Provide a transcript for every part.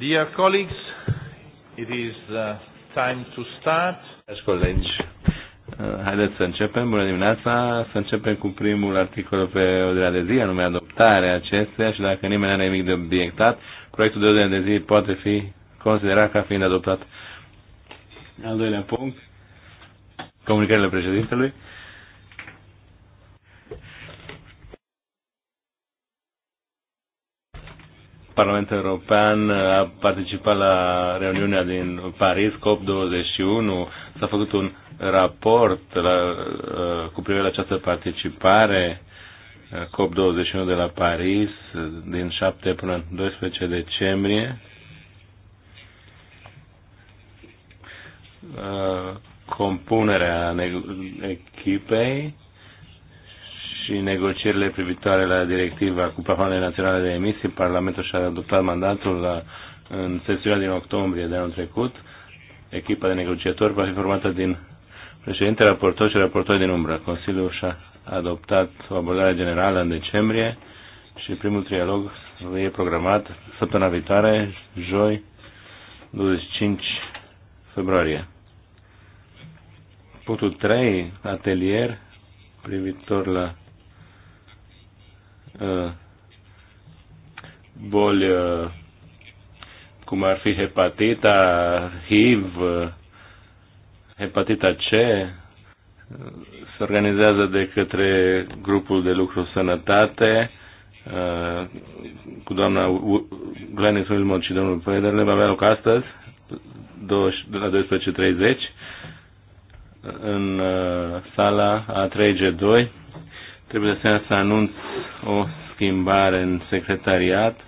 Dear colleagues, it is uh, time to start. colegi, uh, haideți să începem. Bună dimineața. Să începem cu primul articol pe ordinea de zi, anume adoptarea acesteia și dacă nimeni nu are nimic de obiectat, proiectul de ordine de zi poate fi considerat ca fiind adoptat. Al doilea punct, comunicările președintelui. Parlamentul European a participat la reuniunea din Paris, COP21, s-a făcut un raport la, uh, cu privire la această participare, uh, COP21 de la Paris, din 7 până în 12 decembrie. Uh, compunerea echipei și negocierile privitoare la directiva cu plafoanele naționale de emisii, Parlamentul și-a adoptat mandatul la, în sesiunea din octombrie de anul trecut. Echipa de negociatori va fi formată din președinte, raportor și raportor din umbră. Consiliul și-a adoptat o abordare generală în decembrie și primul trialog e programat săptămâna viitoare, joi, 25 februarie. Punctul 3, atelier, privitor la Uh, boli uh, cum ar fi hepatita, HIV, uh, hepatita C, se organizează de către grupul de lucru sănătate cu doamna Glenis Wilmot și domnul Federle va avea loc astăzi la 12.30 în sala A3G2 Trebuie să să anunț o schimbare în secretariat.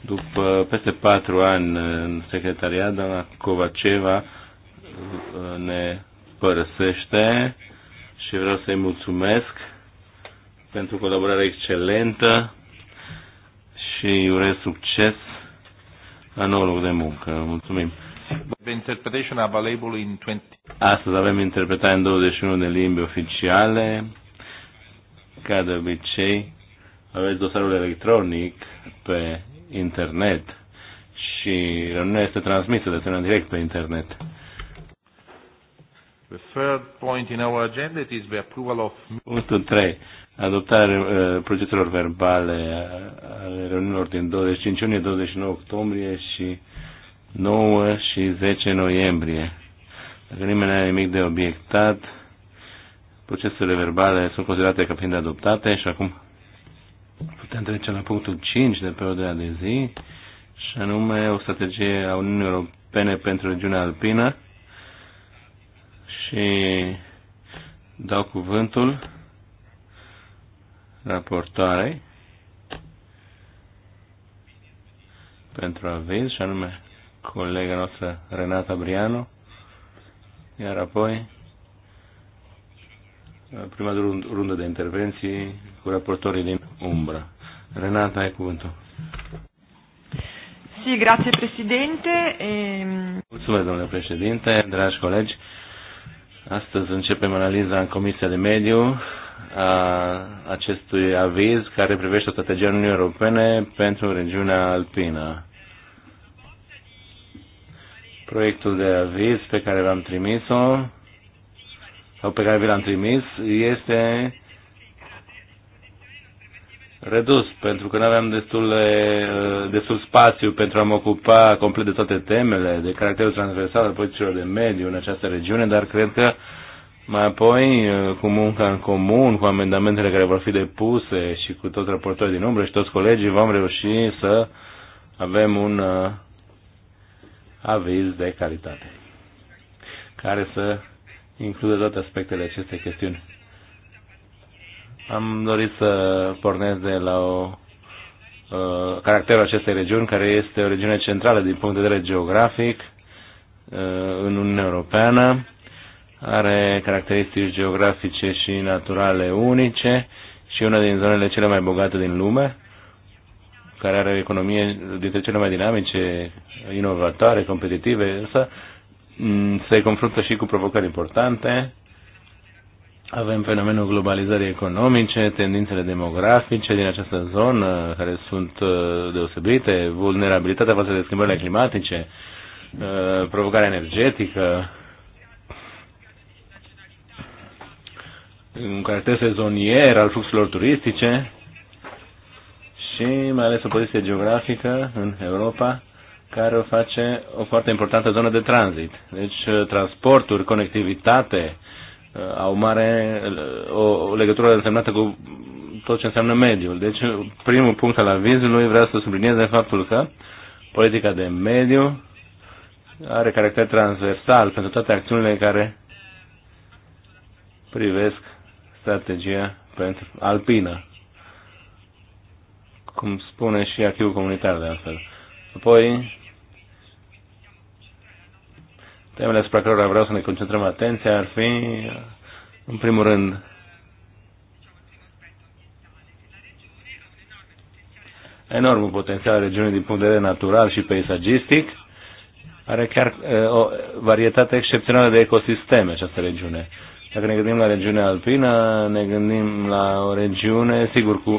După peste patru ani în secretariat, doamna Covaceva uh, ne părăsește și vreau să-i mulțumesc pentru colaborarea excelentă și urez succes la noul loc de muncă. Mulțumim! Astăzi avem interpretare în 21 de limbi oficiale ca de obicei, aveți dosarul electronic pe internet și nu este transmisă de asemenea direct pe internet. The third point in our agenda is the approval of... Punctul 3. Adoptarea uh, procedurilor verbale ale reuniunilor din 25 iunie, 29 octombrie și 9 și 10 noiembrie. Dacă nimeni nu are nimic de obiectat, Procesele verbale sunt considerate ca fiind adoptate și acum putem trece la punctul 5 de pe ordinea de zi și anume o strategie a Uniunii Europene pentru regiunea alpină și dau cuvântul raportoarei pentru aviz și anume colega noastră Renata Briano, iar apoi Eh, prima rundă de intervenții cu raportorii din Umbra. Renata, ai cuvântul. Sì, grazie Presidente. E... Ehm, Mulțumesc, domnule președinte, dragi colegi. Astăzi începem analiza în Comisia de Mediu a acestui aviz care privește strategia Uniunii Europene pentru regiunea alpină. Proiectul de aviz pe care v-am trimis-o sau pe care vi l-am trimis este redus, pentru că nu aveam destul, destul spațiu pentru a mă ocupa complet de toate temele de caracterul transversal al politicilor de mediu în această regiune, dar cred că mai apoi, cu munca în comun, cu amendamentele care vor fi depuse și cu toți raportorii din umbră și toți colegii, vom reuși să avem un uh, aviz de calitate care să include toate aspectele acestei chestiuni. Am dorit să pornesc de la o, uh, caracterul acestei regiuni, care este o regiune centrală din punct de vedere geografic uh, în Uniunea Europeană, are caracteristici geografice și naturale unice și una din zonele cele mai bogate din lume, care are o economie dintre cele mai dinamice, inovatoare, competitive, însă Mm, se confruntă și cu provocări importante. Avem fenomenul globalizării economice, tendințele demografice din această zonă care sunt uh, deosebite, vulnerabilitatea față de schimbările climatice, uh, provocarea energetică, un caracter sezonier al fluxurilor turistice și mai ales o poziție geografică în Europa care o face o foarte importantă zonă de tranzit. Deci uh, transporturi, conectivitate uh, au mare o, uh, o legătură însemnată cu tot ce înseamnă mediul. Deci primul punct al avizului vreau să subliniez de faptul că politica de mediu are caracter transversal pentru toate acțiunile care privesc strategia pentru alpină, cum spune și acquis comunitar de altfel. Apoi, Temele asupra cărora vreau să ne concentrăm atenția ar fi, în primul rând, enormul potențial al regiunii din punct de vedere natural și peisagistic. Are chiar o varietate excepțională de ecosisteme această regiune. Dacă ne gândim la regiunea alpină, ne gândim la o regiune, sigur, cu,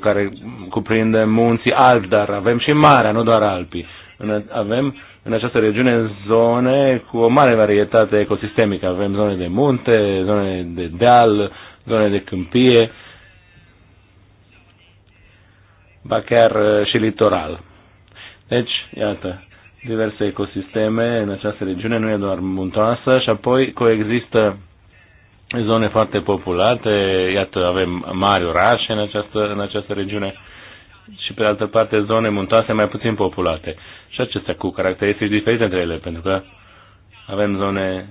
care cuprinde munții alpi, dar avem și marea, nu doar alpii. Avem în această regiune zone cu o mare varietate ecosistemică. Avem zone de munte, zone de deal, zone de câmpie, ba chiar uh, și litoral. Deci, iată, diverse ecosisteme în această regiune, nu e doar muntoasă, și apoi coexistă zone foarte populate, iată, avem mari orașe în această, în această regiune, și pe de altă parte zone muntoase mai puțin populate. Și acestea cu caracteristici diferite între ele, pentru că avem zone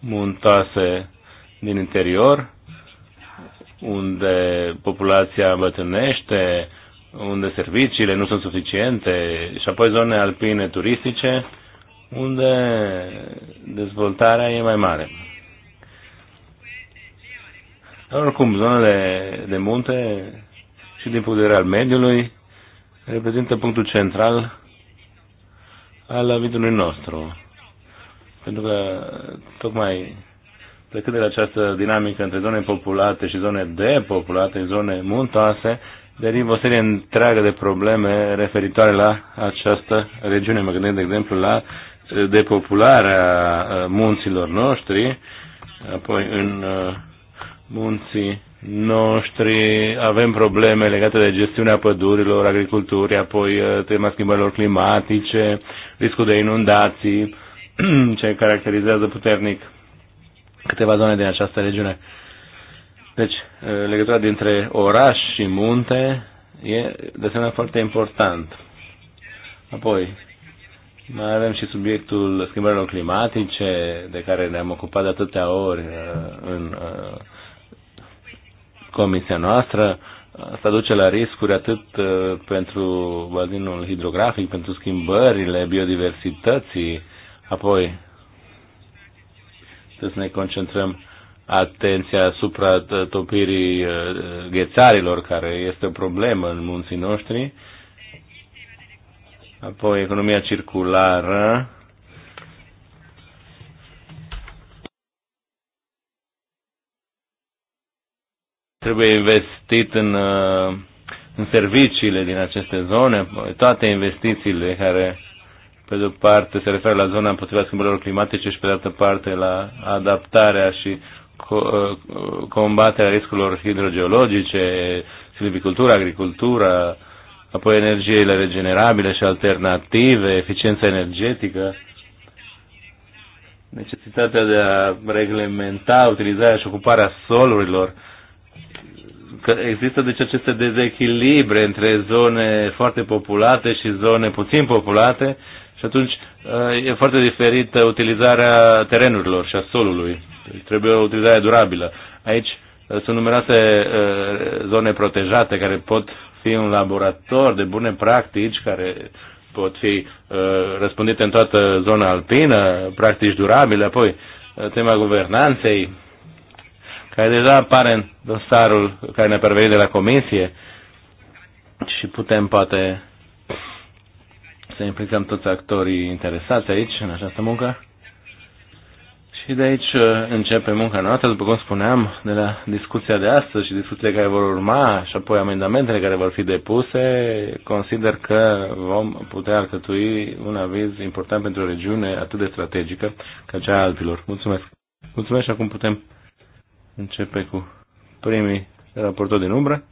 muntoase din interior, unde populația bătrânește, unde serviciile nu sunt suficiente, și apoi zone alpine turistice, unde dezvoltarea e mai mare. Dar oricum, zonele de munte și din punct de vedere al mediului, reprezintă punctul central al avizului nostru. Pentru că tocmai plecând de la această dinamică între zone populate și zone depopulate, zone muntoase, derivă o serie întreagă de probleme referitoare la această regiune. Mă gândesc, de exemplu, la eh, depopularea eh, munților noștri, apoi în eh, munții noștri avem probleme legate de gestiunea pădurilor, agriculturii, apoi uh, tema schimbărilor climatice, riscul de inundații, ce caracterizează puternic câteva zone din această regiune. Deci, uh, legătura dintre oraș și munte e de asemenea foarte important. Apoi, mai avem și subiectul schimbărilor climatice, de care ne-am ocupat de atâtea ori uh, în comisia noastră. Asta duce la riscuri atât uh, pentru bazinul hidrografic, pentru schimbările biodiversității, apoi trebuie să ne concentrăm atenția asupra topirii uh, ghețarilor, care este o problemă în munții noștri, apoi economia circulară, Trebuie investit în, uh, în serviciile din aceste zone, toate investițiile care, pe de-o parte, se referă la zona împotriva schimbărilor climatice și, pe de altă parte, la adaptarea și uh, combaterea riscurilor hidrogeologice, silvicultura, agricultura, apoi energiile regenerabile și alternative, eficiența energetică, necesitatea de a reglementa utilizarea și ocuparea solurilor, că există deci aceste dezechilibre între zone foarte populate și zone puțin populate și atunci uh, e foarte diferită utilizarea terenurilor și a solului. Deci trebuie o utilizare durabilă. Aici uh, sunt numeroase uh, zone protejate care pot fi un laborator de bune practici care pot fi răspândite în toată zona alpină, practici durabile, apoi tema guvernanței, care deja apare în dosarul care ne-a pervenit de la comisie și putem poate să implicăm toți actorii interesați aici, în această muncă. Și de aici uh, începe munca noastră, după cum spuneam, de la discuția de astăzi și discuțiile care vor urma și apoi amendamentele care vor fi depuse, consider că vom putea alcătui un aviz important pentru o regiune atât de strategică ca cea a altilor. Mulțumesc! Mulțumesc și acum putem Începe cu primii raportori din umbră.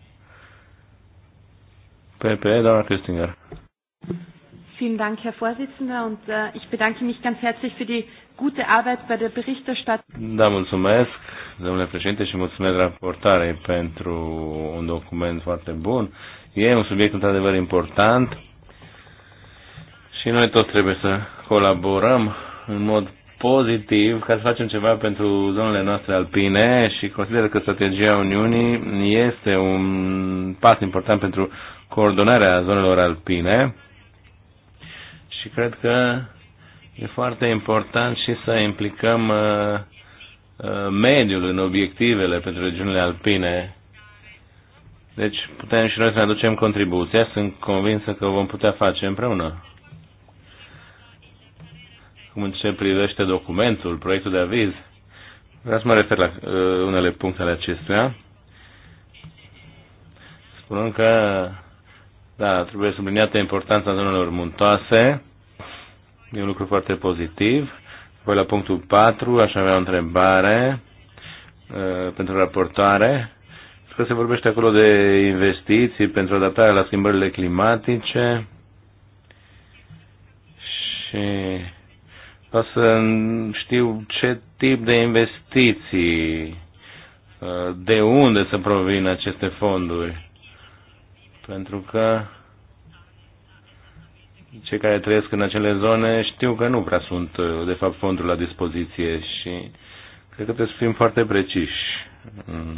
PPE, doamna Köstinger. Vielen Dank, Herr Vorsitzender, und uh, ich bedanke mich ganz herzlich für die gute Arbeit bei der Berichterstattung. Da mulțumesc, domnule președinte, și mulțumesc pentru un document foarte bun. E un subiect într-adevăr important și noi toți trebuie să colaborăm în mod pozitiv ca să facem ceva pentru zonele noastre alpine și consider că strategia Uniunii este un pas important pentru coordonarea zonelor alpine și cred că e foarte important și să implicăm uh, uh, mediul în obiectivele pentru regiunile alpine. Deci putem și noi să ne aducem contribuția, sunt convinsă că o vom putea face împreună cum în ce privește documentul, proiectul de aviz, vreau să mă refer la uh, unele puncte ale acestuia. Spunând că, da, trebuie subliniată importanța zonelor muntoase, e un lucru foarte pozitiv. Voi la punctul 4, aș avea o întrebare uh, pentru raportoare. Că se vorbește acolo de investiții pentru adaptarea la schimbările climatice și ca să știu ce tip de investiții, de unde să provină aceste fonduri. Pentru că cei care trăiesc în acele zone știu că nu prea sunt, de fapt, fonduri la dispoziție și cred că trebuie să fim foarte preciși în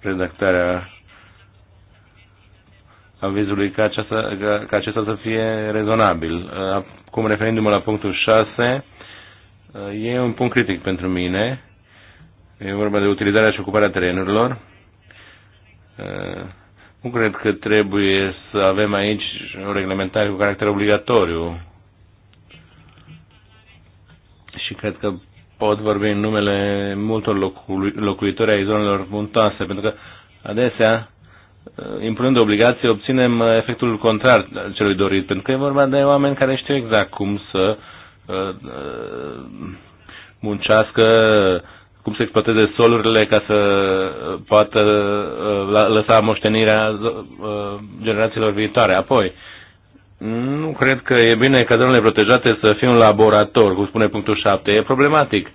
redactarea avizului ca, aceasta, ca, ca acesta să fie rezonabil. Acum, referindu-mă la punctul 6, e un punct critic pentru mine. E vorba de utilizarea și ocuparea terenurilor. Nu cred că trebuie să avem aici o reglementare cu caracter obligatoriu. Și cred că pot vorbi în numele multor locu locuitori ai zonelor muntoase, pentru că adesea Uh, impunând obligații, obținem uh, efectul contrar celui dorit, pentru că e vorba de oameni care știu exact cum să uh, muncească, cum să exploateze solurile ca să poată lăsa moștenirea generațiilor viitoare. Apoi, nu cred că e bine ca zonele protejate să fie un laborator, cum spune punctul 7. E problematic.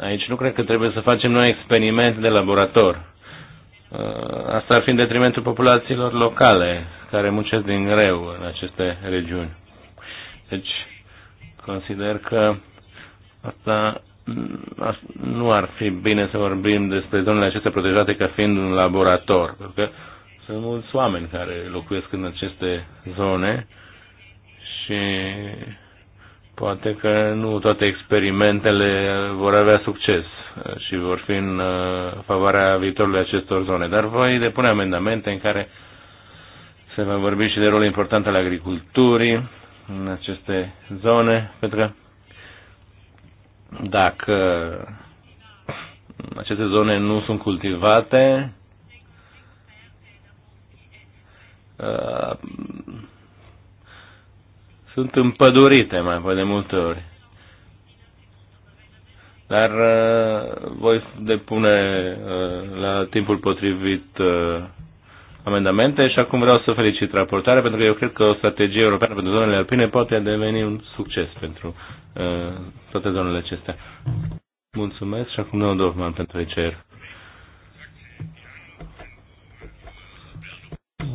Aici nu cred că trebuie să facem noi experimente de laborator Uh, asta ar fi în detrimentul populațiilor locale care muncesc din greu în aceste regiuni. Deci, consider că asta nu ar fi bine să vorbim despre zonele acestea protejate ca fiind un laborator, pentru că sunt mulți oameni care locuiesc în aceste zone și Poate că nu toate experimentele vor avea succes și vor fi în uh, favoarea viitorului acestor zone, dar voi depune amendamente în care se va vorbi și de rolul important al agriculturii în aceste zone, pentru că dacă aceste zone nu sunt cultivate, uh, sunt împădurite mai de multe ori. Dar uh, voi depune uh, la timpul potrivit uh, amendamente și acum vreau să felicit raportarea pentru că eu cred că o strategie europeană pentru zonele alpine poate deveni un succes pentru uh, toate zonele acestea. Mulțumesc și acum ne-o pentru ICR.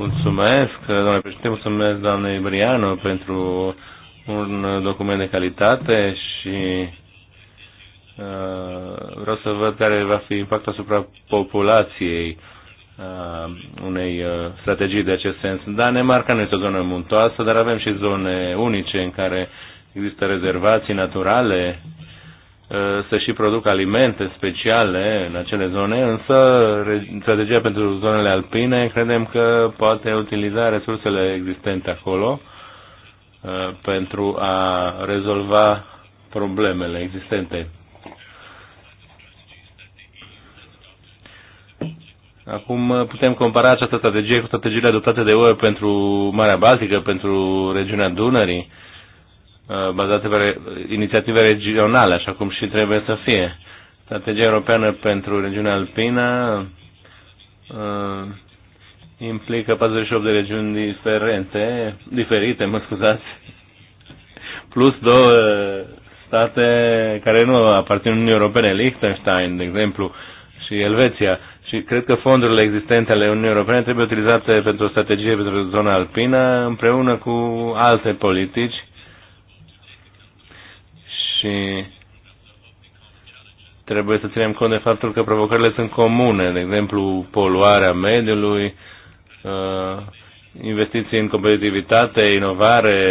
Mulțumesc, doamne președinte, mulțumesc doamnei Briano pentru un document de calitate și uh, vreau să văd care va fi impactul asupra populației uh, unei uh, strategii de acest sens. Danemarca nu este o zonă muntoasă, dar avem și zone unice în care există rezervații naturale Eh, să și produc alimente speciale în acele zone, însă strategia pentru zonele alpine credem că poate utiliza resursele existente acolo eh, pentru a rezolva problemele existente. Acum eh, putem compara această strategie cu strategiile adoptate de UE pentru Marea Baltică, pentru regiunea Dunării, Uh, bazate pe inițiative regionale, așa cum și trebuie să fie. Strategia europeană pentru regiunea alpină uh, implică 48 de regiuni diferente, diferite, mă scuzați, plus două state care nu aparțin Uniunii Europene, Liechtenstein, de exemplu, și Elveția. Și cred că fondurile existente ale Uniunii Europene trebuie utilizate pentru o strategie pentru zona alpină împreună cu alte politici și trebuie să ținem cont de faptul că provocările sunt comune, de exemplu poluarea mediului, uh, investiții în competitivitate, inovare,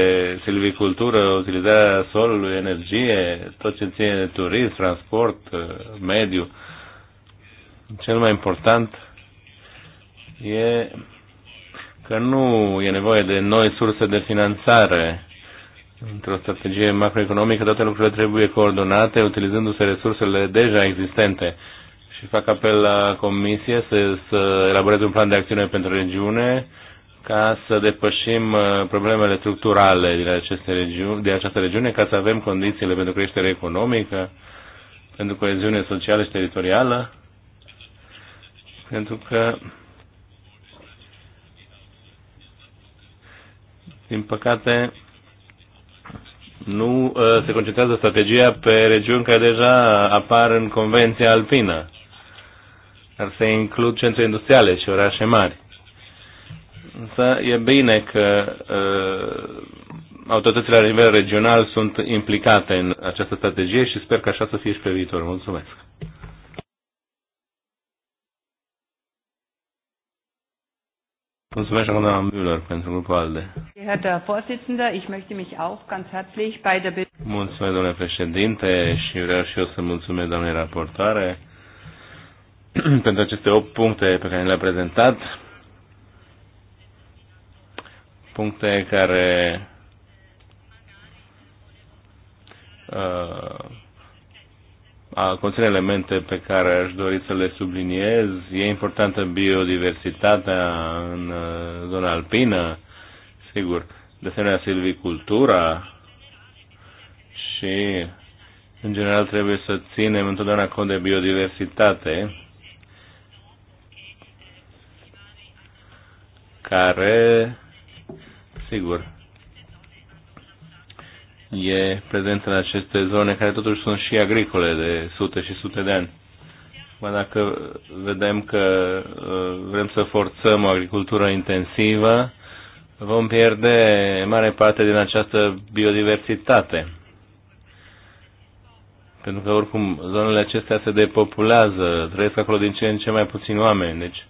silvicultură, utilizarea solului, energie, tot ce ține de turism, transport, uh, mediu. Cel mai important e că nu e nevoie de noi surse de finanțare într-o strategie macroeconomică, toate lucrurile trebuie coordonate utilizându-se resursele deja existente. Și fac apel la Comisie să, să elaboreze un plan de acțiune pentru regiune ca să depășim uh, problemele structurale din, aceste regiuni, din această regiune, ca să avem condițiile pentru creștere economică, pentru coeziune socială și teritorială, pentru că din păcate, nu uh, se concentrează strategia pe regiuni care deja apar în Convenția Alpină. Ar se includ centre industriale și orașe mari. Însă e bine că uh, autoritățile la nivel regional sunt implicate în această strategie și sper că așa să fie și pe viitor. Mulțumesc! Mulțumesc, doamna Müller, pentru grupul ALDE. Mulțumesc, domnule președinte, și vreau și eu să mulțumesc, doamnei raportoare, pentru aceste 8 puncte pe care le-a prezentat. Puncte care uh, conține elemente pe care aș dori să le subliniez. E importantă biodiversitatea în zona alpină, sigur, de asemenea silvicultura și, în general, trebuie să ținem întotdeauna cont de biodiversitate care, sigur, e prezent în aceste zone care totuși sunt și agricole de sute și sute de ani. Ba dacă vedem că uh, vrem să forțăm o agricultură intensivă, vom pierde mare parte din această biodiversitate. Pentru că oricum zonele acestea se depopulează, trăiesc acolo din ce în ce mai puțin oameni, deci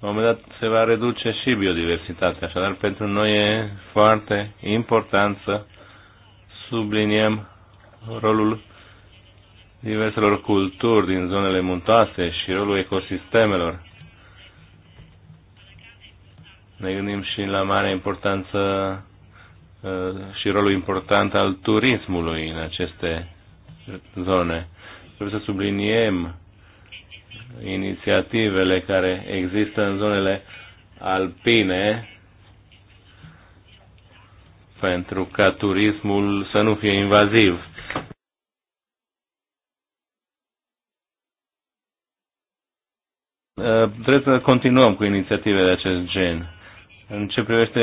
la un moment dat se va reduce și biodiversitatea, așadar pentru noi e foarte important să subliniem rolul diverselor culturi din zonele muntoase și rolul ecosistemelor. Ne gândim și la mare importanță uh, și rolul important al turismului în aceste zone. Trebuie să subliniem inițiativele care există în zonele alpine pentru ca turismul să nu fie invaziv. Uh, trebuie să continuăm cu inițiative de acest gen. În ce privește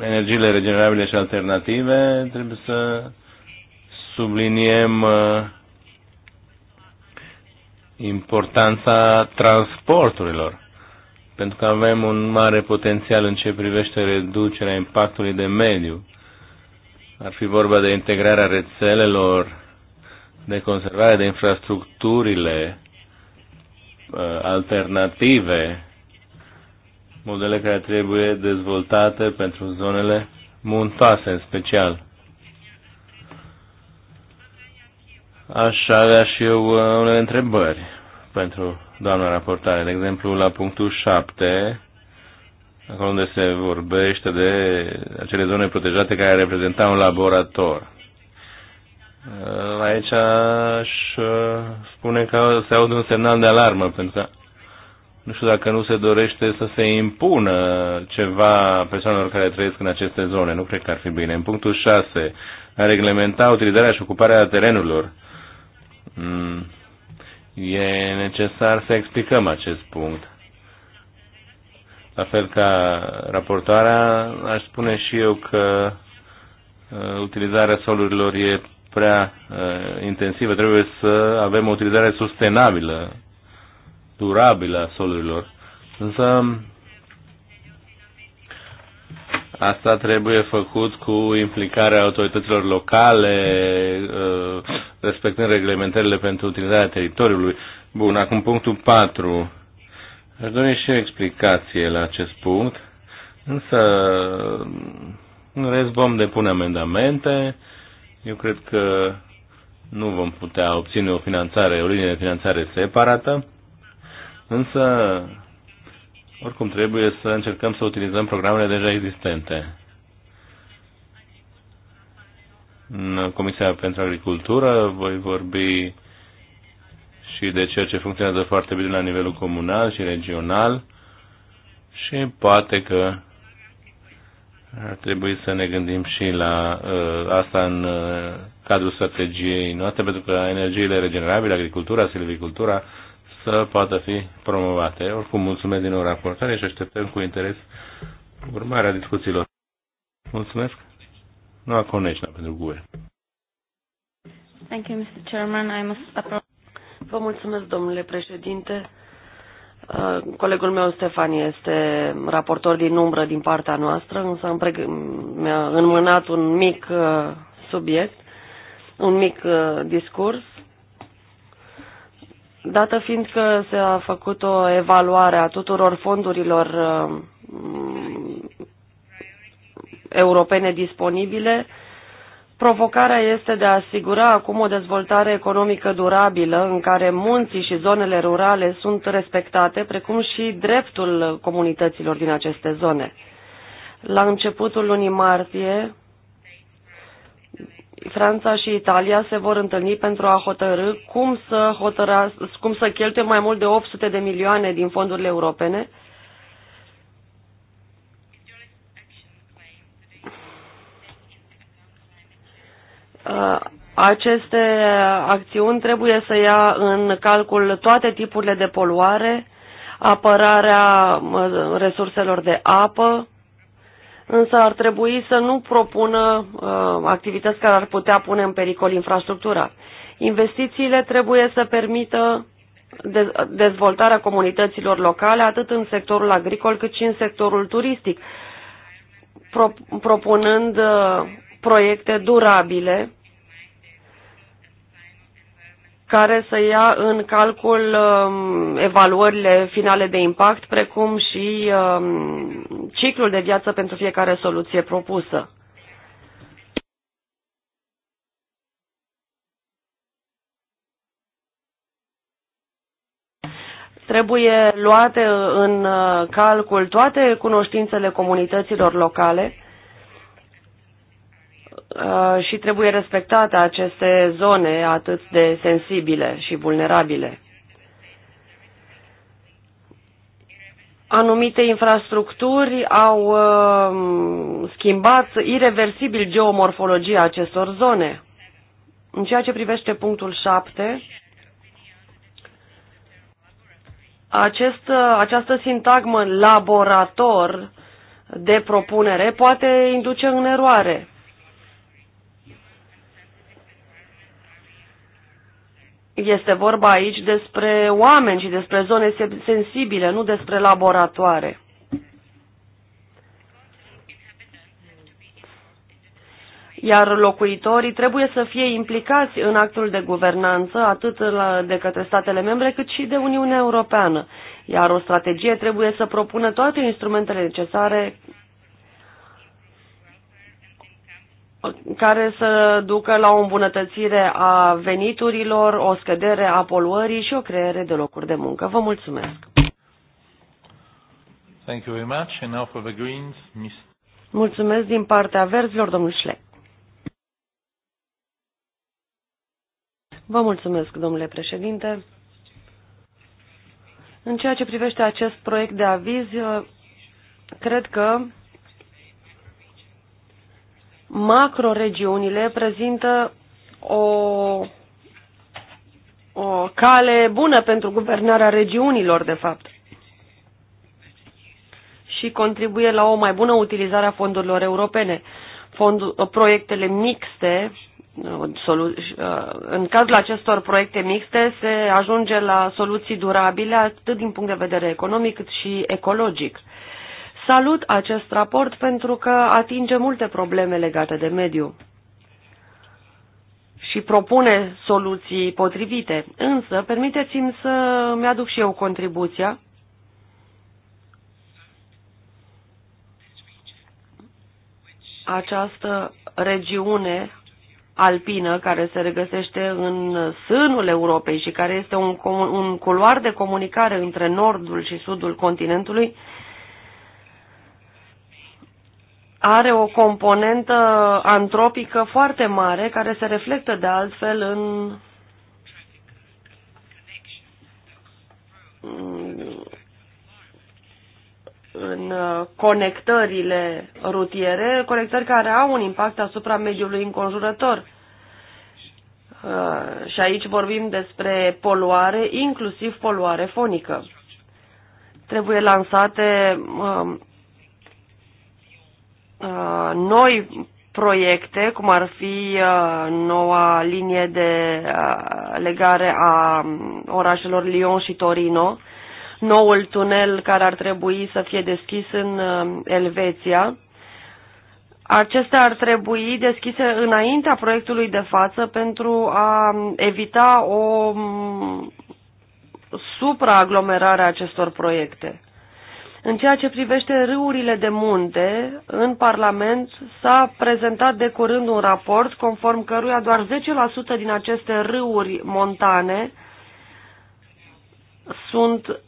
energiile regenerabile și alternative, trebuie să subliniem uh, importanța transporturilor, pentru că avem un mare potențial în ce privește reducerea impactului de mediu ar fi vorba de integrarea rețelelor, de conservare de infrastructurile uh, alternative, modele care trebuie dezvoltate pentru zonele muntoase în special. Așa, avea și eu uh, unele întrebări pentru doamna raportare. De exemplu, la punctul 7, acolo unde se vorbește de acele zone protejate care reprezentau un laborator. Uh, aici aș uh, spune că se aude un semnal de alarmă, pentru că nu știu dacă nu se dorește să se impună ceva persoanelor care trăiesc în aceste zone. Nu cred că ar fi bine. În punctul 6, a reglementa utilizarea și ocuparea terenurilor. Mm, e necesar să explicăm acest punct. La fel ca raportoarea, aș spune și eu că uh, utilizarea solurilor e prea uh, intensivă. Trebuie să avem o utilizare sustenabilă, durabilă a solurilor. Însă asta trebuie făcut cu implicarea autorităților locale, uh, respectând reglementările pentru utilizarea teritoriului. Bun, acum punctul 4. Aș dori și o explicație la acest punct, însă în rest vom depune amendamente. Eu cred că nu vom putea obține o finanțare, o linie de finanțare separată, însă oricum trebuie să încercăm să utilizăm programele deja existente. În Comisia pentru Agricultură voi vorbi și de ceea ce funcționează foarte bine la nivelul comunal și regional și poate că ar trebui să ne gândim și la uh, asta în uh, cadrul strategiei noastre, pentru că energiile regenerabile, agricultura, silvicultura, să poată fi promovate. Oricum, mulțumesc din nou raportare și așteptăm cu interes urmarea discuțiilor. Mulțumesc. Nu a pentru GUE. Thank you, Mr. Chairman. I must Vă mulțumesc, domnule președinte. Uh, colegul meu, Stefan, este raportor din umbră din partea noastră, însă am mi-a înmânat un mic uh, subiect, un mic uh, discurs, dată fiind că s-a făcut o evaluare a tuturor fondurilor europene disponibile, Provocarea este de a asigura acum o dezvoltare economică durabilă în care munții și zonele rurale sunt respectate, precum și dreptul comunităților din aceste zone. La începutul lunii martie, Franța și Italia se vor întâlni pentru a hotărâ cum să, hotăra, cum să cheltuie mai mult de 800 de milioane din fondurile europene Uh, aceste acțiuni trebuie să ia în calcul toate tipurile de poluare, apărarea uh, resurselor de apă, însă ar trebui să nu propună uh, activități care ar putea pune în pericol infrastructura. Investițiile trebuie să permită dezvoltarea comunităților locale, atât în sectorul agricol cât și în sectorul turistic, propunând proiecte durabile care să ia în calcul um, evaluările finale de impact, precum și um, ciclul de viață pentru fiecare soluție propusă. Trebuie luate în uh, calcul toate cunoștințele comunităților locale Uh, și trebuie respectate aceste zone atât de sensibile și vulnerabile. Anumite infrastructuri au uh, schimbat irreversibil geomorfologia acestor zone. În ceea ce privește punctul 7, acest, uh, această sintagmă laborator de propunere poate induce în eroare. Este vorba aici despre oameni și despre zone sensibile, nu despre laboratoare. Iar locuitorii trebuie să fie implicați în actul de guvernanță, atât de către statele membre, cât și de Uniunea Europeană. Iar o strategie trebuie să propună toate instrumentele necesare care să ducă la o îmbunătățire a veniturilor, o scădere a poluării și o creare de locuri de muncă. Vă mulțumesc! Thank you very much. And now for the Greens, Ms. Mulțumesc din partea verzilor, domnul Schleck. Vă mulțumesc, domnule președinte. În ceea ce privește acest proiect de aviz, cred că macroregiunile prezintă o, o cale bună pentru guvernarea regiunilor, de fapt, și contribuie la o mai bună utilizare a fondurilor europene. Fondul, proiectele mixte, în cazul acestor proiecte mixte, se ajunge la soluții durabile, atât din punct de vedere economic cât și ecologic. Salut acest raport pentru că atinge multe probleme legate de mediu și propune soluții potrivite. Însă, permiteți-mi să mi-aduc și eu contribuția această regiune alpină care se regăsește în sânul Europei și care este un, un culoar de comunicare între nordul și sudul continentului, are o componentă antropică foarte mare care se reflectă de altfel în în conectările rutiere, conectări care au un impact asupra mediului înconjurător. Uh, și aici vorbim despre poluare, inclusiv poluare fonică. Trebuie lansate um, Uh, noi proiecte, cum ar fi uh, noua linie de uh, legare a um, orașelor Lyon și Torino, noul tunel care ar trebui să fie deschis în um, Elveția. Acestea ar trebui deschise înaintea proiectului de față pentru a um, evita o supraaglomerare a acestor proiecte. În ceea ce privește râurile de munte, în Parlament s-a prezentat de curând un raport conform căruia doar 10% din aceste râuri montane sunt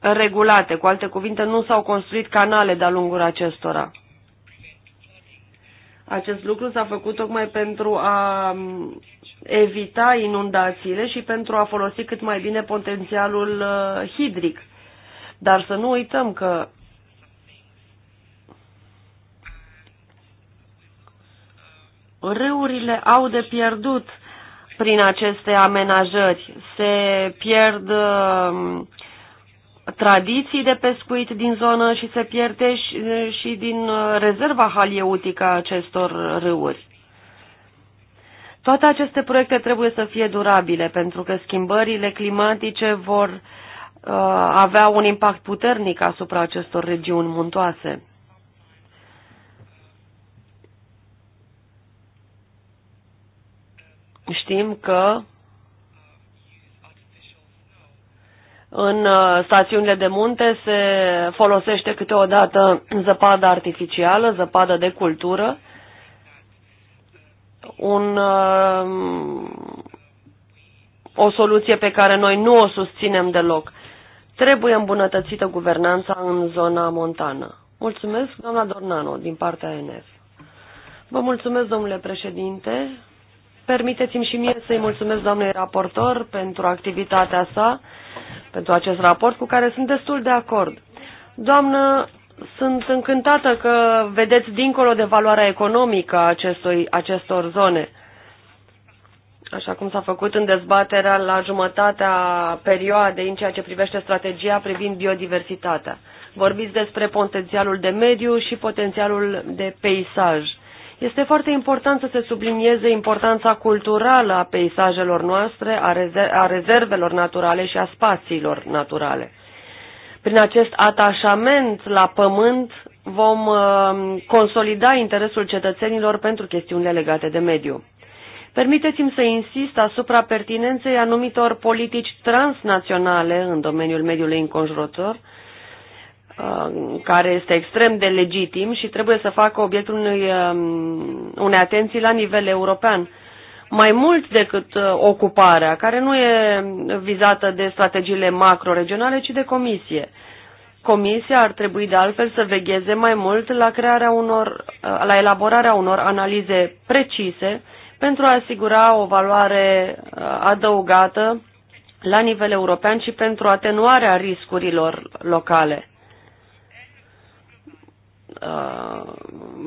neregulate. Cu alte cuvinte, nu s-au construit canale de-a lungul acestora. Acest lucru s-a făcut tocmai pentru a evita inundațiile și pentru a folosi cât mai bine potențialul uh, hidric. Dar să nu uităm că râurile au de pierdut prin aceste amenajări. Se pierd uh, tradiții de pescuit din zonă și se pierde și, uh, și din uh, rezerva halieutică a acestor râuri. Toate aceste proiecte trebuie să fie durabile, pentru că schimbările climatice vor uh, avea un impact puternic asupra acestor regiuni muntoase. Știm că în uh, stațiunile de munte se folosește câteodată zăpadă artificială, zăpadă de cultură, un, uh, o soluție pe care noi nu o susținem deloc. Trebuie îmbunătățită guvernanța în zona montană. Mulțumesc, doamna Dornano, din partea NF. Vă mulțumesc, domnule președinte. Permiteți-mi și mie să-i mulțumesc doamnei raportor pentru activitatea sa, pentru acest raport cu care sunt destul de acord. Doamnă sunt încântată că vedeți dincolo de valoarea economică a acestui, acestor zone. Așa cum s-a făcut în dezbaterea la jumătatea perioadei în ceea ce privește strategia privind biodiversitatea. Vorbiți despre potențialul de mediu și potențialul de peisaj. Este foarte important să se sublinieze importanța culturală a peisajelor noastre, a, rezer- a rezervelor naturale și a spațiilor naturale. Prin acest atașament la pământ vom uh, consolida interesul cetățenilor pentru chestiunile legate de mediu. Permiteți-mi să insist asupra pertinenței anumitor politici transnaționale în domeniul mediului înconjurător, uh, care este extrem de legitim și trebuie să facă obiectul unei, um, unei atenții la nivel european mai mult decât uh, ocuparea, care nu e vizată de strategiile macro-regionale, ci de comisie. Comisia ar trebui de altfel să vegheze mai mult la, crearea unor, uh, la elaborarea unor analize precise pentru a asigura o valoare uh, adăugată la nivel european și pentru atenuarea riscurilor locale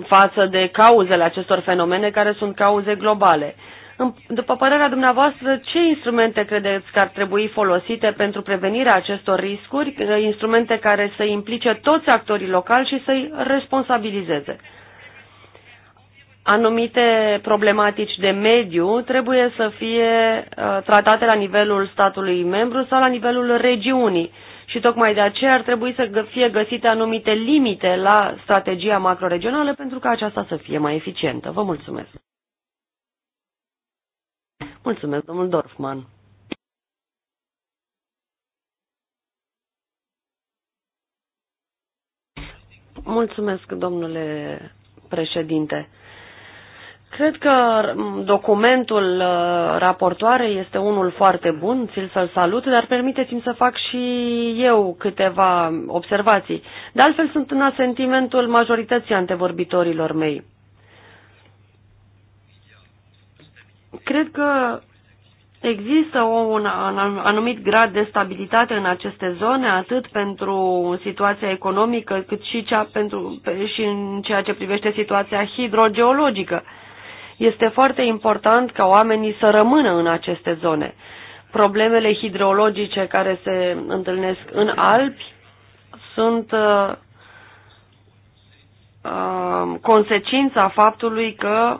față de cauzele acestor fenomene care sunt cauze globale. După părerea dumneavoastră, ce instrumente credeți că ar trebui folosite pentru prevenirea acestor riscuri, eh, instrumente care să implice toți actorii locali și să-i responsabilizeze? Anumite problematici de mediu trebuie să fie eh, tratate la nivelul statului membru sau la nivelul regiunii și tocmai de aceea ar trebui să fie găsite anumite limite la strategia macroregională pentru ca aceasta să fie mai eficientă. Vă mulțumesc! Mulțumesc, domnul Dorfman. Mulțumesc, domnule președinte. Cred că documentul uh, raportoare este unul foarte bun, țin să-l salut, dar permiteți-mi să fac și eu câteva observații. De altfel sunt în asentimentul majorității antevorbitorilor mei. Cred că există o, un anumit grad de stabilitate în aceste zone, atât pentru situația economică, cât și, cea pentru, și în ceea ce privește situația hidrogeologică. Este foarte important ca oamenii să rămână în aceste zone. Problemele hidrologice care se întâlnesc în Alpi sunt uh, uh, consecința faptului că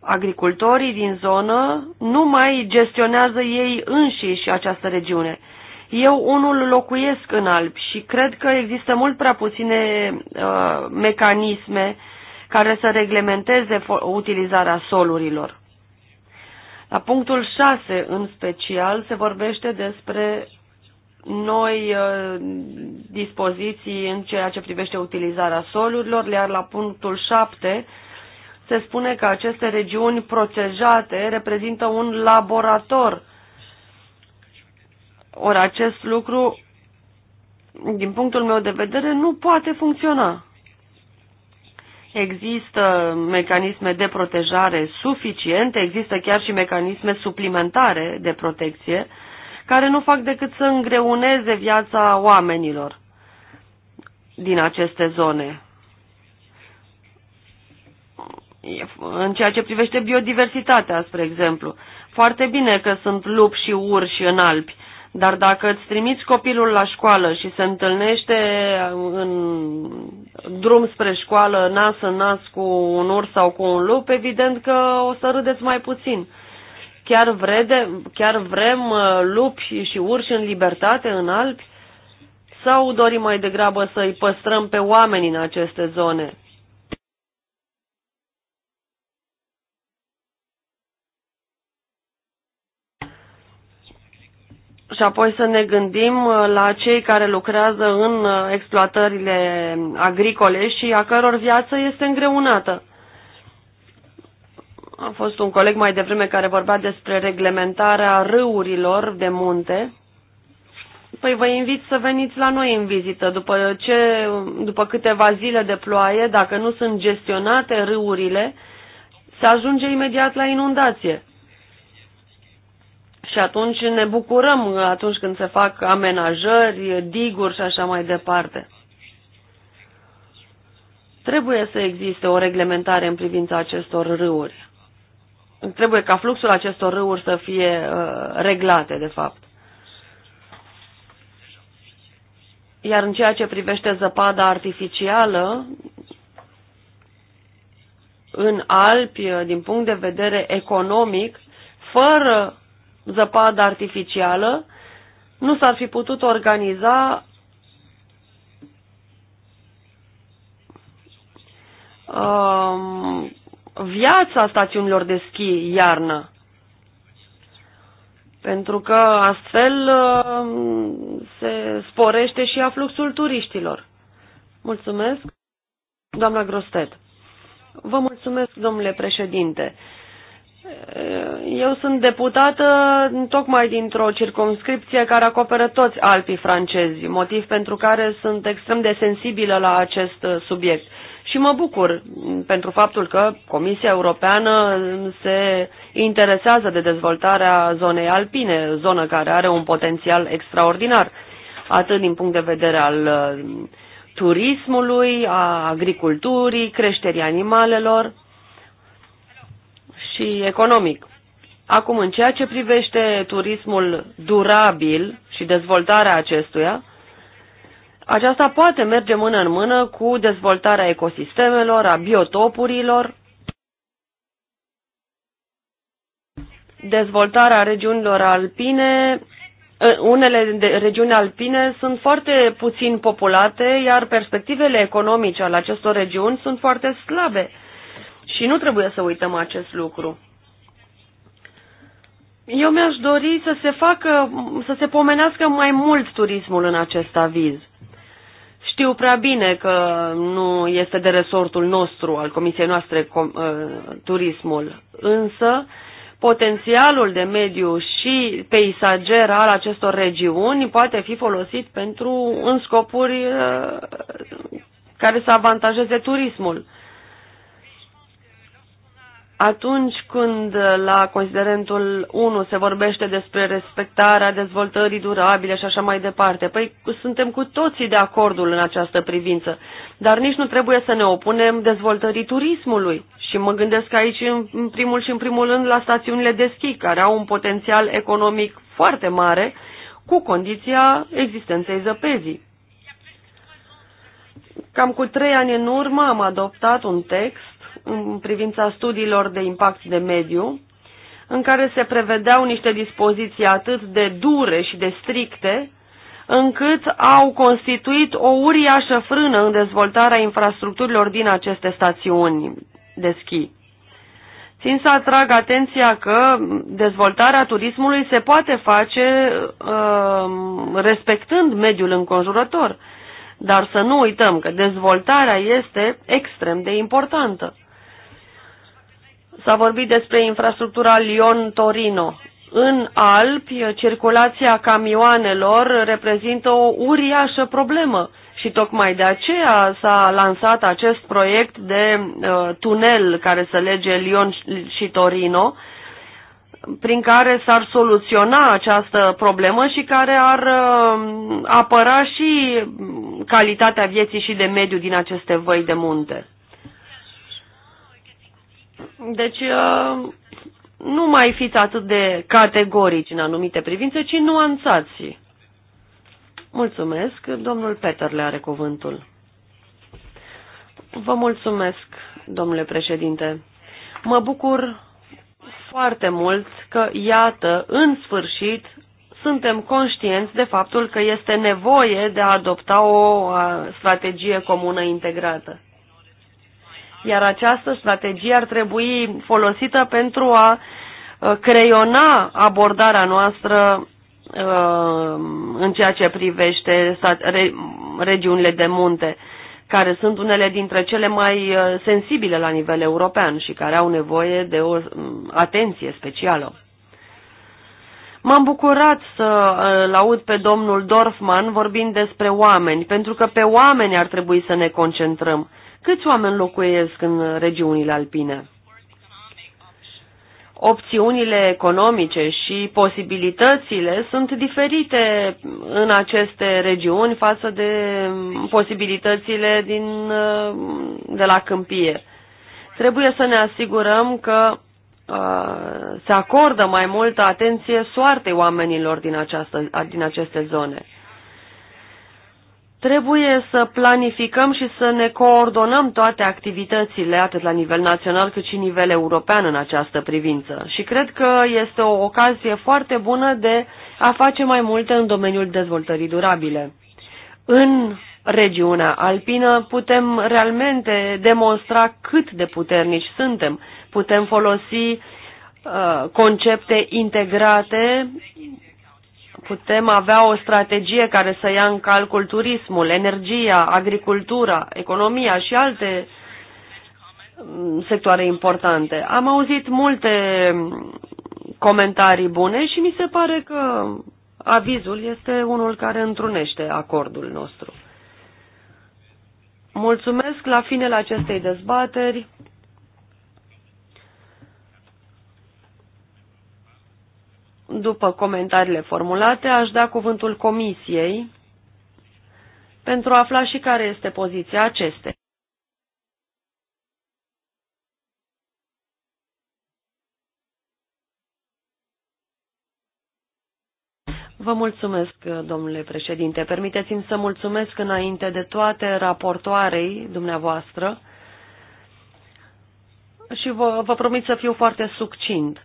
agricultorii din zonă nu mai gestionează ei înșiși această regiune. Eu unul locuiesc în alb și cred că există mult prea puține uh, mecanisme care să reglementeze utilizarea solurilor. La punctul 6, în special, se vorbește despre noi uh, dispoziții în ceea ce privește utilizarea solurilor, iar la punctul 7 se spune că aceste regiuni protejate reprezintă un laborator. Ori acest lucru, din punctul meu de vedere, nu poate funcționa. Există mecanisme de protejare suficiente, există chiar și mecanisme suplimentare de protecție, care nu fac decât să îngreuneze viața oamenilor din aceste zone în ceea ce privește biodiversitatea, spre exemplu. Foarte bine că sunt lupi și urși în Alpi, dar dacă îți trimiți copilul la școală și se întâlnește în drum spre școală nas în nas cu un urs sau cu un lup, evident că o să râdeți mai puțin. Chiar, vrede, chiar vrem uh, lupi și urși în libertate în Alpi? Sau dorim mai degrabă să-i păstrăm pe oameni în aceste zone? și apoi să ne gândim uh, la cei care lucrează în uh, exploatările agricole și a căror viață este îngreunată. A fost un coleg mai devreme care vorbea despre reglementarea râurilor de munte. Păi vă invit să veniți la noi în vizită. După, ce, după câteva zile de ploaie, dacă nu sunt gestionate râurile, se ajunge imediat la inundație. Și atunci ne bucurăm atunci când se fac amenajări, diguri și așa mai departe. Trebuie să existe o reglementare în privința acestor râuri. Trebuie ca fluxul acestor râuri să fie uh, reglate, de fapt. Iar în ceea ce privește zăpada artificială, în Alpi, uh, din punct de vedere economic, fără zăpadă artificială, nu s-ar fi putut organiza um, viața stațiunilor de schi iarna. Pentru că astfel um, se sporește și afluxul turiștilor. Mulțumesc, doamna Grostet. Vă mulțumesc, domnule președinte. Eu sunt deputată tocmai dintr-o circumscripție care acoperă toți alpii francezi, motiv pentru care sunt extrem de sensibilă la acest subiect. Și mă bucur pentru faptul că Comisia Europeană se interesează de dezvoltarea zonei alpine, zonă care are un potențial extraordinar, atât din punct de vedere al uh, turismului, a agriculturii, creșterii animalelor și economic. Acum, în ceea ce privește turismul durabil și dezvoltarea acestuia, aceasta poate merge mână în mână cu dezvoltarea ecosistemelor, a biotopurilor, dezvoltarea regiunilor alpine. Unele de, regiuni alpine sunt foarte puțin populate, iar perspectivele economice ale acestor regiuni sunt foarte slabe. Și nu trebuie să uităm acest lucru. Eu mi-aș dori să se facă, să se pomenească mai mult turismul în acest aviz. Știu prea bine că nu este de resortul nostru, al comisiei noastre, com, ă, turismul, însă potențialul de mediu și peisager al acestor regiuni poate fi folosit pentru în scopuri ă, care să avantajeze turismul. Atunci când uh, la considerentul 1 se vorbește despre respectarea dezvoltării durabile și așa mai departe, păi suntem cu toții de acordul în această privință, dar nici nu trebuie să ne opunem dezvoltării turismului. Și mă gândesc aici în primul și în primul rând la stațiunile de schi, care au un potențial economic foarte mare, cu condiția existenței zăpezii. Cam cu trei ani în urmă am adoptat un text în privința studiilor de impact de mediu, în care se prevedeau niște dispoziții atât de dure și de stricte, încât au constituit o uriașă frână în dezvoltarea infrastructurilor din aceste stațiuni de schi. Țin să atrag atenția că dezvoltarea turismului se poate face uh, respectând mediul înconjurător, dar să nu uităm că dezvoltarea este extrem de importantă. S-a vorbit despre infrastructura Lyon-Torino. În Alpi, circulația camioanelor reprezintă o uriașă problemă și tocmai de aceea s-a lansat acest proiect de uh, tunel care să lege Lyon și Torino, prin care s-ar soluționa această problemă și care ar uh, apăra și calitatea vieții și de mediu din aceste văi de munte. Deci uh, nu mai fiți atât de categorici în anumite privințe, ci nuanțați. Mulțumesc. Domnul Peter le are cuvântul. Vă mulțumesc, domnule președinte. Mă bucur foarte mult că, iată, în sfârșit, suntem conștienți de faptul că este nevoie de a adopta o strategie comună integrată iar această strategie ar trebui folosită pentru a uh, creiona abordarea noastră uh, în ceea ce privește regiunile de munte, care sunt unele dintre cele mai uh, sensibile la nivel european și care au nevoie de o mm, atenție specială. M-am bucurat să laud pe domnul Dorfman vorbind despre oameni, pentru că pe oameni ar trebui să ne concentrăm. Câți oameni locuiesc în regiunile alpine? Opțiunile economice și posibilitățile sunt diferite în aceste regiuni față de posibilitățile din, de la câmpie. Trebuie să ne asigurăm că se acordă mai multă atenție soartei oamenilor din, această, din aceste zone. Trebuie să planificăm și să ne coordonăm toate activitățile, atât la nivel național cât și nivel european în această privință. Și cred că este o ocazie foarte bună de a face mai multe în domeniul dezvoltării durabile. În regiunea alpină putem realmente demonstra cât de puternici suntem. Putem folosi uh, concepte integrate putem avea o strategie care să ia în calcul turismul, energia, agricultura, economia și alte mm, sectoare importante. Am auzit multe comentarii bune și mi se pare că avizul este unul care întrunește acordul nostru. Mulțumesc la finele acestei dezbateri. După comentariile formulate, aș da cuvântul comisiei pentru a afla și care este poziția acestei. Vă mulțumesc, domnule președinte. Permiteți-mi să mulțumesc înainte de toate raportoarei dumneavoastră și vă, vă promit să fiu foarte succint.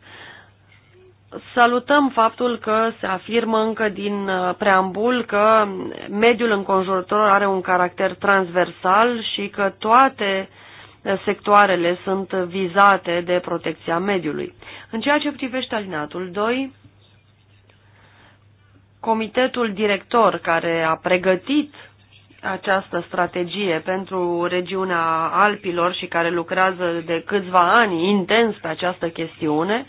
Salutăm faptul că se afirmă încă din uh, preambul că mediul înconjurător are un caracter transversal și că toate uh, sectoarele sunt vizate de protecția mediului. În ceea ce privește alinatul 2, comitetul director care a pregătit această strategie pentru regiunea Alpilor și care lucrează de câțiva ani intens pe această chestiune,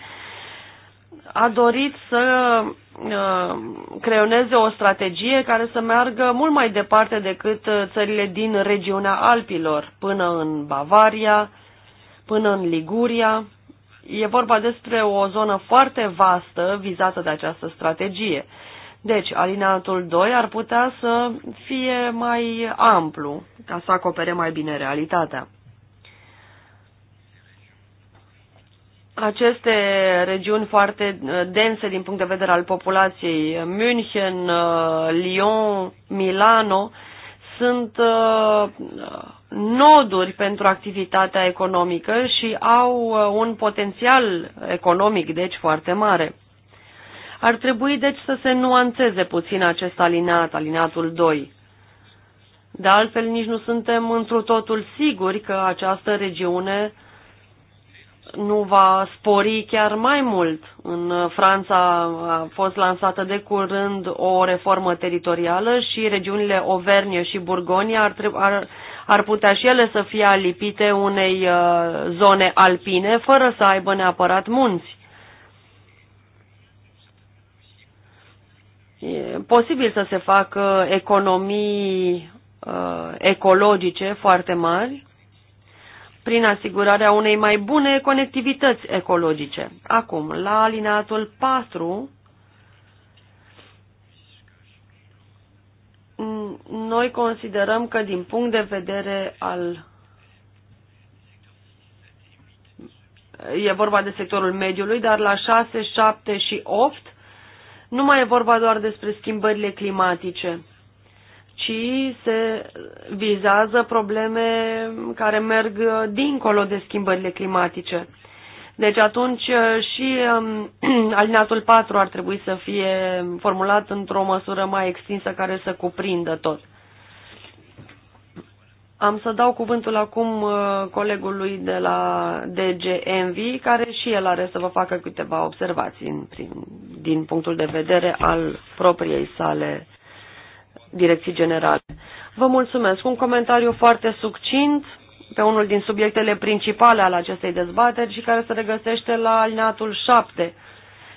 a dorit să uh, creioneze o strategie care să meargă mult mai departe decât uh, țările din regiunea Alpilor, până în Bavaria, până în Liguria. E vorba despre o zonă foarte vastă vizată de această strategie. Deci, alineatul 2 ar putea să fie mai amplu, ca să acopere mai bine realitatea. aceste regiuni foarte uh, dense din punct de vedere al populației, München, uh, Lyon, Milano, sunt uh, noduri pentru activitatea economică și au un potențial economic, deci, foarte mare. Ar trebui, deci, să se nuanțeze puțin acest alineat, alineatul 2. De altfel, nici nu suntem întru totul siguri că această regiune uh, nu va spori chiar mai mult. În Franța a fost lansată de curând o reformă teritorială și regiunile Auvergne și Burgonia ar, ar, ar putea și ele să fie alipite unei uh, zone alpine fără să aibă neapărat munți. E posibil să se facă economii uh, ecologice foarte mari prin asigurarea unei mai bune conectivități ecologice. Acum, la alineatul 4, noi considerăm că din punct de vedere al e vorba de sectorul mediului, dar la 6, 7 și 8 nu mai e vorba doar despre schimbările climatice ci se vizează probleme care merg dincolo de schimbările climatice. Deci atunci uh, și um, alineatul 4 ar trebui să fie formulat într-o măsură mai extinsă care să cuprindă tot. Am să dau cuvântul acum uh, colegului de la DGMV, care și el are să vă facă câteva observații în din punctul de vedere al propriei sale direcții generale. Vă mulțumesc. Un comentariu foarte succint pe unul din subiectele principale ale acestei dezbateri și care se regăsește la alineatul 7.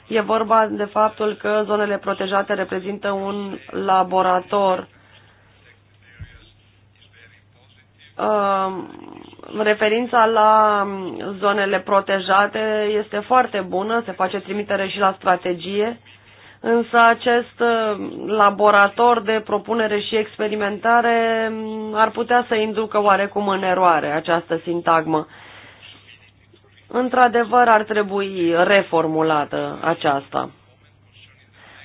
E vorba de faptul că zonele protejate reprezintă un laborator referința la zonele protejate este foarte bună, se face trimitere și la strategie Însă acest uh, laborator de propunere și experimentare mm, ar putea să inducă oarecum în eroare această sintagmă. Într-adevăr, ar trebui reformulată aceasta.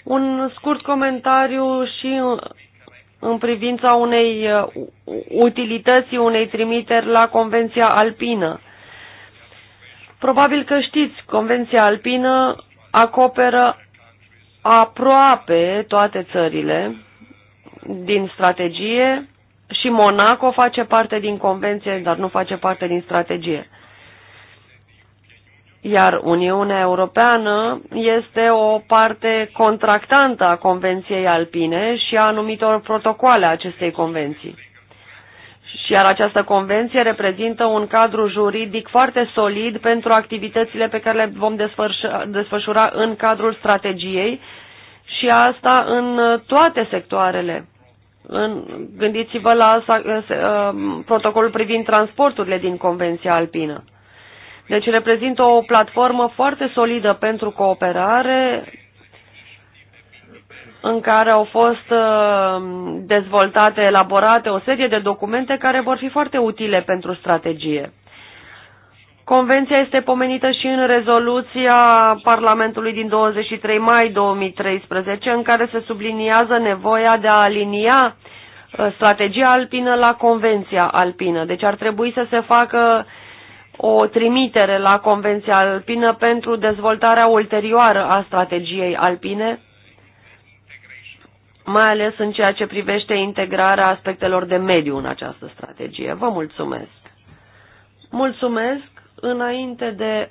Un scurt comentariu și în privința unei uh, utilității unei trimiteri la Convenția Alpină. Probabil că știți, Convenția Alpină acoperă aproape toate țările din strategie și Monaco face parte din convenție, dar nu face parte din strategie. Iar Uniunea Europeană este o parte contractantă a Convenției Alpine și a anumitor protocoale acestei convenții. Și iar această convenție reprezintă un cadru juridic foarte solid pentru activitățile pe care le vom desfășura în cadrul strategiei și asta în toate sectoarele. În, gândiți-vă la ă, protocolul privind transporturile din Convenția Alpină. Deci reprezintă o platformă foarte solidă pentru cooperare în care au fost uh, dezvoltate, elaborate o serie de documente care vor fi foarte utile pentru strategie. Convenția este pomenită și în rezoluția Parlamentului din 23 mai 2013, în care se subliniază nevoia de a alinia uh, strategia alpină la Convenția alpină. Deci ar trebui să se facă o trimitere la Convenția alpină pentru dezvoltarea ulterioară a strategiei alpine mai ales în ceea ce privește integrarea aspectelor de mediu în această strategie. Vă mulțumesc! Mulțumesc! Înainte de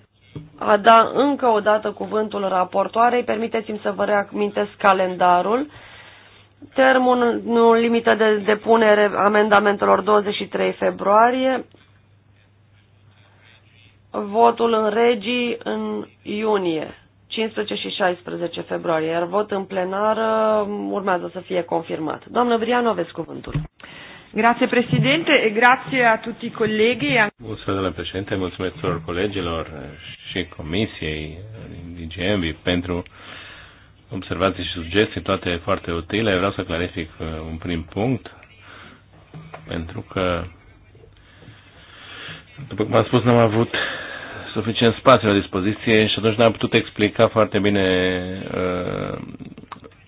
a da încă o dată cuvântul raportoarei, permiteți-mi să vă reamintesc calendarul. Termenul limită de depunere amendamentelor 23 februarie, votul în regii în iunie. 15 și 16 februarie, iar vot în plenar urmează să fie confirmat. Doamnă Brian, aveți cuvântul. Grazie președinte, grazie a tutti i colleghi. Mulțumesc, domnule președinte, mulțumesc tuturor colegilor și comisiei din GMB pentru observații și sugestii, toate foarte utile. Vreau să clarific uh, un prim punct, pentru că, după cum am spus, n-am avut suficient spațiu la dispoziție și atunci n-am putut explica foarte bine uh,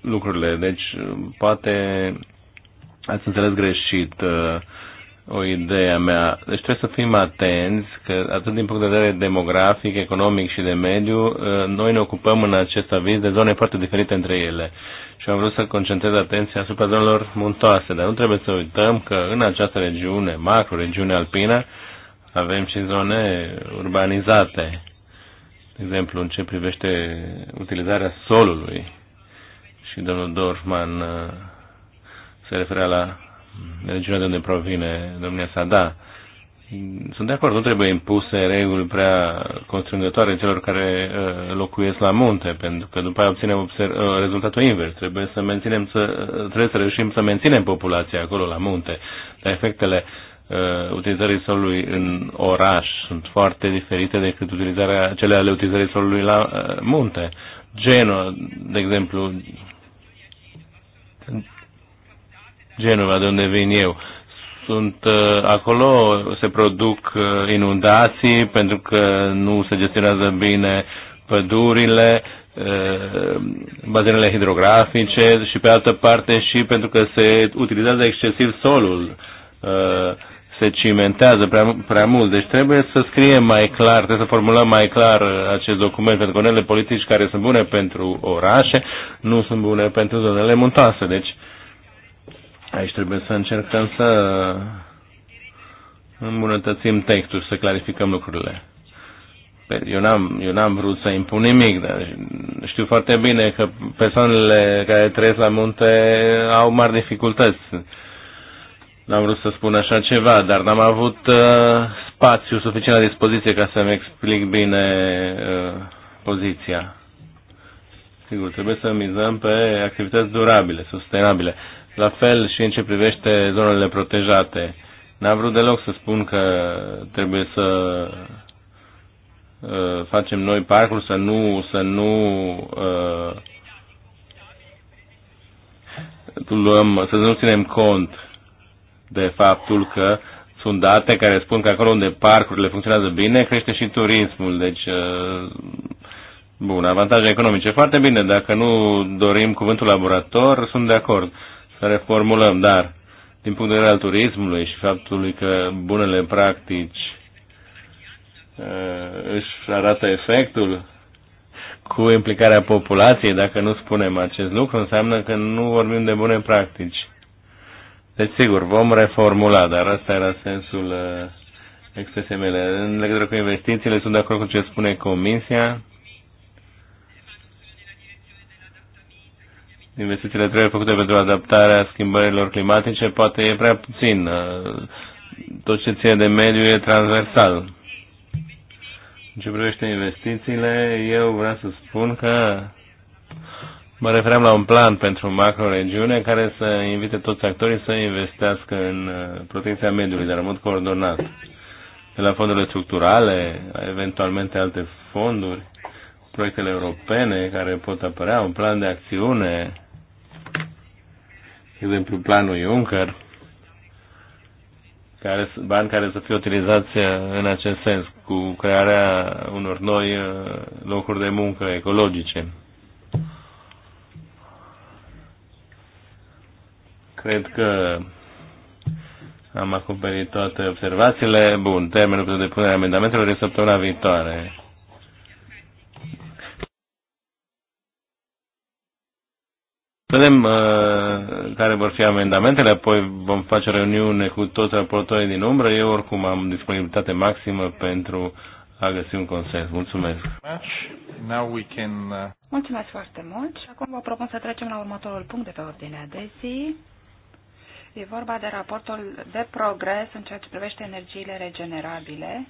lucrurile. Deci, poate ați înțeles greșit uh, o idee a mea. Deci trebuie să fim atenți că atât din punct de vedere demografic, economic și de mediu, uh, noi ne ocupăm în acest aviz de zone foarte diferite între ele. Și am vrut să concentrez atenția asupra zonelor muntoase, dar nu trebuie să uităm că în această regiune, macro-regiune alpină, uh, avem și zone urbanizate. De exemplu, în ce privește utilizarea solului. Și domnul Dorfman uh, se referea la regiunea de unde provine domnia sa. Da, sunt de acord, nu trebuie impuse reguli prea constrângătoare celor care uh, locuiesc la munte, pentru că după aia obținem uh, rezultatul invers. Trebuie să menținem, să, trebuie să reușim să menținem populația acolo la munte. Dar efectele Uh, utilizării solului în oraș sunt foarte diferite decât utilizarea, cele ale utilizării solului la uh, munte. Genoa, de exemplu, Genova, de unde vin eu, sunt uh, acolo se produc inundații pentru că nu se gestionează bine pădurile, bazinele hidrografice și pe altă parte și pentru că se utilizează excesiv solul Uh, se cimentează prea, prea mult. Deci trebuie să scriem mai clar, trebuie să formulăm mai clar acest document, pentru că unele politici care sunt bune pentru orașe nu sunt bune pentru zonele muntoase. Deci aici trebuie să încercăm să îmbunătățim textul și să clarificăm lucrurile. Eu n-am, eu n-am vrut să impun nimic, dar știu foarte bine că persoanele care trăiesc la munte au mari dificultăți N-am vrut să spun așa ceva, dar n-am avut uh, spațiu suficient la dispoziție ca să-mi explic bine uh, poziția. Sigur, trebuie să mizăm pe activități durabile, sustenabile. La fel și în ce privește zonele protejate. N-am vrut deloc să spun că trebuie să uh, facem noi parcuri, să nu, să nu uh, luăm, să nu ținem cont de faptul că sunt date care spun că acolo unde parcurile funcționează bine, crește și turismul. Deci, uh, bun, avantaje economice. Foarte bine, dacă nu dorim cuvântul laborator, sunt de acord să reformulăm, dar din punct de vedere al turismului și faptului că bunele practici uh, își arată efectul cu implicarea populației, dacă nu spunem acest lucru, înseamnă că nu vorbim de bune practici. Deci, sigur, vom reformula, dar asta era sensul uh, expresiei mele. În legătură cu investițiile, sunt de acord cu ce spune Comisia. Investițiile trebuie făcute pentru adaptarea schimbărilor climatice, poate e prea puțin. Uh, tot ce ține de mediu e transversal. În ce privește investițiile, eu vreau să spun că Mă refeream la un plan pentru macro-regiune care să invite toți actorii să investească în uh, protecția mediului, dar în mod coordonat. De la fondurile structurale, eventualmente alte fonduri, proiectele europene care pot apărea, un plan de acțiune, de exemplu planul Juncker, care, bani care să fie utilizați uh, în acest sens, cu crearea unor noi uh, locuri de muncă ecologice. Cred că am acoperit toate observațiile. Bun, termenul pentru depunerea amendamentelor este săptămâna viitoare. Să vedem uh, care vor fi amendamentele, apoi vom face reuniune cu toți raportorii din umbră. Eu oricum am disponibilitate maximă pentru a găsi un consens. Mulțumesc! Now we can, uh... Mulțumesc foarte mult și acum vă propun să trecem la următorul punct de pe ordinea de zi. E vorba de raportul de progres în ceea ce privește energiile regenerabile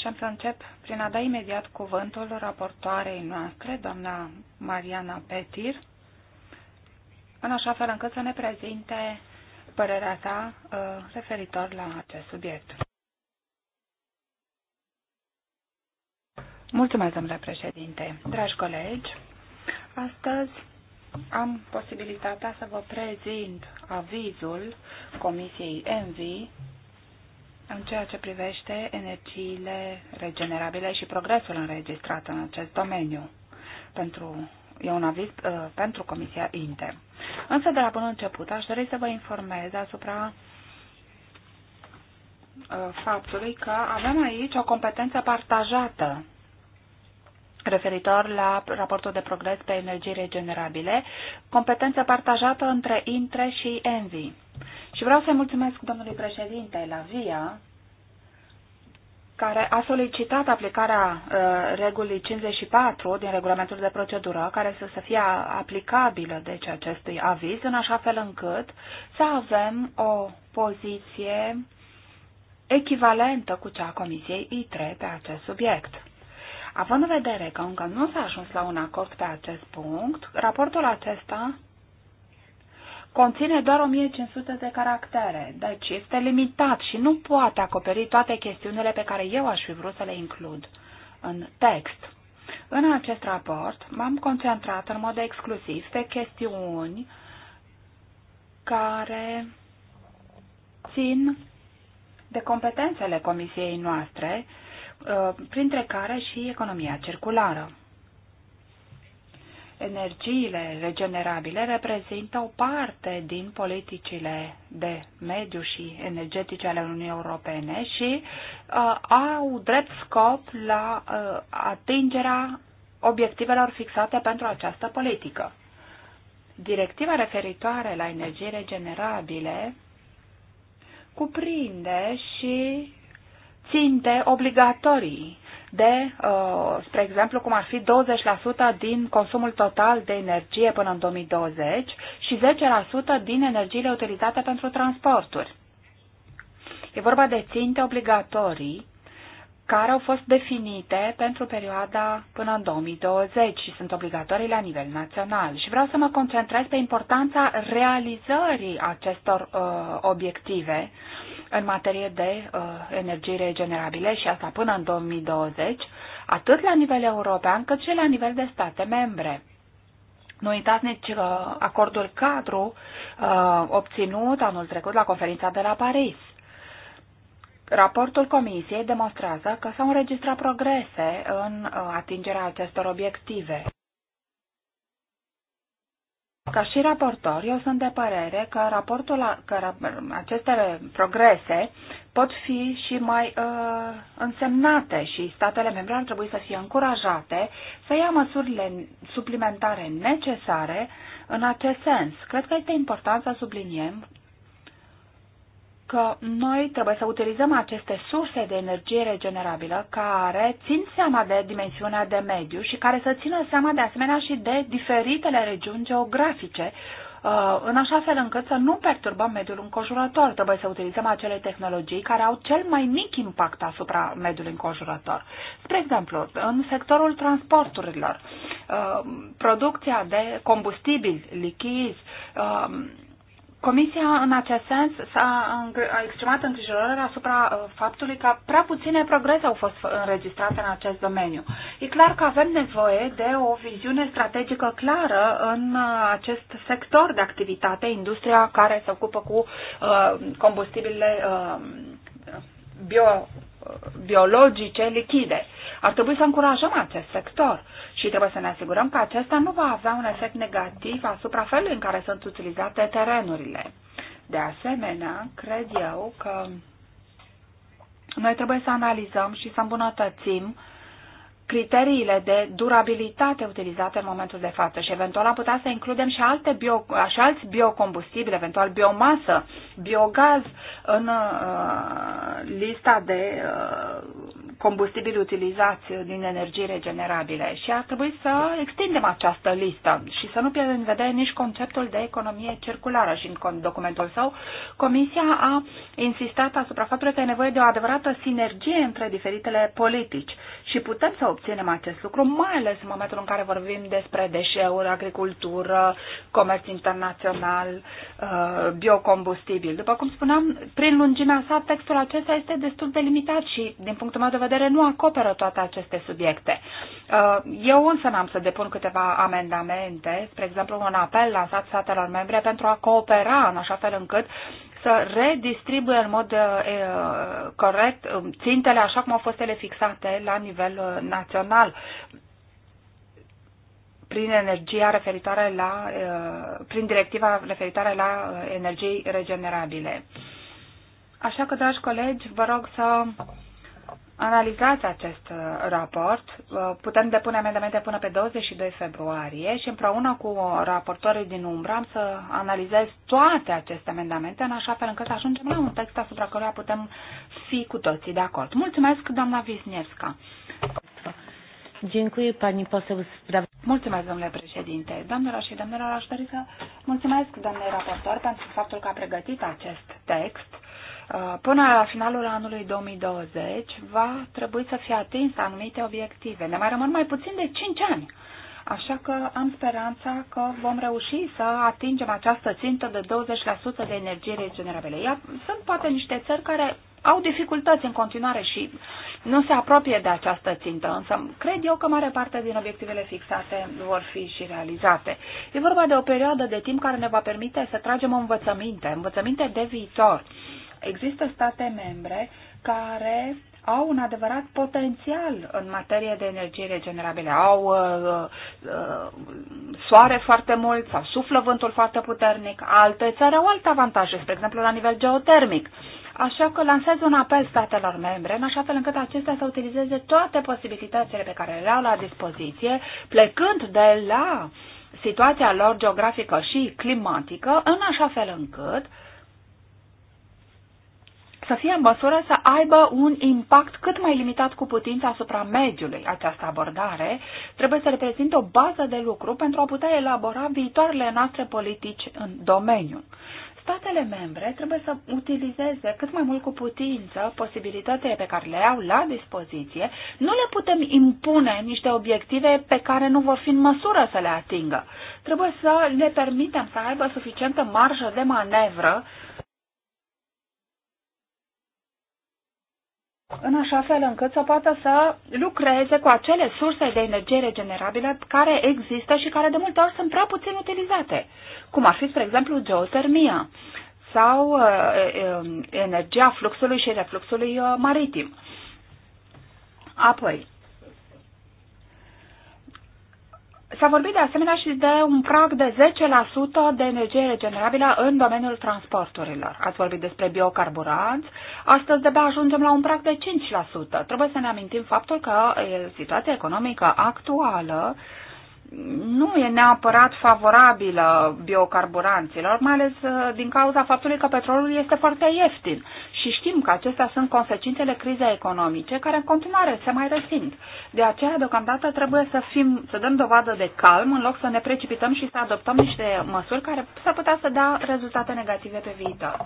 și am să încep prin a da imediat cuvântul raportoarei noastre, doamna Mariana Petir, în așa fel încât să ne prezinte părerea sa uh, referitor la acest subiect. Mulțumesc, domnule președinte. Dragi colegi, astăzi am posibilitatea să vă prezint avizul Comisiei ENVI în ceea ce privește energiile regenerabile și progresul înregistrat în acest domeniu. Pentru, e un aviz uh, pentru Comisia Inter. Însă, de la bun început, aș dori să vă informez asupra uh, faptului că avem aici o competență partajată referitor la raportul de progres pe energii regenerabile, competență partajată între INTRE și ENVI. Și vreau să-i mulțumesc domnului președinte la VIA, care a solicitat aplicarea uh, regulii 54 din regulamentul de procedură, care să, să fie aplicabilă deci acestui aviz, în așa fel încât să avem o poziție echivalentă cu cea a Comisiei ITRE pe acest subiect. Având în vedere că încă nu s-a ajuns la un acord pe acest punct, raportul acesta conține doar 1500 de caractere, deci este limitat și nu poate acoperi toate chestiunile pe care eu aș fi vrut să le includ în text. În acest raport m-am concentrat în mod exclusiv pe chestiuni care țin de competențele comisiei noastre Uh, printre care și economia circulară. Energiile regenerabile reprezintă o parte din politicile de mediu și energetice ale Uniunii Europene și uh, au drept scop la uh, atingerea obiectivelor fixate pentru această politică. Directiva referitoare la energie regenerabile cuprinde și ținte obligatorii de, uh, spre exemplu, cum ar fi 20% din consumul total de energie până în 2020 și 10% din energiile utilizate pentru transporturi. E vorba de ținte obligatorii care au fost definite pentru perioada până în 2020 și sunt obligatorii la nivel național. Și vreau să mă concentrez pe importanța realizării acestor uh, obiective în materie de uh, energii regenerabile și asta până în 2020, atât la nivel european cât și la nivel de state membre. Nu uitați nici uh, acordul cadru uh, obținut anul trecut la conferința de la Paris. Raportul Comisiei demonstrează că s-au înregistrat progrese în uh, atingerea acestor obiective. Ca și raportor, eu sunt de părere că, raportul, că aceste progrese pot fi și mai uh, însemnate și statele membre ar trebui să fie încurajate să ia măsurile suplimentare necesare în acest sens. Cred că este important să subliniem că noi trebuie să utilizăm aceste surse de energie regenerabilă care țin seama de dimensiunea de mediu și care să țină seama de asemenea și de diferitele regiuni geografice, uh, în așa fel încât să nu perturbăm mediul înconjurător. Trebuie să utilizăm acele tehnologii care au cel mai mic impact asupra mediului înconjurător. Spre exemplu, în sectorul transporturilor, uh, producția de combustibili lichizi, uh, Comisia, în acest sens, s-a exprimat îngrijorarea asupra uh, faptului că prea puține progrese au fost înregistrate în acest domeniu. E clar că avem nevoie de o viziune strategică clară în uh, acest sector de activitate, industria care se ocupă cu uh, combustibilele uh, bio, uh, biologice lichide. Ar trebui să încurajăm acest sector și trebuie să ne asigurăm că acesta nu va avea un efect negativ asupra felului în care sunt utilizate terenurile. De asemenea, cred eu că noi trebuie să analizăm și să îmbunătățim uh, criteriile de durabilitate utilizate în momentul de față și eventual am putea să includem și, alte bio, și alți biocombustibili, eventual biomasă, biogaz în uh, lista de uh, combustibili utilizați din energii regenerabile și ar trebui să extindem această listă și să nu pierdem în vedere nici conceptul de economie circulară și în documentul său Comisia a insistat asupra faptului că e nevoie de o adevărată sinergie între diferitele politici și putem să obținem acest lucru, mai ales în momentul în care vorbim despre deșeuri, agricultură, comerț internațional, uh, biocombustibil. După cum spuneam, prin lungimea sa, textul acesta este destul de limitat și, din punctul meu de vedere, nu acoperă toate aceste subiecte. Uh, eu însă n-am să depun câteva amendamente, spre exemplu un apel lansat statelor membre pentru a coopera în așa fel încât să redistribuie în mod uh, corect um, țintele așa cum au fost ele fixate la nivel uh, național prin energia referitoare la, uh, prin directiva referitoare la energii regenerabile. Așa că, dragi colegi, vă rog să analizați acest uh, raport. Uh, putem depune amendamente până pe 22 februarie și împreună cu uh, raportorii din Umbra am să analizez toate aceste amendamente în așa fel încât să ajungem la un text asupra căruia putem fi cu toții de acord. Mulțumesc, doamna Wisniewska. Mulțumesc, domnule președinte. Doamnelor și domnilor, aș dori să mulțumesc, domnule raportor, pentru faptul că a pregătit acest text Uh, până la finalul anului 2020 va trebui să fie atins anumite obiective. Ne mai rămân mai puțin de 5 ani. Așa că am speranța că vom reuși să atingem această țintă de 20% de energie regenerabile. Ia, sunt poate niște țări care au dificultăți în continuare și nu se apropie de această țintă, însă cred eu că mare parte din obiectivele fixate vor fi și realizate. E vorba de o perioadă de timp care ne va permite să tragem învățăminte, învățăminte de viitor. Uh, Există state membre care au un adevărat potențial în materie de energie regenerabile. Au uh, uh, soare foarte mult sau suflă vântul foarte puternic. Alte țări au alte avantaje, spre exemplu la nivel geotermic. Așa că lansez un apel statelor membre, în așa fel încât acestea să utilizeze toate posibilitățile pe care le au la dispoziție, plecând de la situația lor geografică și climatică, în așa fel încât uh, să fie în măsură să aibă un impact cât mai limitat cu putință asupra mediului. Această abordare trebuie să reprezinte o bază de lucru pentru a putea elabora viitoarele noastre politici în domeniu. Statele membre trebuie să utilizeze cât mai mult cu putință posibilitățile pe care le au la dispoziție. Nu le putem impune niște obiective pe care nu vor fi în măsură să le atingă. Trebuie să ne permitem să aibă suficientă marjă de manevră în așa fel încât să poată să lucreze cu acele surse de energie regenerabile care există și care de multe ori sunt prea puțin utilizate, cum ar fi, spre exemplu, geotermia sau uh, um, energia fluxului și refluxului uh, maritim. Apoi, S-a vorbit de asemenea și de un prag de 10% de energie regenerabilă în domeniul transporturilor. Ați vorbit despre biocarburanți. Astăzi de ajungem la un prag de 5%. Trebuie să ne amintim faptul că situația economică actuală uh, nu e neapărat favorabilă biocarburanților, mai ales uh, din cauza faptului că petrolul este foarte ieftin. Și știm că acestea sunt consecințele crizei economice, care în continuare se mai resimt. De aceea, deocamdată, trebuie să, fim, să dăm dovadă de calm, în loc să ne precipităm și să adoptăm niște măsuri care s-ar putea să dea rezultate negative pe viitor.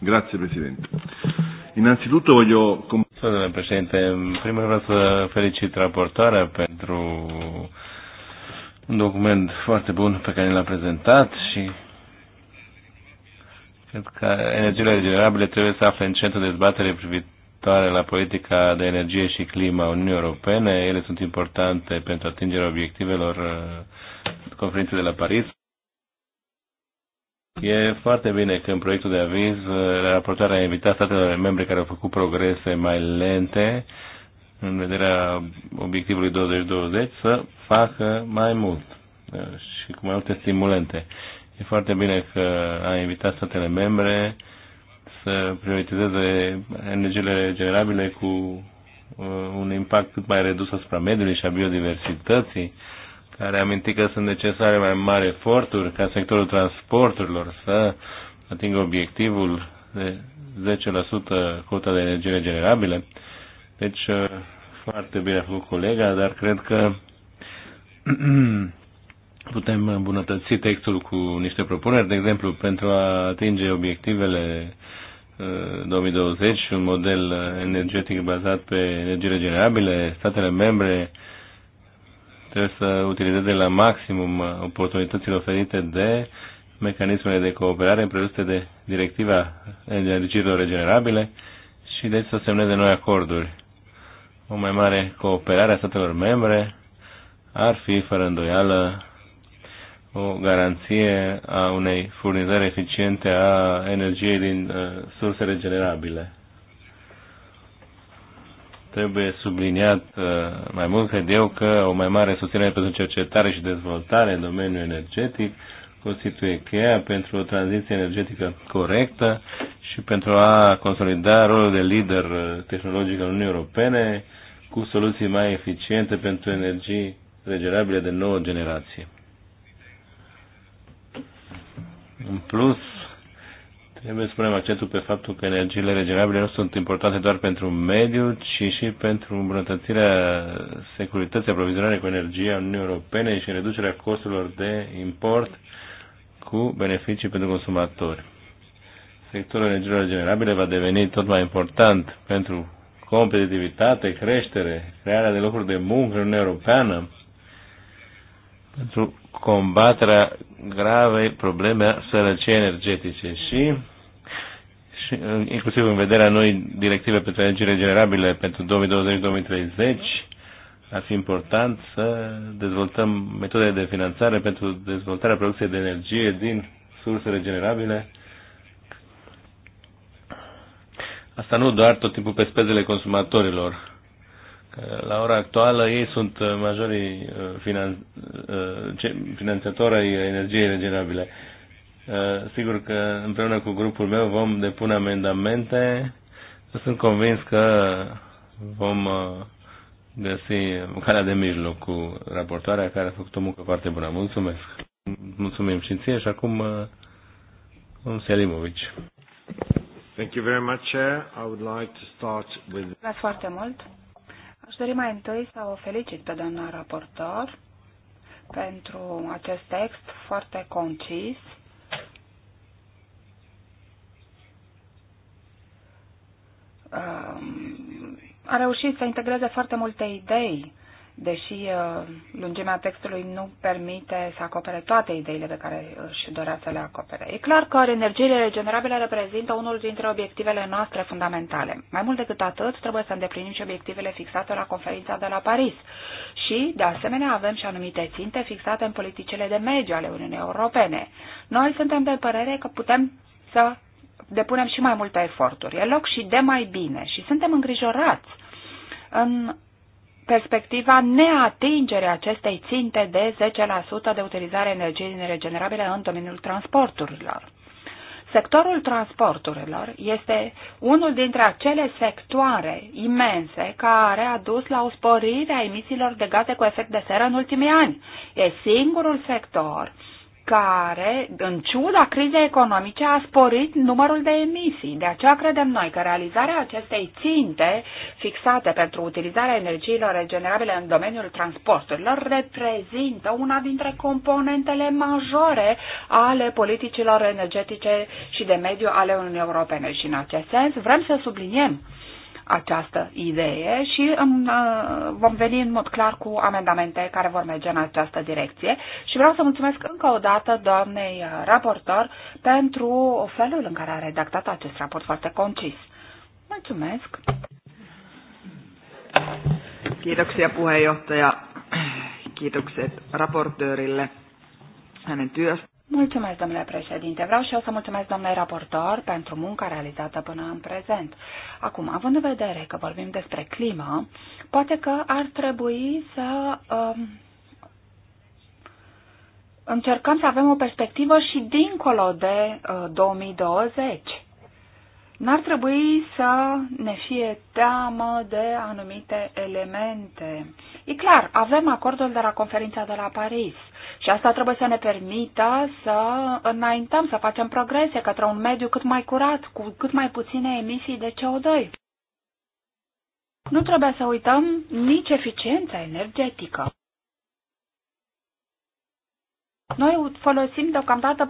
Grazie Presidente. Innanzitutto voglio... Domnule președinte, în vreau să felicit raportarea pentru un document foarte bun pe care l-a prezentat și cred că energiile regenerabile trebuie să afle în centrul dezbaterii privitoare la politica de energie și clima Uniunii Europene. Ele sunt importante pentru atingerea obiectivelor uh, conferinței de la Paris E foarte bine că în proiectul de aviz uh, raportarea a invitat statele membre care au făcut progrese mai lente în vederea obiectivului 2020 să facă mai mult uh, și cu mai multe stimulente. E foarte bine că a invitat statele membre să prioritizeze energiile regenerabile cu uh, un impact cât mai redus asupra mediului și a biodiversității care a amintit că sunt necesare mai mari eforturi ca sectorul transporturilor să atingă obiectivul de 10% cota de energie regenerabile. Deci, uh, foarte bine a făcut colega, dar cred că putem îmbunătăți textul cu niște propuneri, de exemplu, pentru a atinge obiectivele 2020, uh, un model energetic bazat pe energie regenerabile, statele membre trebuie să utilizeze la maximum oportunitățile oferite de mecanismele de cooperare prevăzute de directiva energiilor regenerabile și deci să semneze noi acorduri. O mai mare cooperare a statelor membre ar fi, fără îndoială, o garanție a unei furnizări eficiente a energiei din uh, surse regenerabile trebuie subliniat uh, mai mult, cred eu, că o mai mare susținere pentru cercetare și dezvoltare în domeniul energetic constituie cheia pentru o tranziție energetică corectă și pentru a consolida rolul de lider uh, tehnologic al Uniunii Europene cu soluții mai eficiente pentru energii regenerabile de nouă generație. În plus, Trebuie să punem accentul pe faptul că energiile regenerabile nu sunt importante doar pentru mediu, ci și pentru îmbunătățirea securității aprovizionare cu energie a Uniunii Europene și reducerea costurilor de import cu beneficii pentru consumatori. Sectorul energiilor regenerabile va deveni tot mai important pentru competitivitate, creștere, crearea de locuri de muncă în Uniunea Europeană, pentru combaterea gravei probleme a sărăciei energetice și și, uh, inclusiv în vederea noi directive pentru energie regenerabile pentru 2020-2030, ar fi important să dezvoltăm metode de finanțare pentru dezvoltarea producției de energie din surse regenerabile. Asta nu doar tot timpul pe spezele consumatorilor. Că la ora actuală ei sunt uh, majorii uh, finanț- finanțatori ai energiei regenerabile. Uh, sigur că împreună cu grupul meu vom depune amendamente. Sunt convins că vom uh, găsi calea de mijloc cu raportoarea care a făcut o muncă foarte bună. Mulțumesc! Mulțumim și ție și acum un uh, Selimovici. Thank you very much, Chair. I would like to start with... Mulțumesc foarte mult. Aș dori mai întâi să o felicit pe doamna raportor pentru acest text foarte concis Um, a reușit să integreze foarte multe idei, deși uh, lungimea textului nu permite să acopere toate ideile pe care își dorea să le acopere. E clar că energiile regenerabile reprezintă unul dintre obiectivele noastre fundamentale. Mai mult decât atât, trebuie să îndeplinim și obiectivele fixate la conferința de la Paris. Și, de asemenea, avem și anumite ținte fixate în politicile de mediu ale Uniunii Europene. Noi suntem de părere că putem să depunem și mai multe eforturi. E loc și de mai bine și suntem îngrijorați în perspectiva neatingerii acestei ținte de 10% de utilizare energiei regenerabile în domeniul transporturilor. Sectorul transporturilor este unul dintre acele sectoare imense care a dus la o sporire a emisiilor de gaze cu efect de seră în ultimii ani. E singurul sector care, în ciuda crizei economice, a sporit numărul de emisii. De aceea credem noi că realizarea acestei ținte fixate pentru utilizarea energiilor regenerabile în domeniul transporturilor reprezintă una dintre componentele majore ale politicilor energetice și de mediu ale Uniunii Europene. Și în acest sens vrem să subliniem această idee și în, uh, vom veni în mod clar cu amendamente care vor merge în această direcție. Și vreau să mulțumesc încă o dată doamnei uh, raportor pentru felul în care a redactat acest raport foarte concis. Mulțumesc! Kiitoksia puheenjohtaja. Kiitokset raportöörille hänen työstä. Mulțumesc, domnule președinte. Vreau și eu să mulțumesc, domnule raportor, pentru munca realizată până în prezent. Acum, având în vedere că vorbim despre climă, poate că ar trebui să um, încercăm să avem o perspectivă și dincolo de uh, 2020. N-ar trebui să ne fie teamă de anumite elemente. E clar, avem acordul de la conferința de la Paris – și asta trebuie să ne permită să înaintăm, să facem progrese către un mediu cât mai curat, cu cât mai puține emisii de CO2. Nu trebuie să uităm nici eficiența energetică. Noi folosim deocamdată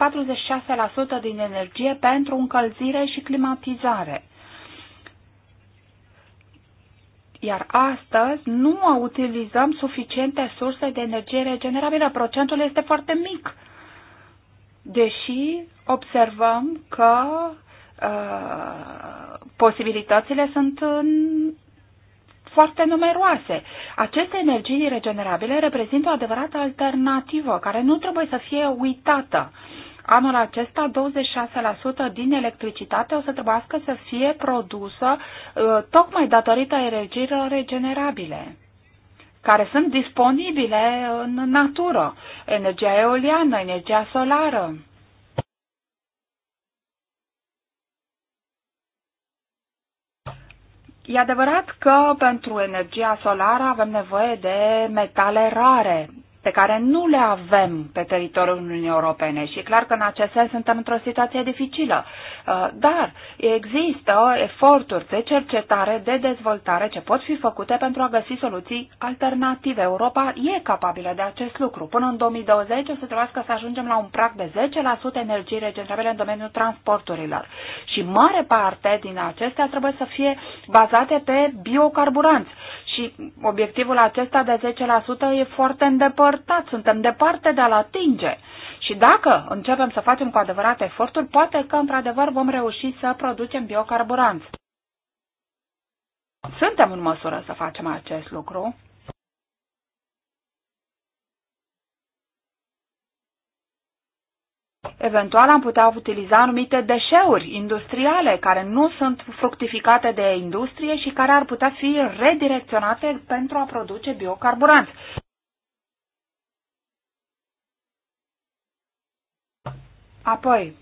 46% din energie pentru încălzire și climatizare. Iar astăzi nu utilizăm suficiente surse de energie regenerabilă. Procentul este foarte mic. Deși observăm că uh, posibilitățile sunt în uh, foarte numeroase. Aceste energii regenerabile reprezintă o adevărată alternativă care nu trebuie să fie uitată. Uh, Anul acesta, 26% din electricitate o să trebuiască să fie produsă uh, tocmai datorită energiilor regenerabile care sunt disponibile în natură, energia eoliană, energia solară. E adevărat că pentru energia solară avem nevoie de metale rare, pe care nu le avem pe teritoriul Uniunii Europene și clar că în acest sens suntem într-o situație dificilă. Uh, dar există eforturi de cercetare, de dezvoltare ce pot fi făcute pentru a găsi soluții alternative. Europa e capabilă de acest lucru. Până în 2020 o să trebuiască să ajungem la un prag de 10% energie regenerabile în domeniul transporturilor. Și mare parte din acestea trebuie să fie bazate pe biocarburanți și obiectivul acesta de 10% e foarte îndepărtat, suntem departe de a-l atinge. Și dacă începem să facem cu adevărat eforturi, poate că într-adevăr vom reuși să producem biocarburanți. Suntem în măsură să facem acest lucru Eventual am putea utiliza anumite deșeuri industriale care nu sunt fructificate de industrie și care ar putea fi redirecționate pentru a produce biocarburanți. Apoi,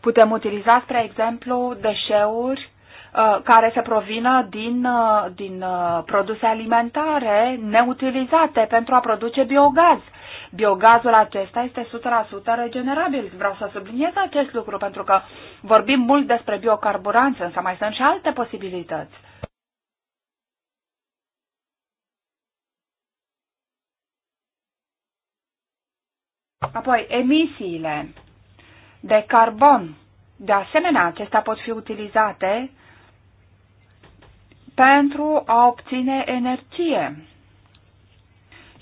putem utiliza, spre exemplu, deșeuri uh, care se provină din, uh, din uh, produse alimentare neutilizate pentru a produce biogaz Biogazul acesta este 100% regenerabil. Vreau să subliniez acest lucru pentru că vorbim mult despre biocarburanță, însă mai sunt și alte posibilități. Apoi, emisiile de carbon. De asemenea, acestea pot fi utilizate pentru a obține energie.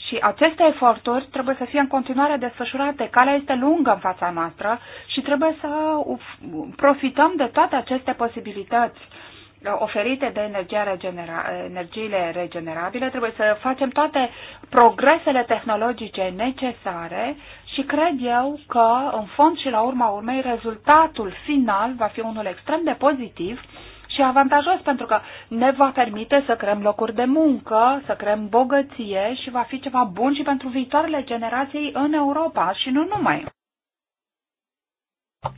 Și aceste eforturi trebuie să fie în continuare desfășurate. Calea este lungă în fața noastră și trebuie să profităm de toate aceste posibilități uh, oferite de energia regenera- energiile regenerabile, trebuie să facem toate progresele tehnologice necesare și cred eu că, în fond și la urma urmei, rezultatul final va fi unul extrem de pozitiv și avantajos pentru că ne va permite să creăm locuri de muncă, să creăm bogăție și va fi ceva bun și pentru viitoarele generații în Europa și nu numai.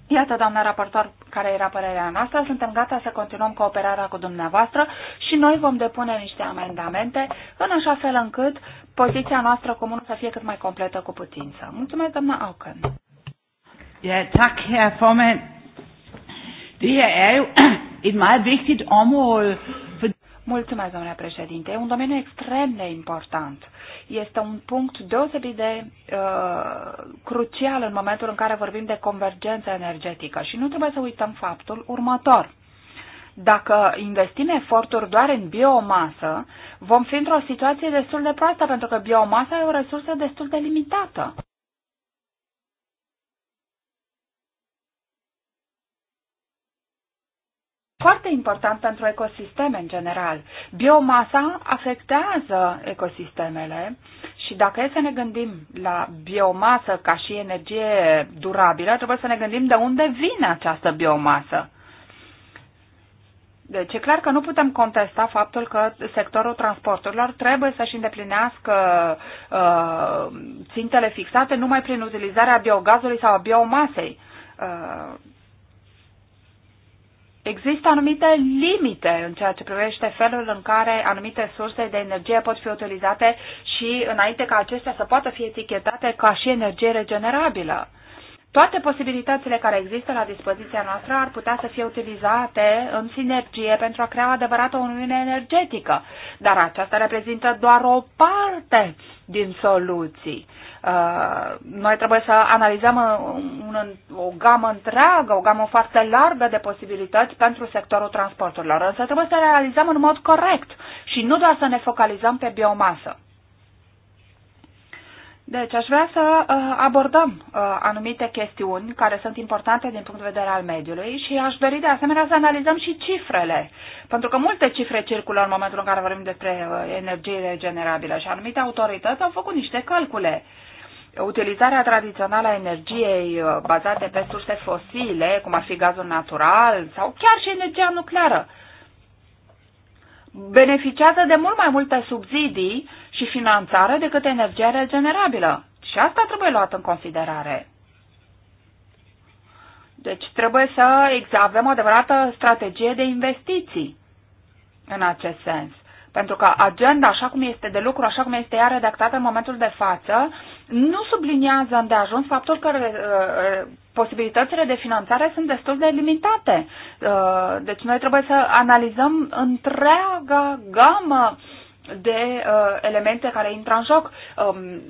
Iată, doamna raportor, care era părerea noastră, suntem gata să continuăm cooperarea cu dumneavoastră și noi vom depune niște amendamente în așa fel încât poziția noastră comună să fie cât mai completă cu putință. Mulțumesc, doamna Auken. Ja, tak, herr Formel. Det her er jo et meget vigtigt område. For... Mulțumesc, domnule președinte. E un domeniu extrem de important. Este un punct deosebit de uh, crucial în momentul în care vorbim de convergență energetică și nu trebuie să uităm faptul următor dacă investim eforturi doar în biomasă, vom fi într-o situație destul de proastă, pentru că biomasa e o resursă destul de limitată. foarte important pentru ecosisteme în general. Biomasa afectează ecosistemele și dacă e să ne gândim la biomasă ca și energie durabilă, trebuie să ne gândim de unde vine această biomasă. Deci e clar că nu putem contesta faptul că sectorul transporturilor trebuie să-și îndeplinească uh, țintele fixate numai prin utilizarea biogazului sau a biomasei. Uh, Există anumite limite în ceea ce privește felul în care anumite surse de energie pot fi utilizate și înainte ca acestea să poată fi etichetate ca și energie regenerabilă. Toate posibilitățile care există la dispoziția noastră ar putea să fie utilizate în sinergie pentru a crea o o uniune energetică, dar aceasta reprezintă doar o parte din soluții. Uh, noi trebuie să analizăm uh, o gamă întreagă, o gamă foarte largă de posibilități pentru sectorul transporturilor, însă trebuie să realizăm în mod corect și nu doar să ne focalizăm pe biomasă. Deci aș vrea să uh, abordăm uh, anumite chestiuni care sunt importante din punct de vedere al mediului și aș dori de asemenea să analizăm și cifrele, pentru că multe cifre circulă în momentul în care vorbim despre uh, energie regenerabilă și anumite autorități au făcut niște calcule. Utilizarea tradițională a energiei bazate pe surse fosile, cum ar fi gazul natural sau chiar și energia nucleară, beneficiază de mult mai multe subsidii și finanțare decât energia regenerabilă. Și asta trebuie luat în considerare. Deci trebuie să avem o adevărată strategie de investiții în acest sens. Pentru că agenda, așa cum este de lucru, așa cum este ea redactată în momentul de față, nu subliniază îndeajuns faptul că uh, posibilitățile de finanțare sunt destul de limitate. Uh, deci noi trebuie să analizăm întreaga gamă uh, de uh, elemente care intră în joc. Um,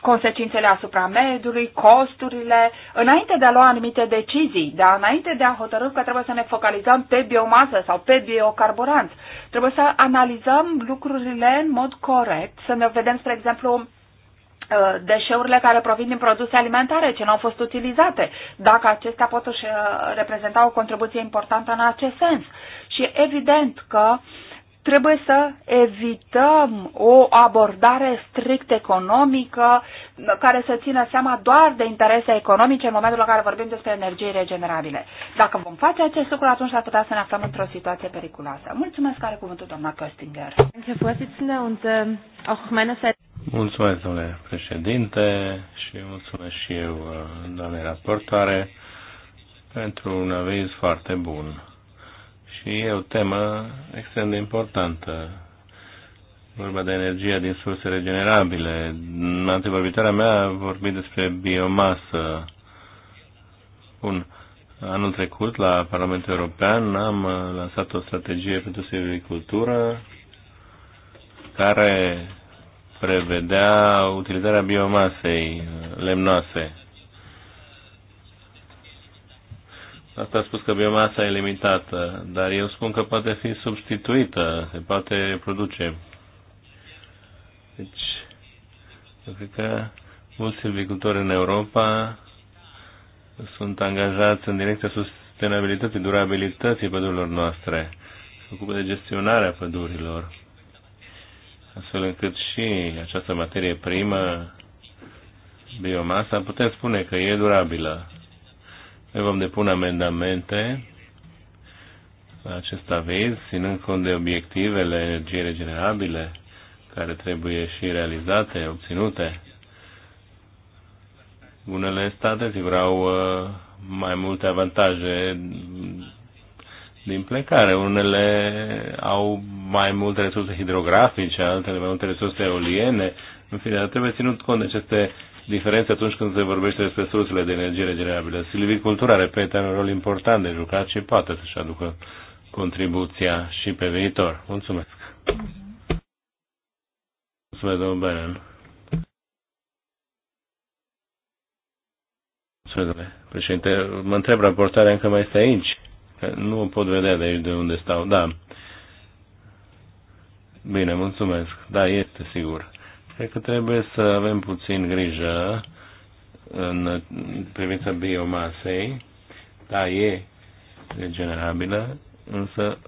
consecințele asupra mediului, costurile, înainte de a lua anumite decizii, dar înainte de a hotărâ că trebuie să ne focalizăm pe biomasă sau pe biocarburanți. Trebuie să analizăm lucrurile în mod corect, să ne vedem, spre exemplu, uh, deșeurile care provin din produse alimentare, ce nu au fost utilizate, dacă acestea pot uh, reprezenta o contribuție importantă în acest sens. Și evident că uh, trebuie să evităm o abordare strict economică care să țină seama doar de interese economice în momentul în care vorbim despre energii regenerabile. Dacă vom face acest lucru, atunci ar putea să ne aflăm într-o situație periculoasă. Mulțumesc, care cuvântul doamna Köstinger. Äh, mulțumesc, domnule președinte, și mulțumesc și eu, uh, doamne raportoare, pentru un aviz foarte bun și e o temă extrem de importantă. Vorba de energia din surse regenerabile. Antevorbitoarea mea a vorbit despre biomasă. Bun. Anul trecut, la Parlamentul European, am lansat o strategie pentru silvicultură care prevedea utilizarea biomasei lemnoase Asta a spus că biomasa e limitată, dar eu spun că poate fi substituită, se poate produce. Deci, eu cred că mulți silvicultori în Europa sunt angajați în direcția sustenabilității, durabilității pădurilor noastre. Se ocupă de gestionarea pădurilor, astfel încât și această materie primă, biomasa, putem spune că e durabilă noi vom depune amendamente la acest aviz, ținând cont de obiectivele energiei regenerabile care trebuie și realizate, obținute. Unele state, sigur, au uh, mai multe avantaje din plecare. Unele au mai multe resurse hidrografice, altele mai multe resurse eoliene. În fine, trebuie ținut cont de aceste diferențe atunci când se vorbește despre sursele de energie regenerabilă. Silvicultura, repet, are un rol important de jucat și poate să-și aducă contribuția și pe viitor. Mulțumesc! Mulțumesc, domnul Beren. Mulțumesc, domnule președinte. Mă întreb, raportarea încă mai este aici? nu o pot vedea de aici de unde stau. Da. Bine, mulțumesc. Da, este sigur. Cred că trebuie să avem puțin grijă în privința biomasei. Da, e regenerabilă, însă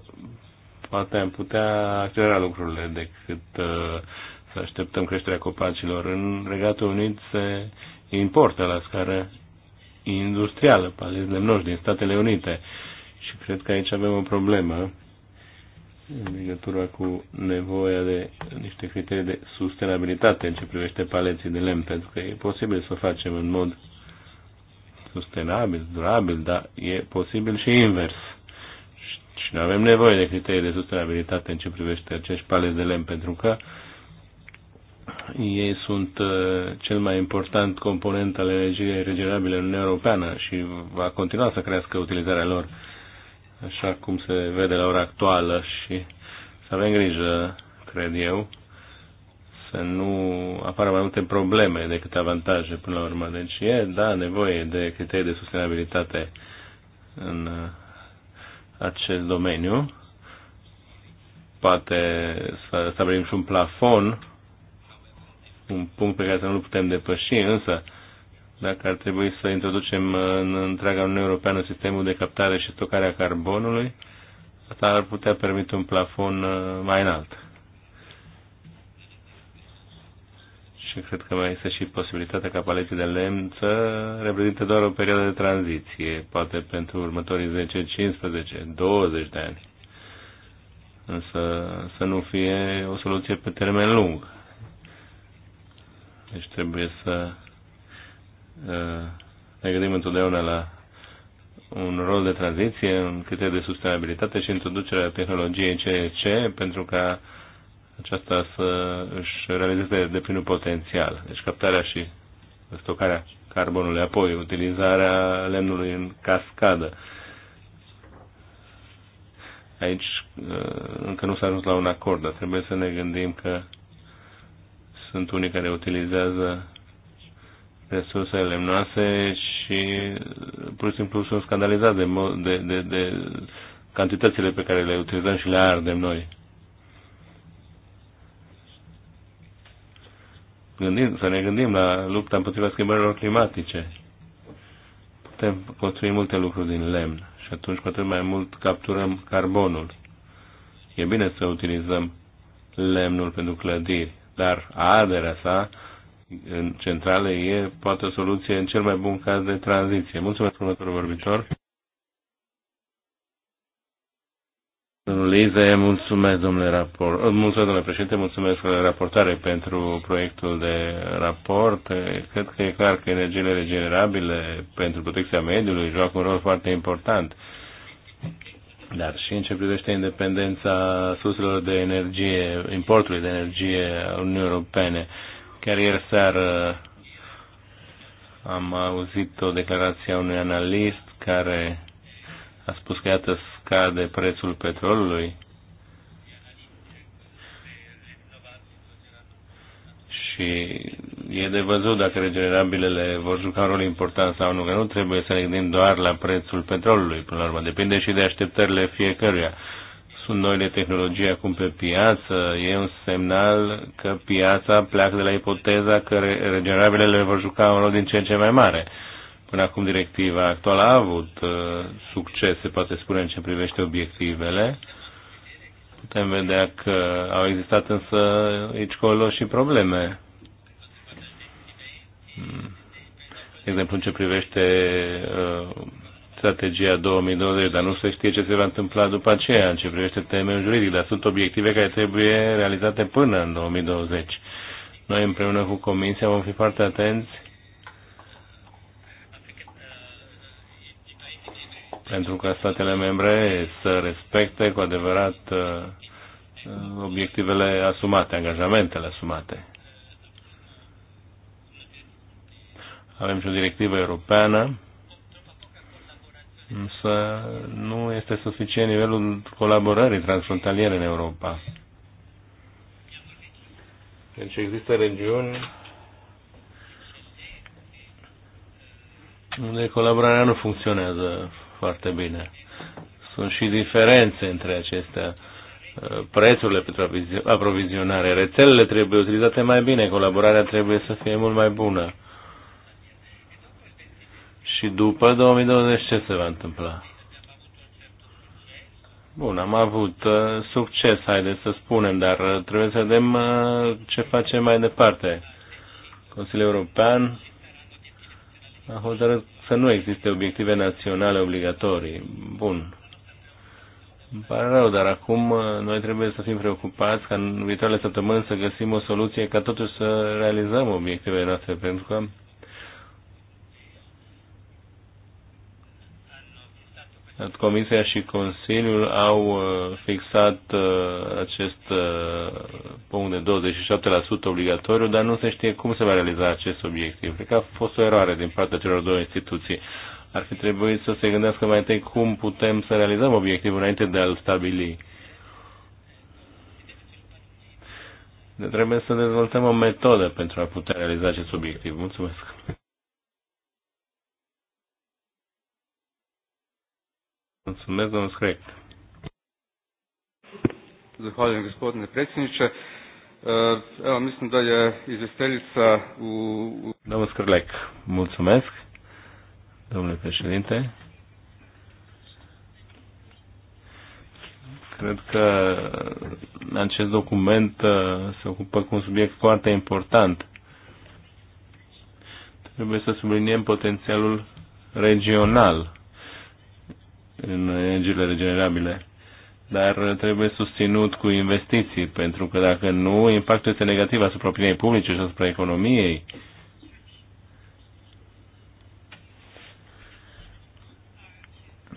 poate am putea accelera lucrurile decât uh, să așteptăm creșterea copacilor. În Regatul Unit se importă la scară industrială, paleți lemnoși din Statele Unite. Și cred că aici avem o problemă în legătură cu nevoia de niște criterii de sustenabilitate în ce privește paleții de lemn, pentru că e posibil să o facem în mod sustenabil, durabil, dar e posibil și invers. Și nu avem nevoie de criterii de sustenabilitate în ce privește acești paleți de lemn, pentru că ei sunt uh, cel mai important component al energiei regenerabile în Uniunea Europeană și va continua să crească utilizarea lor așa cum se vede la ora actuală și să avem grijă, cred eu, să nu apară mai multe probleme decât avantaje până la urmă. Deci e, da, nevoie de criterii de sustenabilitate în uh, acest domeniu. Poate să stabilim și un plafon, un punct pe care să nu putem depăși, însă dacă ar trebui să introducem în întreaga Uniune Europeană sistemul de captare și stocare a carbonului, asta ar putea permite un plafon uh, mai înalt. Și cred că mai este și posibilitatea ca paleții de lemn să reprezinte doar o perioadă de tranziție, poate pentru următorii 10, 15, 20 de ani. Însă să nu fie o soluție pe termen lung. Deci trebuie să Eh, ne gândim întotdeauna la un rol de tranziție în criterii de sustenabilitate și introducerea tehnologiei CEC pentru ca aceasta să își realizeze de plinul potențial. Deci captarea și stocarea carbonului, apoi utilizarea lemnului în cascadă. Aici eh, încă nu s-a ajuns la un acord, dar trebuie să ne gândim că sunt unii care utilizează resurse lemnoase și pur și simplu sunt scandalizat de, de, de, de cantitățile pe care le utilizăm și le ardem noi. Gândim, să ne gândim la lupta împotriva schimbărilor climatice. Putem construi multe lucruri din lemn și atunci cu atât mai mult capturăm carbonul. E bine să utilizăm lemnul pentru clădiri, dar aderea sa centrale e poate o soluție în cel mai bun caz de tranziție. Mulțumesc, următorul vorbitor. Domnul Lize, mulțumesc, domnule, raport, uh, mulțumesc, domnule președinte, mulțumesc uh, raportare pentru proiectul de raport. Uh, cred că e clar că energiile regenerabile pentru protecția mediului joacă un rol foarte important. Dar și în ce privește independența surselor de energie, importului de energie a Uniunii Europene, Chiar ieri seară am auzit o declarație a unui analist care a spus că iată scade prețul petrolului și e de văzut dacă regenerabilele vor juca un rol important sau nu, că nu trebuie să ne gândim doar la prețul petrolului, până la urmă. Depinde și de așteptările fiecăruia sunt noile tehnologii acum pe piață, e un semnal că piața pleacă de la ipoteza că regenerabilele vor juca un rol din ce în ce mai mare. Până acum directiva actuală a avut uh, succes, se poate spune, în ce privește obiectivele. Putem vedea că au existat însă aici colo și probleme. Hmm. De exemplu, în ce privește uh, strategia 2020, dar nu se știe ce se va întâmpla după aceea în ce privește temeiul juridic, dar sunt obiective care trebuie realizate până în 2020. Noi împreună cu Comisia vom fi foarte atenți pentru ca statele membre să respecte cu adevărat uh, obiectivele asumate, angajamentele asumate. Avem și o directivă europeană Însă nu este suficient nivelul colaborării transfrontaliere în Europa. Deci există regiuni unde colaborarea nu funcționează foarte bine. Sunt și diferențe între acestea. Prețurile pentru aprovizionare, rețelele trebuie utilizate mai bine, colaborarea trebuie să fie mult mai bună. Și după 2020 ce se va întâmpla? Bun, am avut uh, succes, haideți să spunem, dar uh, trebuie să vedem uh, ce facem mai departe. Consiliul European a hotărât să nu existe obiective naționale obligatorii. Bun. Îmi pare rău, dar acum noi trebuie să fim preocupați ca în viitoarele săptămâni să găsim o soluție ca totuși să realizăm obiectivele noastre, pentru că Comisia și Consiliul au uh, fixat uh, acest uh, punct de 27% obligatoriu, dar nu se știe cum se va realiza acest obiectiv. Cred că a fost o eroare din partea celor două instituții. Ar fi trebuit să se gândească mai întâi cum putem să realizăm obiectivul înainte de a-l stabili. Trebuie să dezvoltăm o metodă pentru a putea realiza acest obiectiv. Mulțumesc! Mulțumesc, domnul Screc. Zahvaljujem gospodine predsjedniče. Evo, mislim da je izvesteljica u... Domnul Scrlec, mulțumesc, domnule președinte. Cred că acest document se ocupă cu un subiect foarte important. Trebuie să subliniem potențialul regional în energiile regenerabile. Dar trebuie susținut cu investiții, pentru că dacă nu, impactul este negativ asupra opiniei publice și asupra economiei.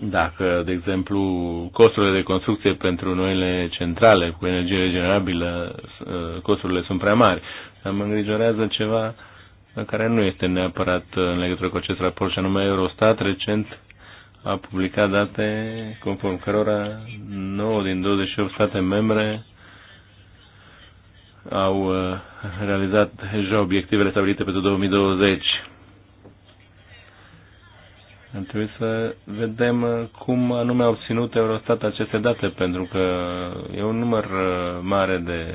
Dacă, de exemplu, costurile de construcție pentru noile centrale cu energie regenerabilă, uh, costurile sunt prea mari. Dar mă îngrijorează ceva care nu este neapărat în legătură cu acest raport, și anume Eurostat recent a publicat date conform cărora 9 din 28 state membre au uh, realizat deja obiectivele stabilite pentru 2020. Am trebuit să vedem uh, cum anume au obținut Eurostat aceste date, pentru că e un număr uh, mare de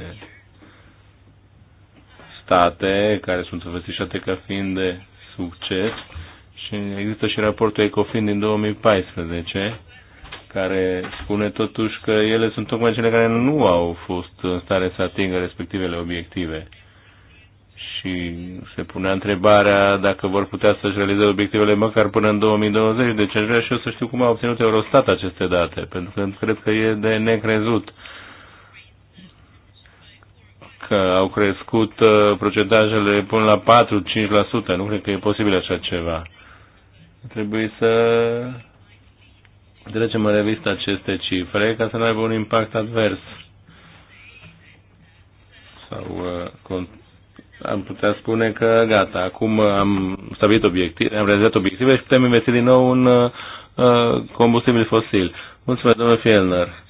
state care sunt învestișate ca fiind de succes și există și raportul Ecofin din 2014, care spune totuși că ele sunt tocmai cele care nu au fost în stare să atingă respectivele obiective. Și se pune întrebarea dacă vor putea să-și realizeze obiectivele măcar până în 2020. Deci aș vrea și eu să știu cum a obținut Eurostat aceste date, pentru că cred că e de necrezut că au crescut uh, procentajele până la 4-5%. Nu cred că e posibil așa ceva. Trebuie să trecem în revistă aceste cifre ca să nu aibă un impact advers. Sau uh, am putea spune că gata, acum am stabilit obiective, am realizat obiective și putem investi din nou în uh, uh combustibil fosil. Mulțumesc, domnule Fielner.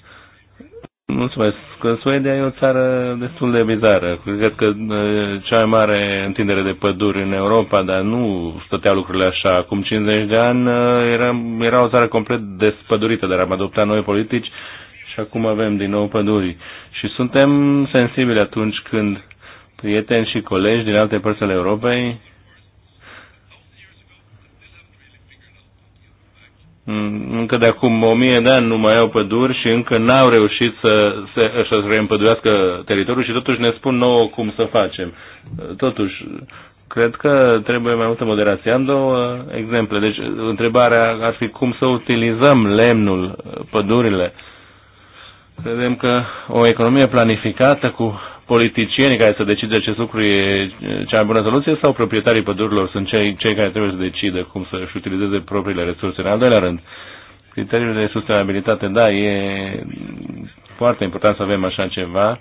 Mulțumesc. Suedia e o țară destul de bizară. Cred că cea mai mare întindere de păduri în Europa, dar nu stăteau lucrurile așa. Acum 50 de ani era, era o țară complet despădurită, dar am adoptat noi politici și acum avem din nou păduri. Și suntem sensibili atunci când prieteni și colegi din alte părți ale Europei Mm, încă de acum o mie de ani nu mai au păduri și încă n-au reușit să se, să reîmpăduiască teritoriul și totuși ne spun nouă cum să facem. Totuși, cred că trebuie mai multă moderație. Am două exemple. Deci, întrebarea ar fi cum să utilizăm lemnul, pădurile. Credem că o economie planificată cu politicienii care să decide ce lucru e cea mai bună soluție sau proprietarii pădurilor sunt cei, cei care trebuie să decide cum să-și utilizeze propriile resurse? În al doilea rând, criteriul de sustenabilitate, da, e foarte important să avem așa ceva.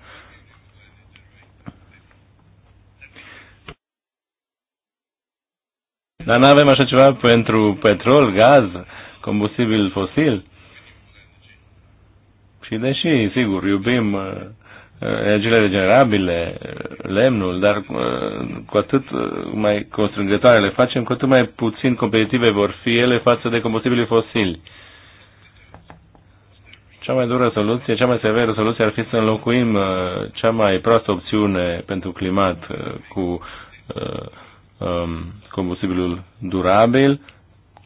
Dar nu avem așa ceva pentru petrol, gaz, combustibil fosil. Și deși, sigur, iubim uh, Eh, energiile regenerabile, lemnul, dar eh, cu atât eh, mai constrângătoare le facem, cu atât mai puțin competitive vor fi ele față de combustibilii fosili. Cea mai dură soluție, cea mai severă soluție ar fi să înlocuim cea mai proastă opțiune pentru climat cu um, combustibilul durabil,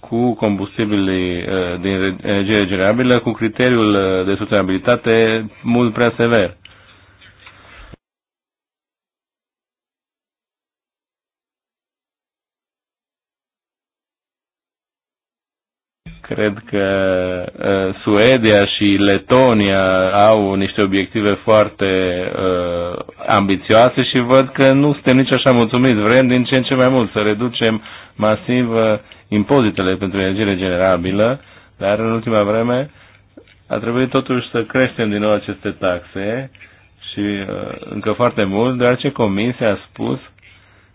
cu combustibili din energie regenerabilă, cu criteriul de sustenabilitate mult prea sever. Cred că uh, Suedia și Letonia au niște obiective foarte uh, ambițioase și văd că nu suntem nici așa mulțumiți. Vrem din ce în ce mai mult să reducem masiv uh, impozitele pentru energie regenerabilă, dar în ultima vreme a trebuit totuși să creștem din nou aceste taxe și uh, încă foarte mult, deoarece Comisia a spus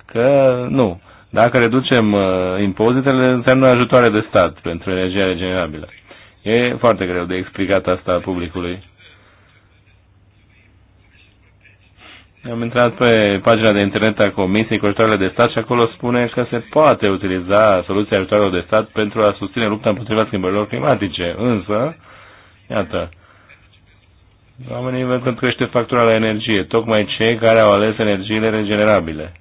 că nu dacă reducem uh, impozitele, înseamnă ajutoare de stat pentru energia regenerabilă. E foarte greu de explicat asta publicului. Am intrat pe pagina de internet a Comisiei cu ajutoarele de stat și acolo spune că se poate utiliza soluția ajutoarelor de stat pentru a susține lupta împotriva schimbărilor climatice. Însă, iată, oamenii văd că crește factura la energie, tocmai cei care au ales energiile regenerabile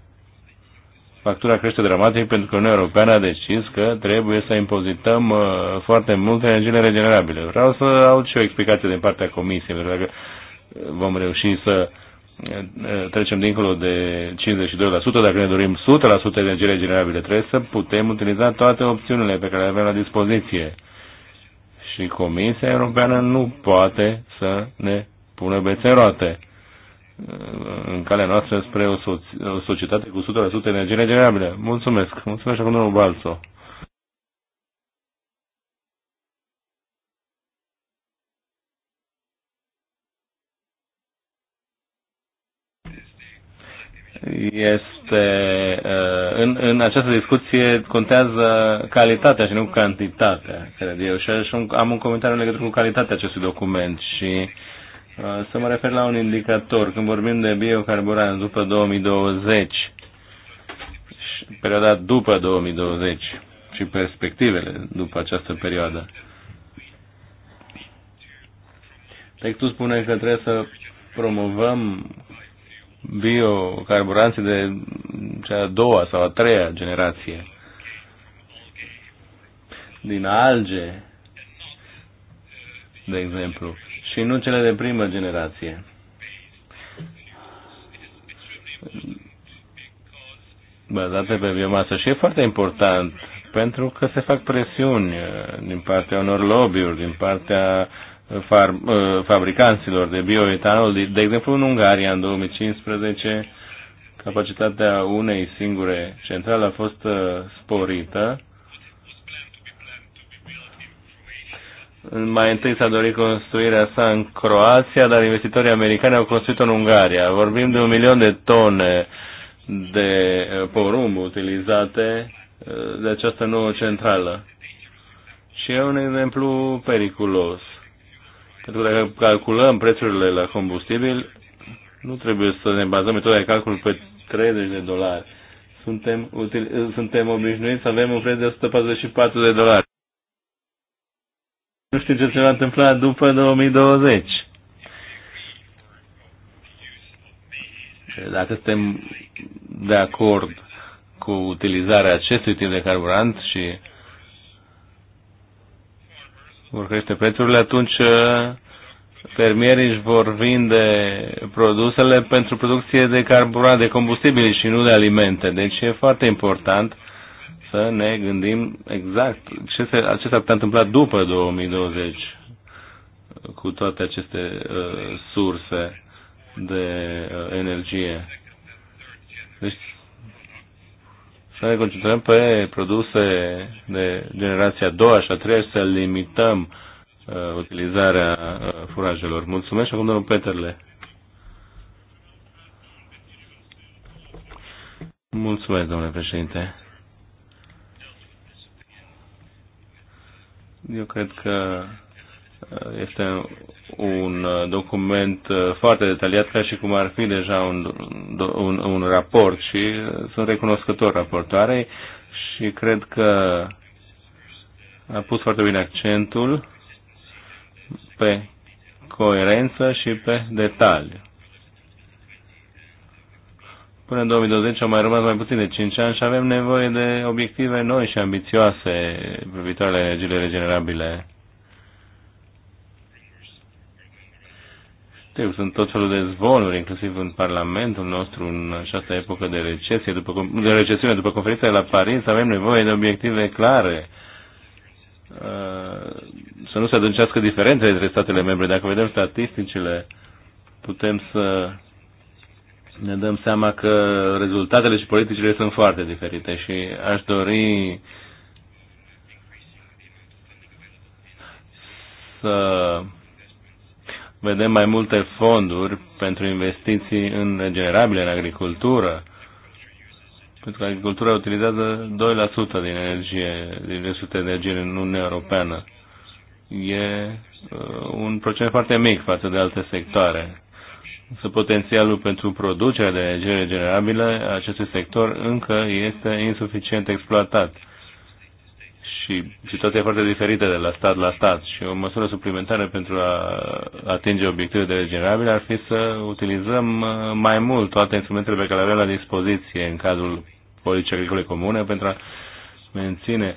factura crește dramatic pentru că Uniunea Europeană a decis că trebuie să impozităm uh, foarte mult energiile regenerabile. Vreau să au și o explicație din partea Comisiei, pentru că uh, vom reuși să uh, trecem dincolo de 52%, dacă ne dorim 100% energie regenerabile, trebuie să putem utiliza toate opțiunile pe care le avem la dispoziție. Și Comisia Europeană nu poate să ne pună bețe în roate în calea noastră spre o, so- o societate cu 100% energie regenerabilă. Mulțumesc! Mulțumesc și acum domnul Balso. este uh, în, în această discuție contează calitatea și nu cantitatea, cred eu. Și am un comentariu în legătură cu calitatea acestui document și Uh, să mă refer la un indicator. Când vorbim de biocarburant după 2020, perioada după 2020 și perspectivele după această perioadă. Textul spune că trebuie să promovăm biocarburanții de cea a doua sau a treia generație din alge, de exemplu și nu cele de primă generație. Bazate pe biomasă și e foarte important pentru că se fac presiuni uh, din partea unor lobby-uri, din partea uh, uh, fabricanților de bioetanol. De exemplu, în Ungaria, în 2015, capacitatea unei singure centrale a fost sporită Mai întâi s-a dorit construirea sa în Croația, dar investitorii americani au construit-o în Ungaria. Vorbim de un milion de tone de eh, porumb utilizate eh, de această nouă centrală. Și e un exemplu periculos. Pentru că dacă calculăm prețurile la combustibil, nu trebuie să ne bazăm metoda de calcul pe 30 de dolari. Suntem, util, suntem obișnuiți să avem un preț de 144 de dolari nu știu ce se va întâmpla după 2020. Dacă suntem de acord cu utilizarea acestui tip de carburant și vor crește prețurile, atunci uh, fermierii își vor vinde produsele pentru producție de carburant, de combustibili și nu de alimente. Deci e foarte important să ne gândim exact ce, se, ce s-ar putea întâmpla după 2020 cu toate aceste uh, surse de uh, energie. Deci să ne concentrăm pe produse de generația a doua și a treia și să limităm uh, utilizarea uh, furajelor. Mulțumesc și acum domnul Peterle. Mulțumesc, domnule președinte. Eu cred că uh, este un uh, document uh, foarte detaliat, ca și cum ar fi deja un, un, un raport și sunt recunoscător raportoarei și cred că a pus foarte bine accentul pe coerență și pe detaliu. Până în 2020 au mai rămas mai puțin de 5 ani și avem nevoie de obiective noi și ambițioase privitoare la energiile regenerabile. Știu, sunt tot felul de zvonuri, inclusiv în Parlamentul nostru, în această epocă de recesie, după, de recesiune, după conferința de la Paris, avem nevoie de obiective clare. Uh, să nu se adâncească diferențele între statele membre. Dacă vedem statisticile, putem să ne dăm seama că rezultatele și politicile sunt foarte diferite și aș dori să vedem mai multe fonduri pentru investiții în regenerabile, în agricultură, pentru că agricultura utilizează 2% din energie, din resurse de energie în Uniunea Europeană. E uh, un procent foarte mic față de alte sectoare. Însă potențialul pentru producerea de energie regenerabilă a acestui sector încă este insuficient exploatat și situația e foarte diferită de la stat la stat și o măsură suplimentară pentru a atinge obiectivele de regenerabile ar fi să utilizăm uh, mai mult toate instrumentele pe care le avem la dispoziție în cazul politicii agricole comune pentru a menține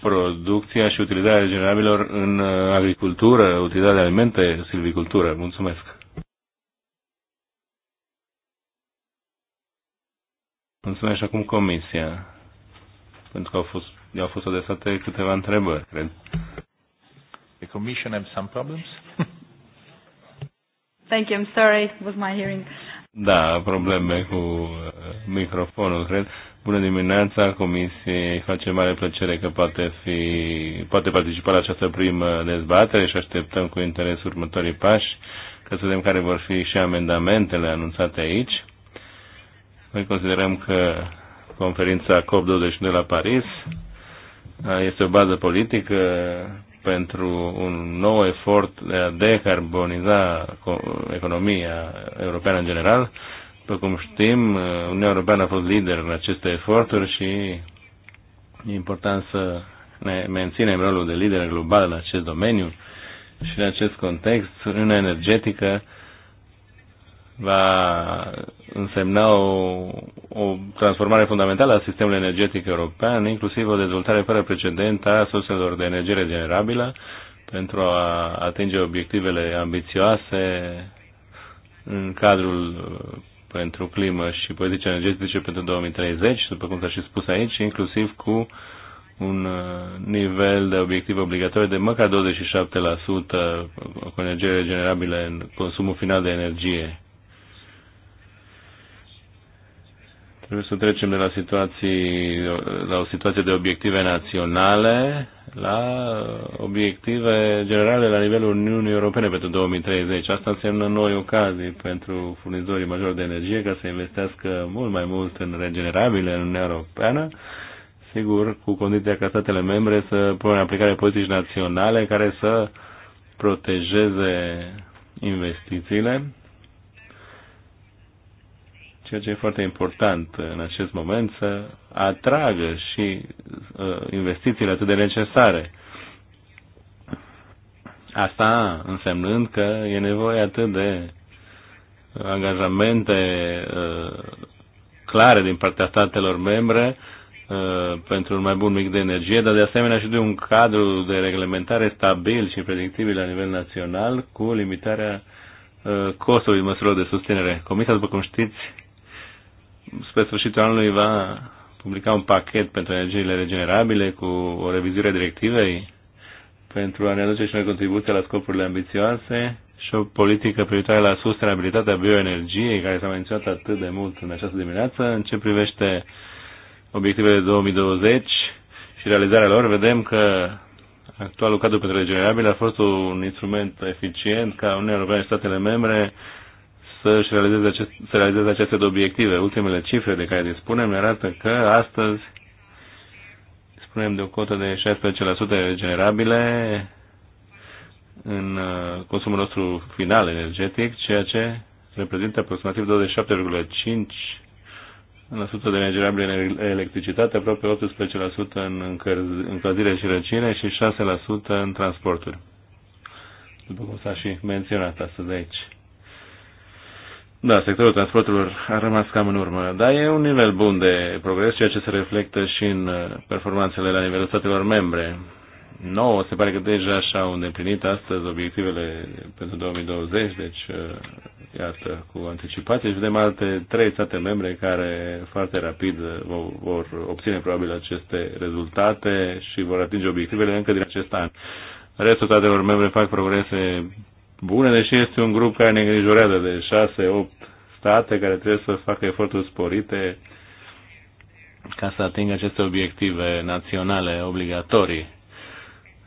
producția și utilizarea regenerabilor în uh, agricultură, utilizarea de alimente, silvicultură. Mulțumesc! Mulțumesc acum Comisia, pentru că au fost, au fost adresate câteva întrebări, cred. The Commission have some problems? Thank you, I'm sorry, was my hearing. Da, probleme cu uh, microfonul, cred. Bună dimineața, comisie. îi face mare plăcere că poate, fi, poate participa la această primă dezbatere și așteptăm cu interes următorii pași, că să vedem care vor fi și amendamentele anunțate aici. Noi considerăm că conferința COP21 de la Paris este o bază politică pentru un nou efort de a decarboniza economia europeană în general. După cum știm, Uniunea Europeană a fost lider în aceste eforturi și e important să ne menținem rolul de lider global în acest domeniu și în acest context, Uniunea Energetică va însemna o, o transformare fundamentală a sistemului energetic european, inclusiv o dezvoltare fără precedent a surselor de energie regenerabilă pentru a atinge obiectivele ambițioase în cadrul uh, pentru climă și politice energetice pentru 2030, după cum s-a și spus aici, inclusiv cu un uh, nivel de obiectiv obligatoriu de măcar 27% cu energie regenerabilă în consumul final de energie Trebuie să trecem de la, situații, la o situație de obiective naționale la obiective generale la nivelul Uniunii Europene pentru 2030. Asta înseamnă noi ocazii pentru furnizorii majori de energie ca să investească mult mai mult în regenerabile în Uniunea Europeană, sigur, cu condiția ca statele membre să pună în aplicare politici naționale care să protejeze investițiile ceea ce e foarte important în acest moment, să atragă și uh, investițiile atât de necesare. Asta însemnând că e nevoie atât de uh, angajamente uh, clare din partea statelor membre pentru un mai bun mic de energie, dar de asemenea și de un cadru de reglementare stabil și predictibil la nivel național cu limitarea costului măsurilor de susținere. Comisia, după cum știți, spre sfârșitul anului va publica un pachet pentru energiile regenerabile cu o revizuire directivei pentru a ne aduce și noi contribuția la scopurile ambițioase și o politică privitoare la sustenabilitatea bioenergiei, care s-a menționat atât de mult în această dimineață, în ce privește obiectivele 2020 și realizarea lor, vedem că actualul cadru pentru regenerabil a fost un instrument eficient ca Uniunea Europeană și statele membre să-și realizeze, acest, să realizeze aceste obiective. Ultimele cifre de care dispunem arată că astăzi dispunem de o cotă de 16% regenerabile în uh, consumul nostru final energetic, ceea ce reprezintă aproximativ 27,5% de energie în electricitate, aproape 18% în încălzire și răcire și 6% în transporturi. După cum s-a și menționat astăzi de aici. Da, sectorul transporturilor a rămas cam în urmă, dar e un nivel bun de progres, ceea ce se reflectă și în uh, performanțele la nivelul statelor membre. No, se pare că deja și-au îndeplinit astăzi obiectivele pentru 2020, deci uh, iată, cu anticipație și vedem alte trei state membre care foarte rapid uh, vor obține probabil aceste rezultate și vor atinge obiectivele încă din acest an. Restul statelor membre fac progrese Bune, deși este un grup care ne îngrijorează de 6-8 state care trebuie să facă eforturi sporite ca să atingă aceste obiective naționale obligatorii.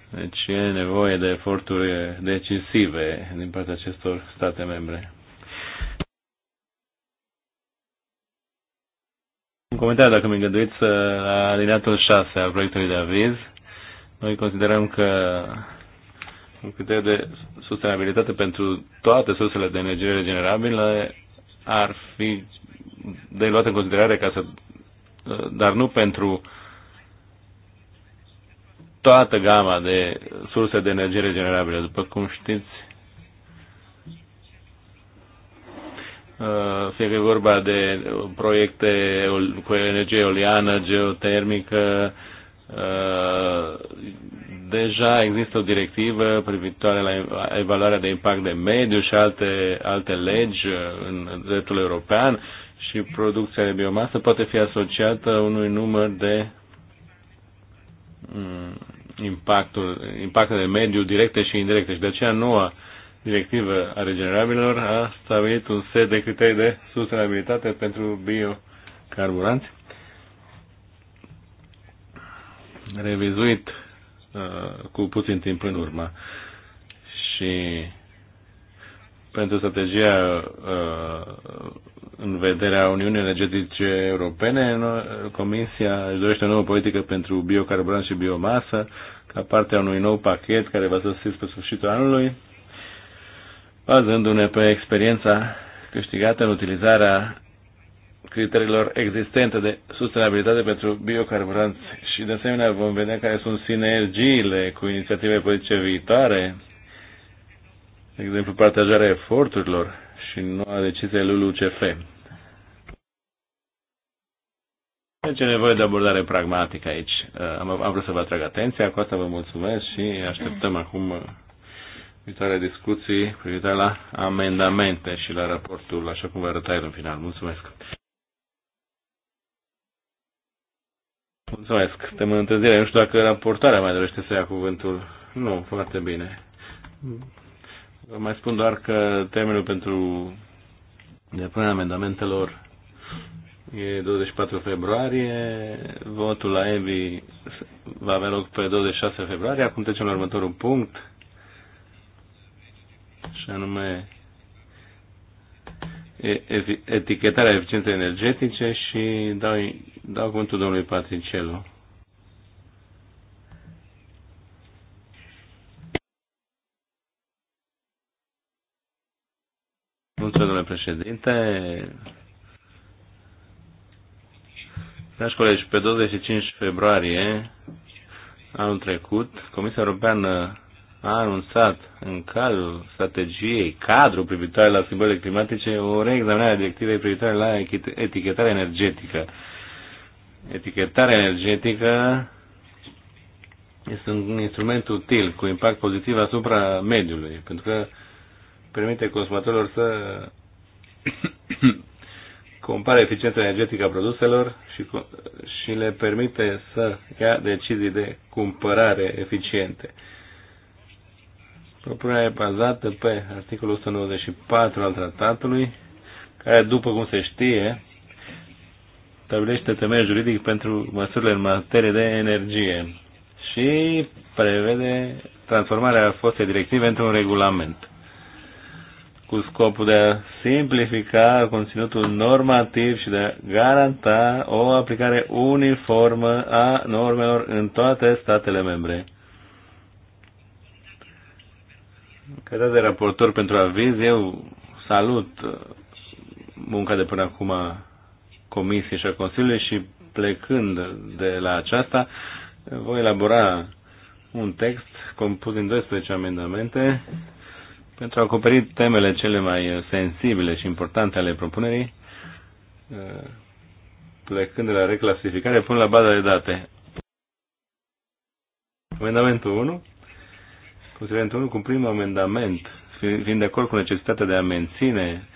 Deci e nevoie de eforturi decisive din partea acestor state membre. Un comentariu, dacă mi îngăduiți, la alineatul 6 al proiectului de aviz. Noi considerăm că un criteriu de sustenabilitate pentru toate sursele de energie regenerabilă ar fi de luat în considerare ca să, dar nu pentru toată gama de surse de energie regenerabile. După cum știți, uh, fie că e vorba de proiecte cu energie eoliană, geotermică, uh, Deja există o directivă privitoare la evaluarea de impact de mediu și alte, alte legi uh, în dreptul european și producția de biomasă poate fi asociată unui număr de mm, impactul, impacte de mediu directe și indirecte. Și de aceea noua directivă a regenerabilor a stabilit un set de criterii de sustenabilitate pentru biocarburanți revizuit Uh, cu puțin timp în urmă. Și pentru strategia uh, în vederea Uniunii Energetice Europene, Comisia își dorește o nouă politică pentru biocarburant și biomasă, ca parte a unui nou pachet care va să pe sfârșitul anului, bazându-ne pe experiența câștigată în utilizarea criteriilor existente de sustenabilitate pentru biocarburanți și de asemenea vom vedea care sunt sinergiile cu inițiative politice viitoare, de exemplu partajarea eforturilor și noua decizie LULUCF. Deci e nevoie de abordare pragmatică aici. Uh, am, am vrut să vă atrag atenția, cu asta vă mulțumesc și așteptăm acum uh, viitoare discuții privitoare la amendamente și la raportul, așa cum vă arătai în final. Mulțumesc! Mulțumesc. Suntem în întâlnire. Nu știu dacă raportarea mai dorește să ia cuvântul. Nu, foarte bine. Vă mai spun doar că termenul pentru depunerea amendamentelor e 24 februarie, votul la EVI va avea loc pe 26 februarie. Acum trecem la următorul punct, și anume etichetarea eficienței energetice și dau Dau cuvântul domnului Patricelu. Mulțumesc, domnule președinte. Dragi colegi, pe 25 februarie anul trecut, Comisia Europeană a anunțat în cadrul strategiei, cadrul privitoare la schimbările climatice, o reexaminare a directivei privitoare la etichetarea energetică. Etichetarea energetică este un instrument util cu impact pozitiv asupra mediului, pentru că permite consumatorilor să compare eficiența energetică a produselor și, și le permite să ia decizii de cumpărare eficiente. Propunerea e bazată pe articolul 194 al tratatului, care, după cum se știe, stabilește temeiul juridic pentru măsurile în materie de energie și prevede transformarea fostei directive într-un regulament cu scopul de a simplifica conținutul normativ și de a garanta o aplicare uniformă a normelor în toate statele membre. Cădea de raportor pentru aviz, eu salut munca de până acum Comisiei și a Consiliului și plecând de la aceasta, voi elabora un text compus din 12 amendamente pentru a acoperi temele cele mai sensibile și importante ale propunerii, eh, plecând de la reclasificare până la baza de date. Amendamentul 1. Considerentul 1 cu primul amendament, fiind de acord cu necesitatea de a menține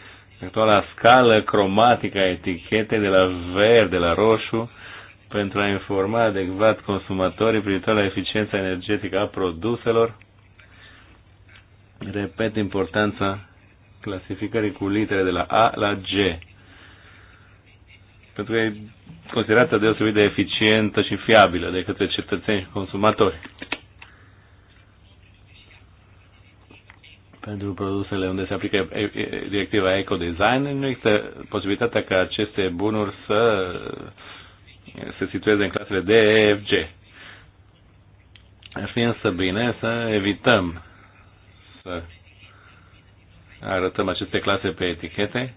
actuala scală cromatică a etichetei de la verde la roșu pentru a informa adecvat consumatorii privitor la eficiența energetică a produselor. Repet importanța clasificării cu litere de la A la G. Pentru că e considerată deosebit de eficientă și fiabilă de către cetățeni și consumatori. pentru produsele unde se aplică directiva ecodesign, nu există posibilitatea ca aceste bunuri să se situeze în clasele D, E, F, G. Ar fi însă bine să evităm să arătăm aceste clase pe etichete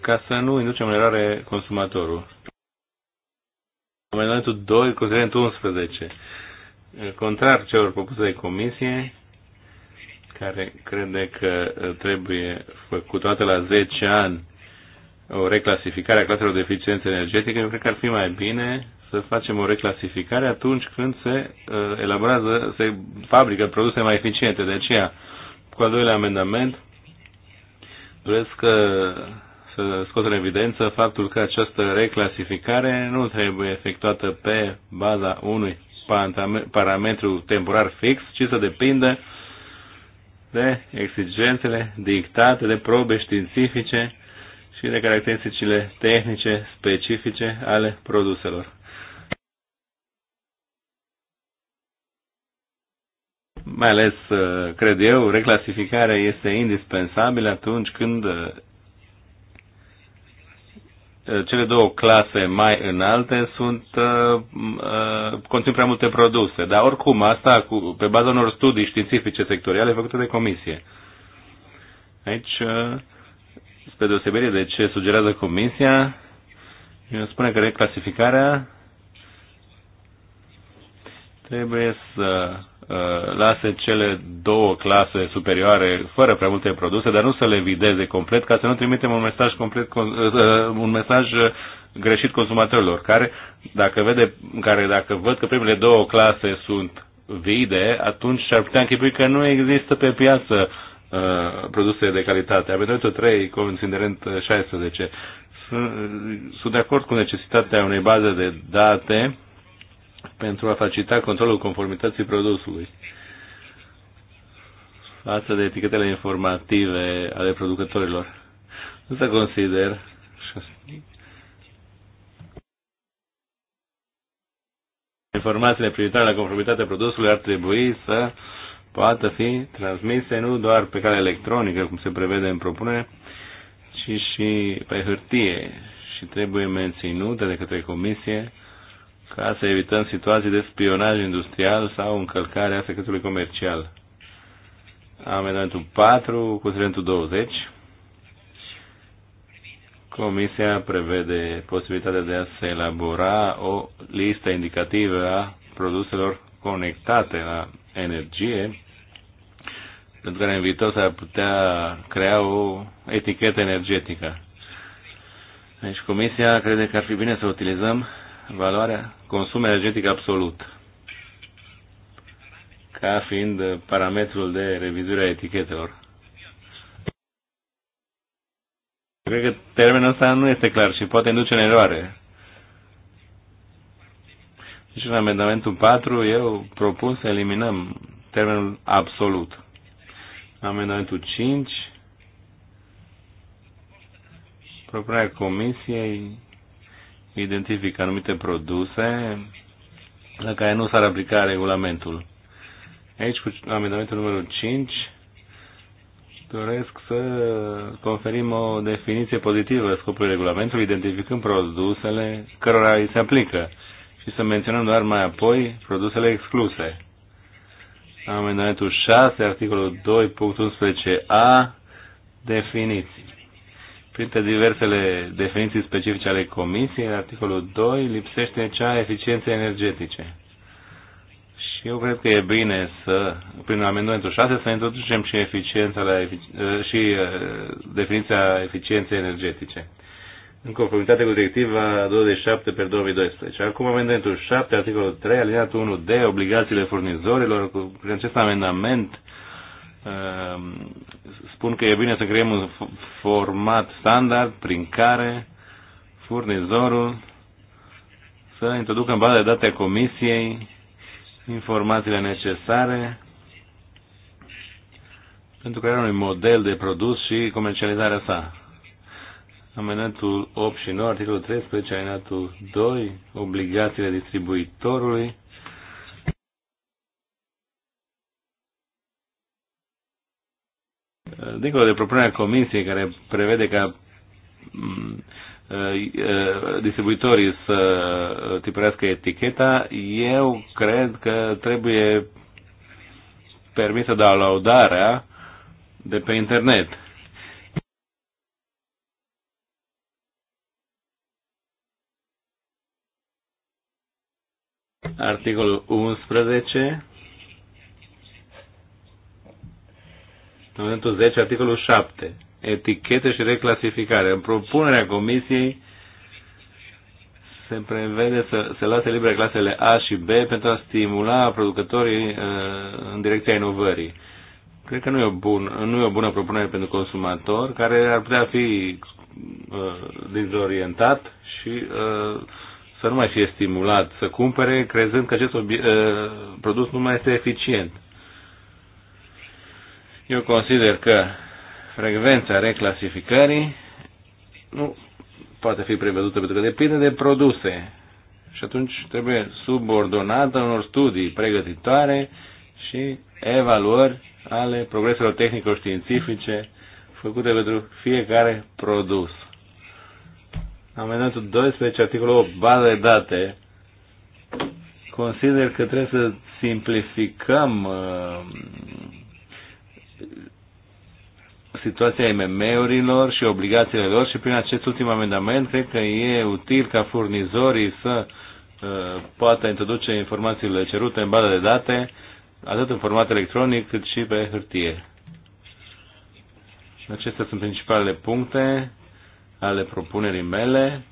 ca să nu inducem în eroare consumatorul. Amendamentul 2, considerentul 11. Contrar celor propuse de comisie, care crede că uh, trebuie făcut toate la 10 ani o reclasificare a claselor de eficiență energetică, eu cred că ar fi mai bine să facem o reclasificare atunci când se uh, elaborează, se fabrică produse mai eficiente. De aceea, cu al doilea amendament, doresc că, uh, să scot în evidență faptul că această reclasificare nu trebuie efectuată pe baza unui parametru temporar fix, ci să depindă de exigențele dictate de probe științifice și de caracteristicile tehnice specifice ale produselor. Mai ales, uh, cred eu, reclasificarea este indispensabilă atunci când uh, Eh, cele două clase mai înalte sunt uh, uh, conțin prea multe produse. Dar oricum, asta cu, pe baza unor studii științifice sectoriale făcute de comisie. Aici, uh, spre deosebire de ce sugerează comisia, spune că reclasificarea trebuie să Uh, lase cele două clase superioare fără prea multe produse, dar nu să le videze complet ca să nu trimitem un mesaj complet uh, uh, un mesaj greșit consumatorilor, care dacă vede care dacă văd că primele două clase sunt vide, atunci ar putea închipui că nu există pe piață uh, produse de calitate. Amendamentul 3, considerent 16. Sunt, sunt de acord cu necesitatea unei baze de date pentru a facilita controlul conformității produsului. Asta de etichetele informative ale producătorilor. nu se consider informațiile privitoare la conformitatea produsului ar trebui să poată fi transmise nu doar pe cale electronică, cum se prevede în propunere, ci și pe hârtie și trebuie menținute de către comisie ca să evităm situații de spionaj industrial sau încălcare a secretului comercial. Amendamentul 4, considerentul 20. Comisia prevede posibilitatea de a se elabora o listă indicativă a produselor conectate la energie, pentru care în viitor s-ar putea crea o etichetă energetică. Deci Comisia crede că ar fi bine să utilizăm valoarea consum energetic absolut ca fiind parametrul de revizuire a etichetelor. Cred că termenul ăsta nu este clar și poate induce în eroare. Deci în amendamentul 4 eu propun să eliminăm termenul absolut. Amendamentul 5 propunerea comisiei identific anumite produse la care nu s-ar aplica regulamentul. Aici, cu amendamentul numărul 5, doresc să conferim o definiție pozitivă scopului regulamentului, identificând produsele cărora îi se aplică și să menționăm doar mai apoi produsele excluse. Amendamentul 6, articolul 2.11a, definiții printre diversele definiții specifice ale Comisiei, în articolul 2 lipsește cea a eficienței energetice. Și eu cred că e bine să, prin amendamentul 6, să introducem și eficiența la, eh, și eh, definiția eficienței energetice în conformitate cu directiva 27 pe 2012. Acum amendamentul 7, articolul 3, alineatul 1D, obligațiile furnizorilor, cu, prin acest amendament uh, Ehm, spun că e bine să creăm un format standard prin care furnizorul să introducă în baza de date a comisiei informațiile necesare pentru crearea unui model de produs și comercializarea sa. Amenatul 8 și 9, articolul 13, amenatul 2, obligațiile distribuitorului dincolo de propunerea comisiei care prevede ca mm, ă, ă, distribuitorii să tipărească eticheta, eu cred că trebuie permisă downloadarea de pe internet. Articolul 11 Documentul 10, articolul 7. Etichete și reclasificare. În propunerea Comisiei se prevede să se lase libere clasele A și B pentru a stimula producătorii uh, în direcția inovării. Cred că nu e, o bun, nu e o bună propunere pentru consumator, care ar putea fi uh, dezorientat și uh, să nu mai fie stimulat să cumpere, crezând că acest produs nu mai este eficient. Eu consider că frecvența reclasificării nu poate fi prevăzută pentru că depinde de produse și atunci trebuie subordonată unor studii pregătitoare și evaluări ale progreselor tehnico-științifice făcute pentru fiecare produs. Amendatul 12, articolul 8, bază de date, consider că trebuie să simplificăm uh, situația mm urilor și obligațiile lor și prin acest ultim amendament cred că e util ca furnizorii să uh, poată introduce informațiile cerute în baza de date, atât în format electronic cât și pe hârtie. Acestea sunt principalele puncte ale propunerii mele.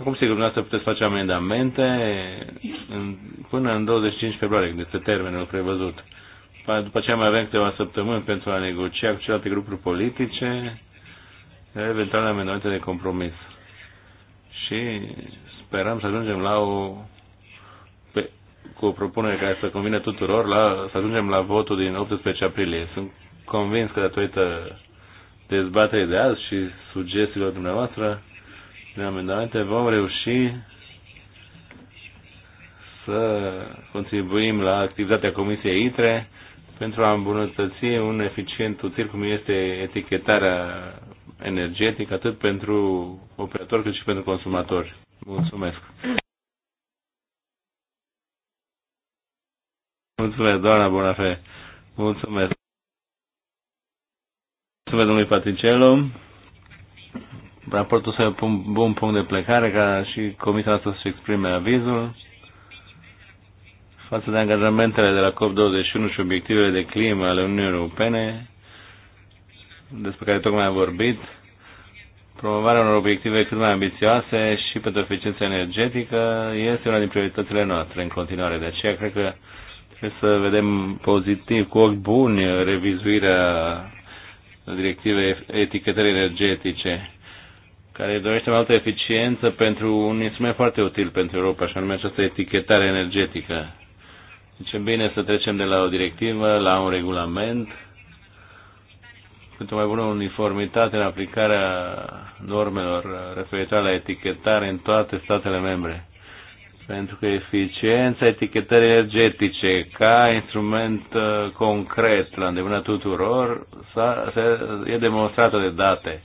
Acum, sigur, dumneavoastră puteți face amendamente în, până în 25 februarie, este termenul prevăzut după ce mai avem câteva săptămâni pentru a negocia cu celelalte grupuri politice, eventuale amendamente de compromis. Și sperăm să ajungem la o pe, cu o propunere care să convine tuturor, la, să ajungem la votul din 18 aprilie. Sunt convins că datorită dezbaterii de azi și sugestiilor dumneavoastră de amendamente vom reuși să contribuim la activitatea Comisiei ITRE pentru a îmbunătăți un eficient util cum este etichetarea energetică, atât pentru operatori cât și pentru consumatori. Mulțumesc! Mulțumesc, doamna Bonafe! Mulțumesc! Mulțumesc domnului Patricello. Raportul să un bun punct de plecare ca și comisia să-și exprime avizul față de angajamentele de la COP21 și obiectivele de climă ale Uniunii Europene, despre care tocmai am vorbit, promovarea unor obiective cât mai ambițioase și pentru eficiența energetică este una din prioritățile noastre în continuare. De aceea cred că trebuie să vedem pozitiv, cu ochi buni, revizuirea directivei etichetării energetice, care dorește mai multă eficiență pentru un instrument foarte util pentru Europa, și anume această etichetare energetică. Zicem deci bine să trecem de la o directivă la un regulament pentru mai bună uniformitate în aplicarea normelor referitoare la etichetare în toate statele membre. Pentru că eficiența etichetării energetice ca instrument uh, concret la îndemână tuturor e demonstrată de date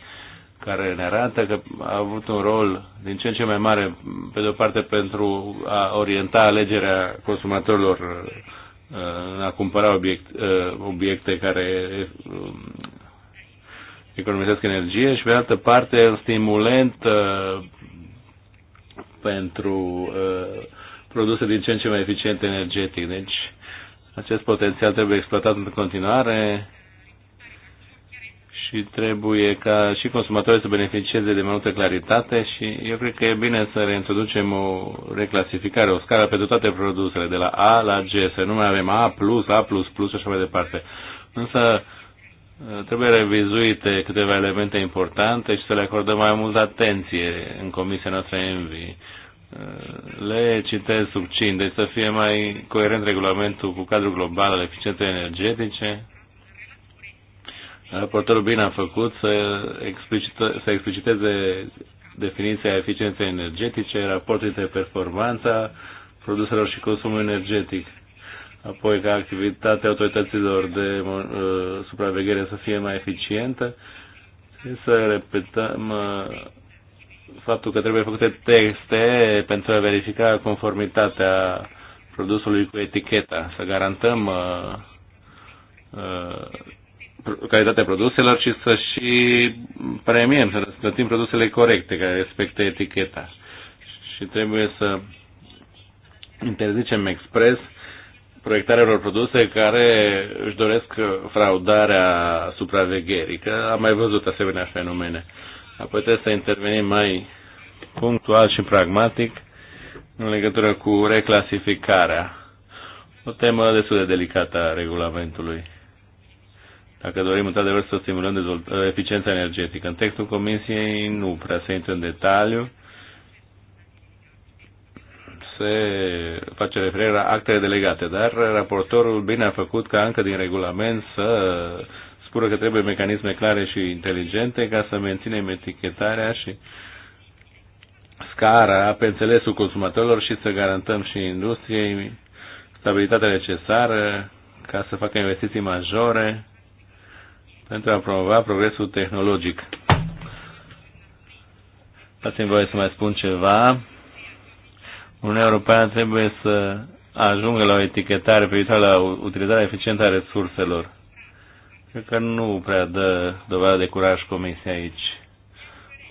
care ne arată că a avut un rol din ce în ce mai mare, pe de o parte, pentru a orienta alegerea consumatorilor uh, în a cumpăra obiect, uh, obiecte care uh, economisesc energie și, pe de altă parte, un stimulent pentru produse din ce în ce mai eficiente energetic. Deci, acest potențial trebuie exploatat în continuare și trebuie ca și consumatorii să beneficieze de mai multă claritate și eu cred că e bine să reintroducem o reclasificare, o scară pentru toate produsele, de la A la G, să nu mai avem A+, A++, și așa mai departe. Însă trebuie revizuite câteva elemente importante și să le acordăm mai mult atenție în comisia noastră ENVI le citesc succint, deci să fie mai coerent regulamentul cu cadrul global al eficienței energetice, Raportorul bine a făcut să, explicită, să expliciteze definiția eficienței energetice, raportul între performanța produselor și consumul energetic. Apoi ca activitatea autorităților de uh, supraveghere să fie mai eficientă și să repetăm uh, faptul că trebuie făcute teste pentru a verifica conformitatea produsului cu eticheta, să garantăm uh, uh, calitatea produselor, ci să și premiem, să răsplătim produsele corecte, care respectă eticheta. Și trebuie să interzicem expres proiectarea lor produse care își doresc fraudarea supravegherii, că am mai văzut asemenea fenomene. Apoi trebuie să intervenim mai punctual și pragmatic în legătură cu reclasificarea, o temă destul de delicată a regulamentului dacă dorim într-adevăr să stimulăm eficiența energetică. În textul Comisiei nu prea se intră în detaliu. Se face referire la actele delegate, dar raportorul bine a făcut ca încă din regulament să spună că trebuie mecanisme clare și inteligente ca să menținem etichetarea și scara pe înțelesul consumatorilor și să garantăm și industriei stabilitatea necesară ca să facă investiții majore pentru a promova progresul tehnologic. Dați-mi voie să mai spun ceva. Uniunea Europeană trebuie să ajungă la o etichetare privitoare la utilizarea eficientă a resurselor. Cred că nu prea dă dovadă de curaj Comisia aici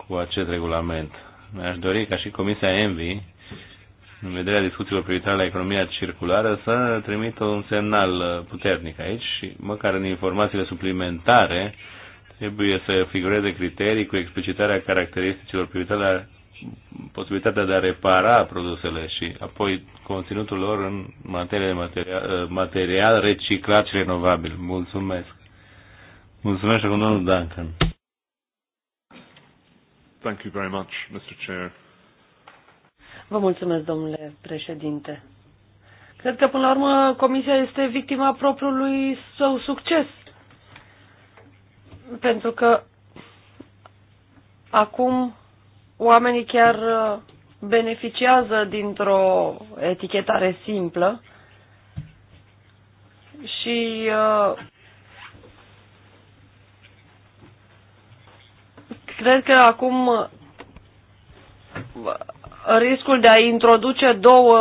cu acest regulament. Mi-aș dori ca și Comisia Envi în vederea discuțiilor privitoare la economia circulară, să trimită un semnal uh, puternic aici și măcar în informațiile suplimentare trebuie să figureze criterii cu explicitarea caracteristicilor privitoare la posibilitatea de a repara produsele și apoi conținutul lor în materie de material, uh, material reciclat și renovabil. Mulțumesc! Mulțumesc acum domnul Duncan. Thank you very much, Mr. Chair. Vă mulțumesc, domnule președinte. Cred că, până la urmă, Comisia este victima propriului său succes. Pentru că acum oamenii chiar uh, beneficiază dintr-o etichetare simplă și uh, cred că acum riscul de a introduce două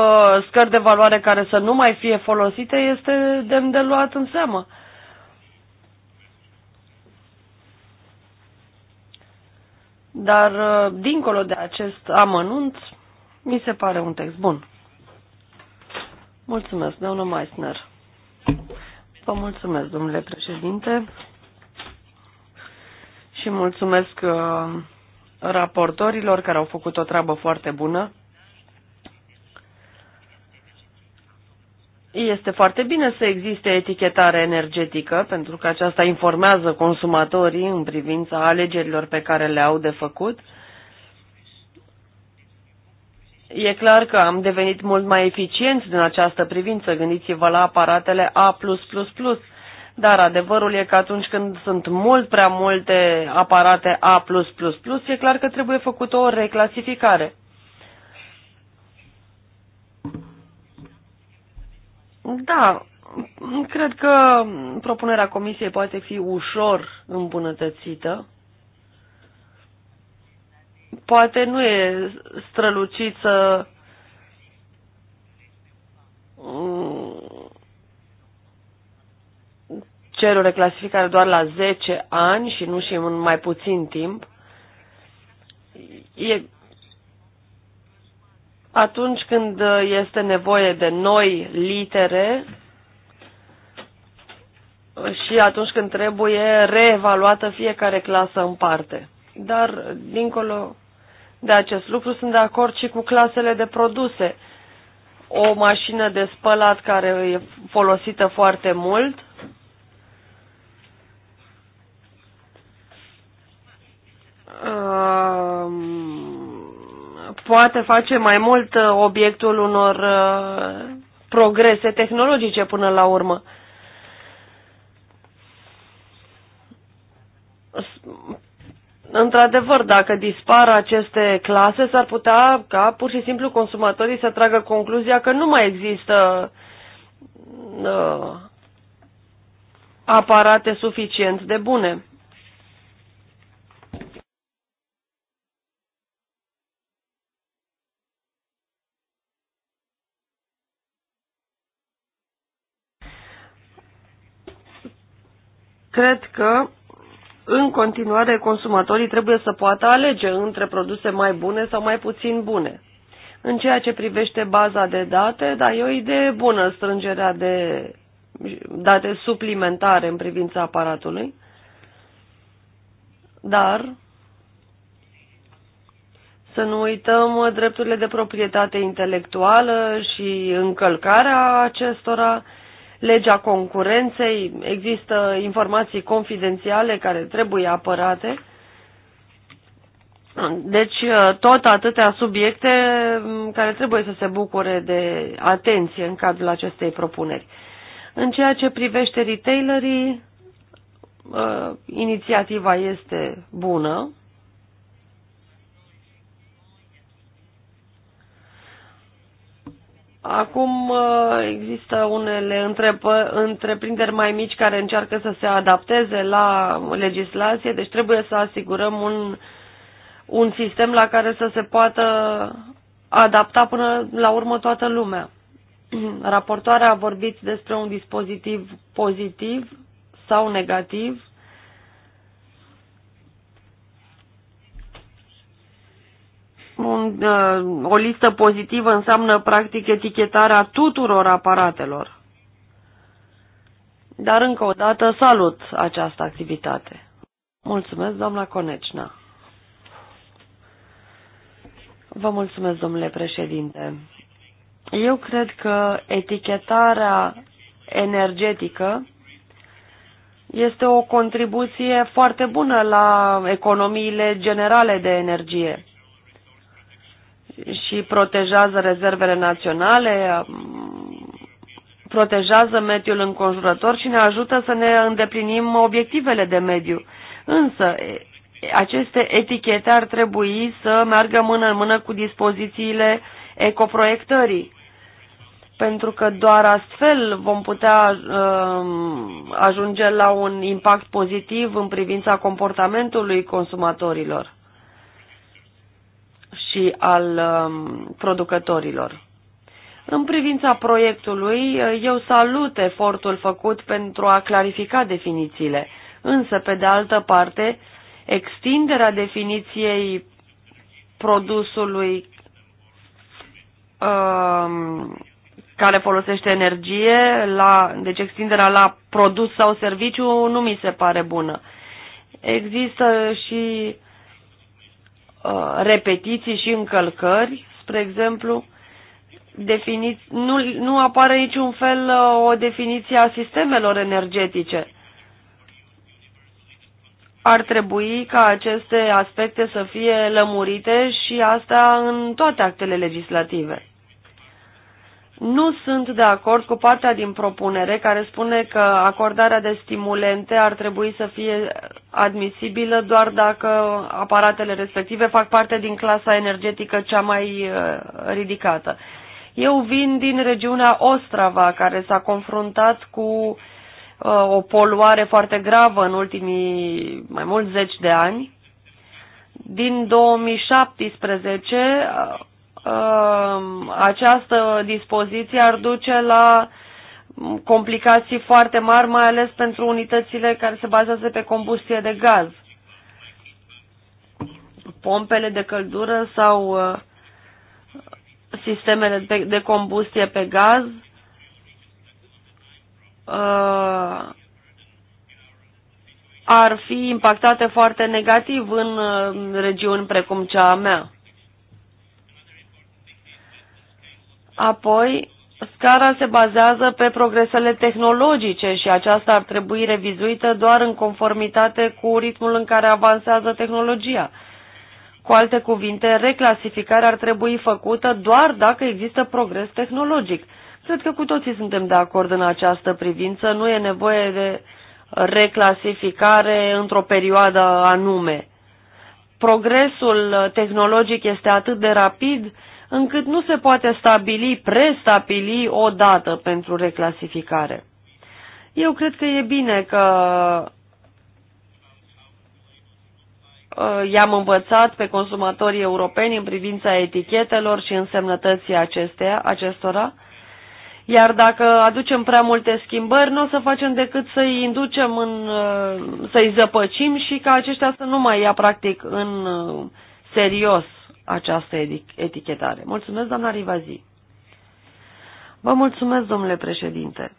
scări de valoare care să nu mai fie folosite este demn de luat în seamă. Dar, uh, dincolo de acest amănunt, mi se pare un text bun. Mulțumesc, doamnă Meissner. Vă mulțumesc, domnule președinte, și mulțumesc uh, raportorilor care au făcut o treabă foarte bună. Este foarte bine să existe etichetare energetică, pentru că aceasta informează consumatorii în privința alegerilor pe care le au de făcut. E clar că am devenit mult mai eficienți din această privință. Gândiți-vă la aparatele A++, dar adevărul e că atunci când sunt mult prea multe aparate A++, e clar că trebuie făcută o reclasificare. Da, cred că propunerea comisiei poate fi ușor îmbunătățită. Poate nu e strălucit să cer o reclasificare doar la 10 ani și nu și în mai puțin timp, e atunci când este nevoie de noi litere și atunci când trebuie reevaluată fiecare clasă în parte. Dar, dincolo de acest lucru, sunt de acord și cu clasele de produse. O mașină de spălat care e folosită foarte mult Ehm, poate face mai mult uh, obiectul unor uh, progrese tehnologice până la urmă. Într-adevăr, dacă dispar aceste clase, s-ar putea ca pur și simplu consumatorii să tragă concluzia că nu mai există uh, aparate suficient de bune. Cred că în continuare consumatorii trebuie să poată alege între produse mai bune sau mai puțin bune. În ceea ce privește baza de date, da, e o idee bună strângerea de date suplimentare în privința aparatului, dar să nu uităm drepturile de proprietate intelectuală și încălcarea acestora, legea concurenței, există informații confidențiale care trebuie apărate. Deci uh, tot atâtea subiecte mm, care trebuie să se bucure de atenție în cadrul acestei propuneri. În ceea ce privește retailerii, uh, inițiativa este bună, Acum uh, există unele întreprinderi mai mici care încearcă să se adapteze la legislație, deci trebuie să asigurăm un, un sistem la care să se poată adapta până la urmă toată lumea. Raportoarea a vorbit despre un dispozitiv pozitiv sau negativ un, uh, o listă pozitivă înseamnă practic etichetarea tuturor aparatelor. Dar încă o dată salut această activitate. Mulțumesc, doamna Conecna. Vă mulțumesc, domnule președinte. Eu cred că etichetarea energetică este o contribuție foarte bună la economiile generale de energie și protejează rezervele naționale, protejează mediul înconjurător și ne ajută să ne îndeplinim obiectivele de mediu. Însă, aceste etichete ar trebui să meargă mână în mână cu dispozițiile ecoproiectării, pentru că doar astfel vom putea uh, ajunge la un impact pozitiv în privința comportamentului consumatorilor și al um, producătorilor. În privința proiectului, uh, eu salut efortul făcut pentru a clarifica definițiile, însă, pe de altă parte, extinderea definiției produsului um, care folosește energie, la, deci extinderea la produs sau serviciu, nu mi se pare bună. Există și uh, Uh, repetiții și încălcări, spre exemplu, definiți, nu, nu apare niciun fel uh, o definiție a sistemelor energetice. Ar trebui ca aceste aspecte să fie lămurite și asta în toate actele legislative. Nu sunt de acord cu partea din propunere care spune că acordarea de stimulente ar trebui să fie admisibilă doar dacă aparatele respective fac parte din clasa energetică cea mai uh, ridicată. Eu vin din regiunea Ostrava, care s-a confruntat cu uh, o poluare foarte gravă în ultimii mai mulți zeci de ani. Din 2017 Um, această dispoziție ar duce la complicații foarte mari, mai ales pentru unitățile care se bazează pe combustie de gaz. Pompele de căldură sau uh, sistemele de combustie pe gaz uh, ar fi impactate foarte negativ în uh, regiuni precum cea a mea. Apoi, scara se bazează pe progresele tehnologice și aceasta ar trebui revizuită doar în conformitate cu ritmul în care avansează tehnologia. Cu alte cuvinte, reclasificarea ar trebui făcută doar dacă există progres tehnologic. Cred că cu toții suntem de acord în această privință, nu e nevoie de reclasificare într-o perioadă anume. Progresul tehnologic este atât de rapid încât nu se poate stabili, prestabili o dată pentru reclasificare. Eu cred că e bine că uh, i-am învățat pe consumatorii europeni în privința etichetelor și însemnătății acestea, acestora, iar dacă aducem prea multe schimbări, nu o să facem decât să-i inducem în, uh, să-i zăpăcim și ca aceștia să nu mai ia practic în uh, serios această etichetare. Mulțumesc, doamna Rivazi. Vă mulțumesc, domnule președinte,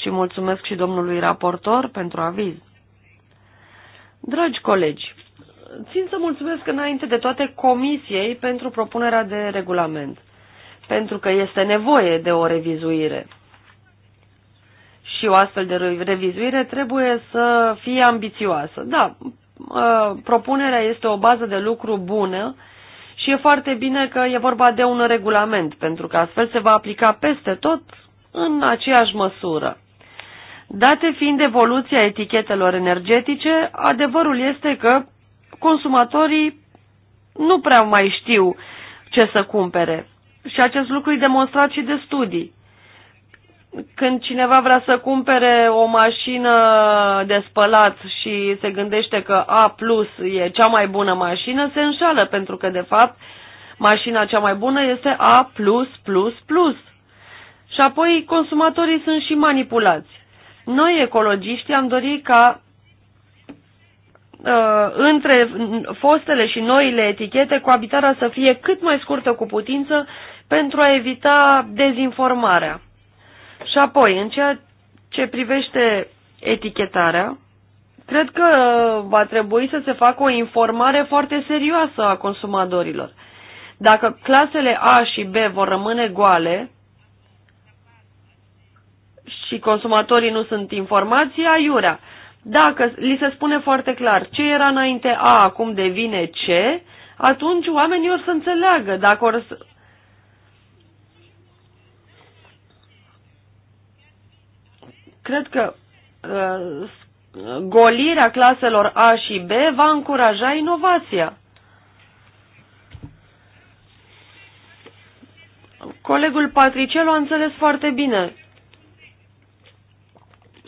și mulțumesc și domnului raportor pentru aviz. Dragi colegi, țin să mulțumesc înainte de toate comisiei pentru propunerea de regulament, pentru că este nevoie de o revizuire. Și o astfel de revizuire trebuie să fie ambițioasă. Da, ă, propunerea este o bază de lucru bună și e foarte bine că e vorba de un regulament, pentru că astfel se va aplica peste tot în aceeași măsură. Date fiind evoluția etichetelor energetice, adevărul este că consumatorii nu prea mai știu ce să cumpere. Și acest lucru e demonstrat și de studii când cineva vrea să cumpere o mașină de spălat și se gândește că A plus e cea mai bună mașină, se înșală pentru că, de fapt, mașina cea mai bună este A plus plus plus. Și apoi consumatorii sunt și manipulați. Noi, ecologiștii, am dorit ca uh, între fostele și noile etichete coabitarea să fie cât mai scurtă cu putință pentru a evita dezinformarea. Și apoi, în ceea ce privește etichetarea, cred că va trebui să se facă o informare foarte serioasă a consumatorilor. Dacă clasele A și B vor rămâne goale și consumatorii nu sunt informați, aiurea. Dacă li se spune foarte clar ce era înainte A, acum devine C, atunci oamenii o să înțeleagă. Dacă Cred că uh, golirea claselor A și B va încuraja inovația. Colegul Patricel a înțeles foarte bine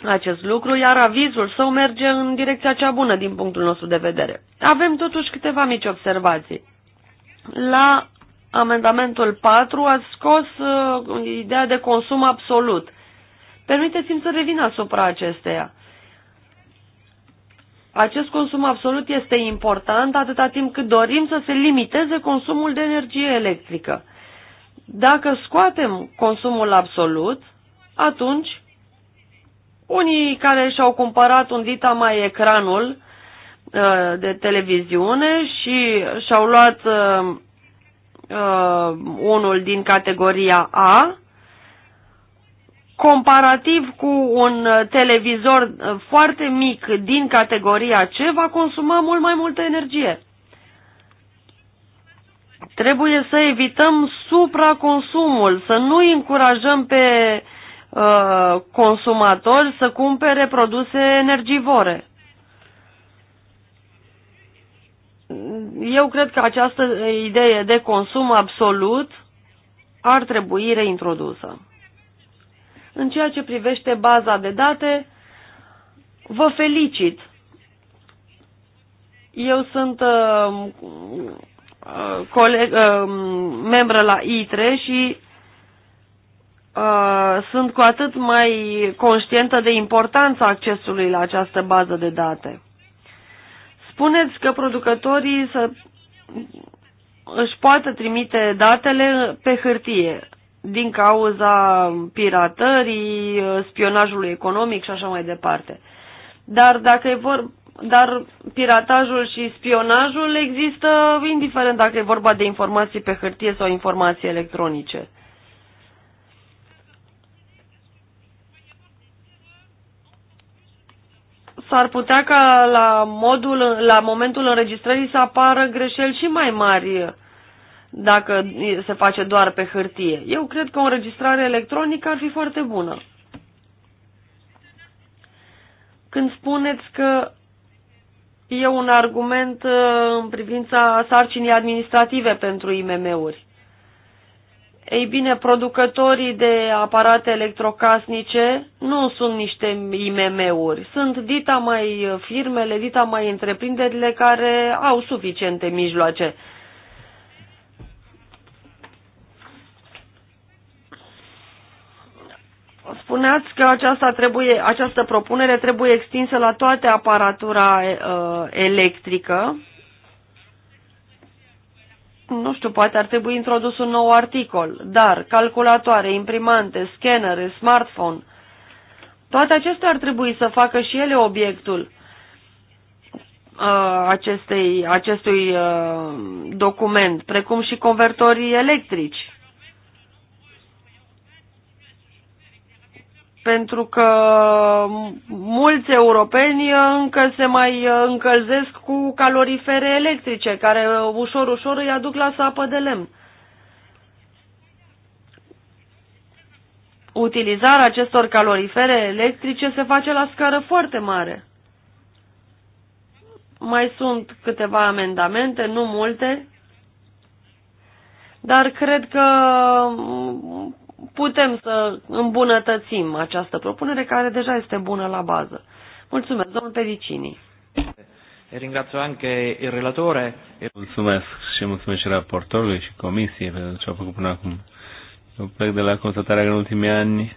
acest lucru, iar avizul său merge în direcția cea bună din punctul nostru de vedere. Avem totuși câteva mici observații. La amendamentul 4 a scos uh, ideea de consum absolut. Permiteți-mi să revin asupra acesteia. Acest consum absolut este important atâta timp cât dorim să se limiteze consumul de energie electrică. Dacă scoatem consumul absolut, atunci unii care și-au cumpărat un dita mai ecranul uh, de televiziune și și-au luat uh, uh unul din categoria A, comparativ cu un uh, televizor uh, foarte mic din categoria C, va consuma mult mai multă energie. Trebuie să evităm supraconsumul, să nu încurajăm pe uh, consumatori să cumpere produse energivore. Eu cred că această idee de consum absolut ar trebui reintrodusă. În ceea ce privește baza de date, vă felicit. Eu sunt uh, uh, uh, membră la ITRE și uh, sunt cu atât mai conștientă de importanța accesului la această bază de date. Spuneți că producătorii să își poată trimite datele pe hârtie din cauza piratării, spionajului economic și așa mai departe. Dar dacă e vor, dar piratajul și spionajul există indiferent dacă e vorba de informații pe hârtie sau informații electronice. s-ar putea ca la, modul, la momentul înregistrării să apară greșeli și mai mari dacă se face doar pe hârtie. Eu cred că o înregistrare electronică ar fi foarte bună. Când spuneți că e un argument uh, în privința sarcinii administrative pentru IMM-uri. Ei bine, producătorii de aparate electrocasnice nu sunt niște IMM-uri, sunt dita mai uh, firmele, dita mai întreprinderile care au suficiente mijloace Spuneați că aceasta trebuie, această propunere trebuie extinsă la toate aparatura uh, electrică. Nu știu, poate ar trebui introdus un nou articol, dar calculatoare, imprimante, scanere, smartphone, toate acestea ar trebui să facă și ele obiectul uh, acestei, acestui uh, document, precum și convertorii electrici. pentru că mulți europeni încă se mai încălzesc cu calorifere electrice, care ușor, ușor îi aduc la sapă de lemn. Utilizarea acestor calorifere electrice se face la scară foarte mare. Mai sunt câteva amendamente, nu multe, dar cred că putem să îmbunătățim această propunere care deja este bună la bază. Mulțumesc, domnul Pericini. Ringrazio anche il relatore. Mulțumesc și mulțumesc și raportorului și comisiei pentru ce a făcut până acum. Eu plec de la constatarea că în ultimii ani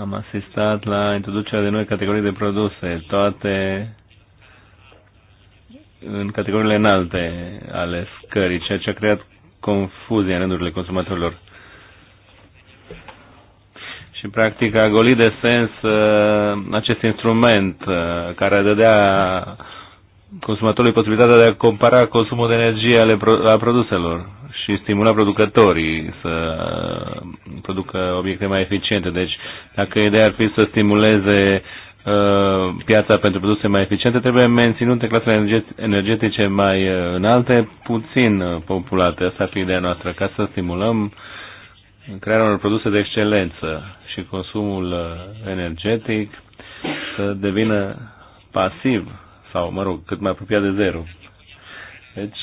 am asistat la introducerea de noi categorii de produse, toate în categoriile înalte ale scării, ceea ce a creat confuzie în rândurile consumatorilor. Și, practic, a golit de sens uh, acest instrument uh, care dădea consumatorului posibilitatea de a compara consumul de energie ale pro a produselor și stimula producătorii să uh, producă obiecte mai eficiente. Deci, dacă ideea ar fi să stimuleze uh, piața pentru produse mai eficiente, trebuie menținute clasele energetice mai înalte, puțin populate. Asta ar fi ideea noastră, ca să stimulăm crearea unor produse de excelență și consumul uh, energetic să devină pasiv sau, mă rog, cât mai apropiat de zero. Deci,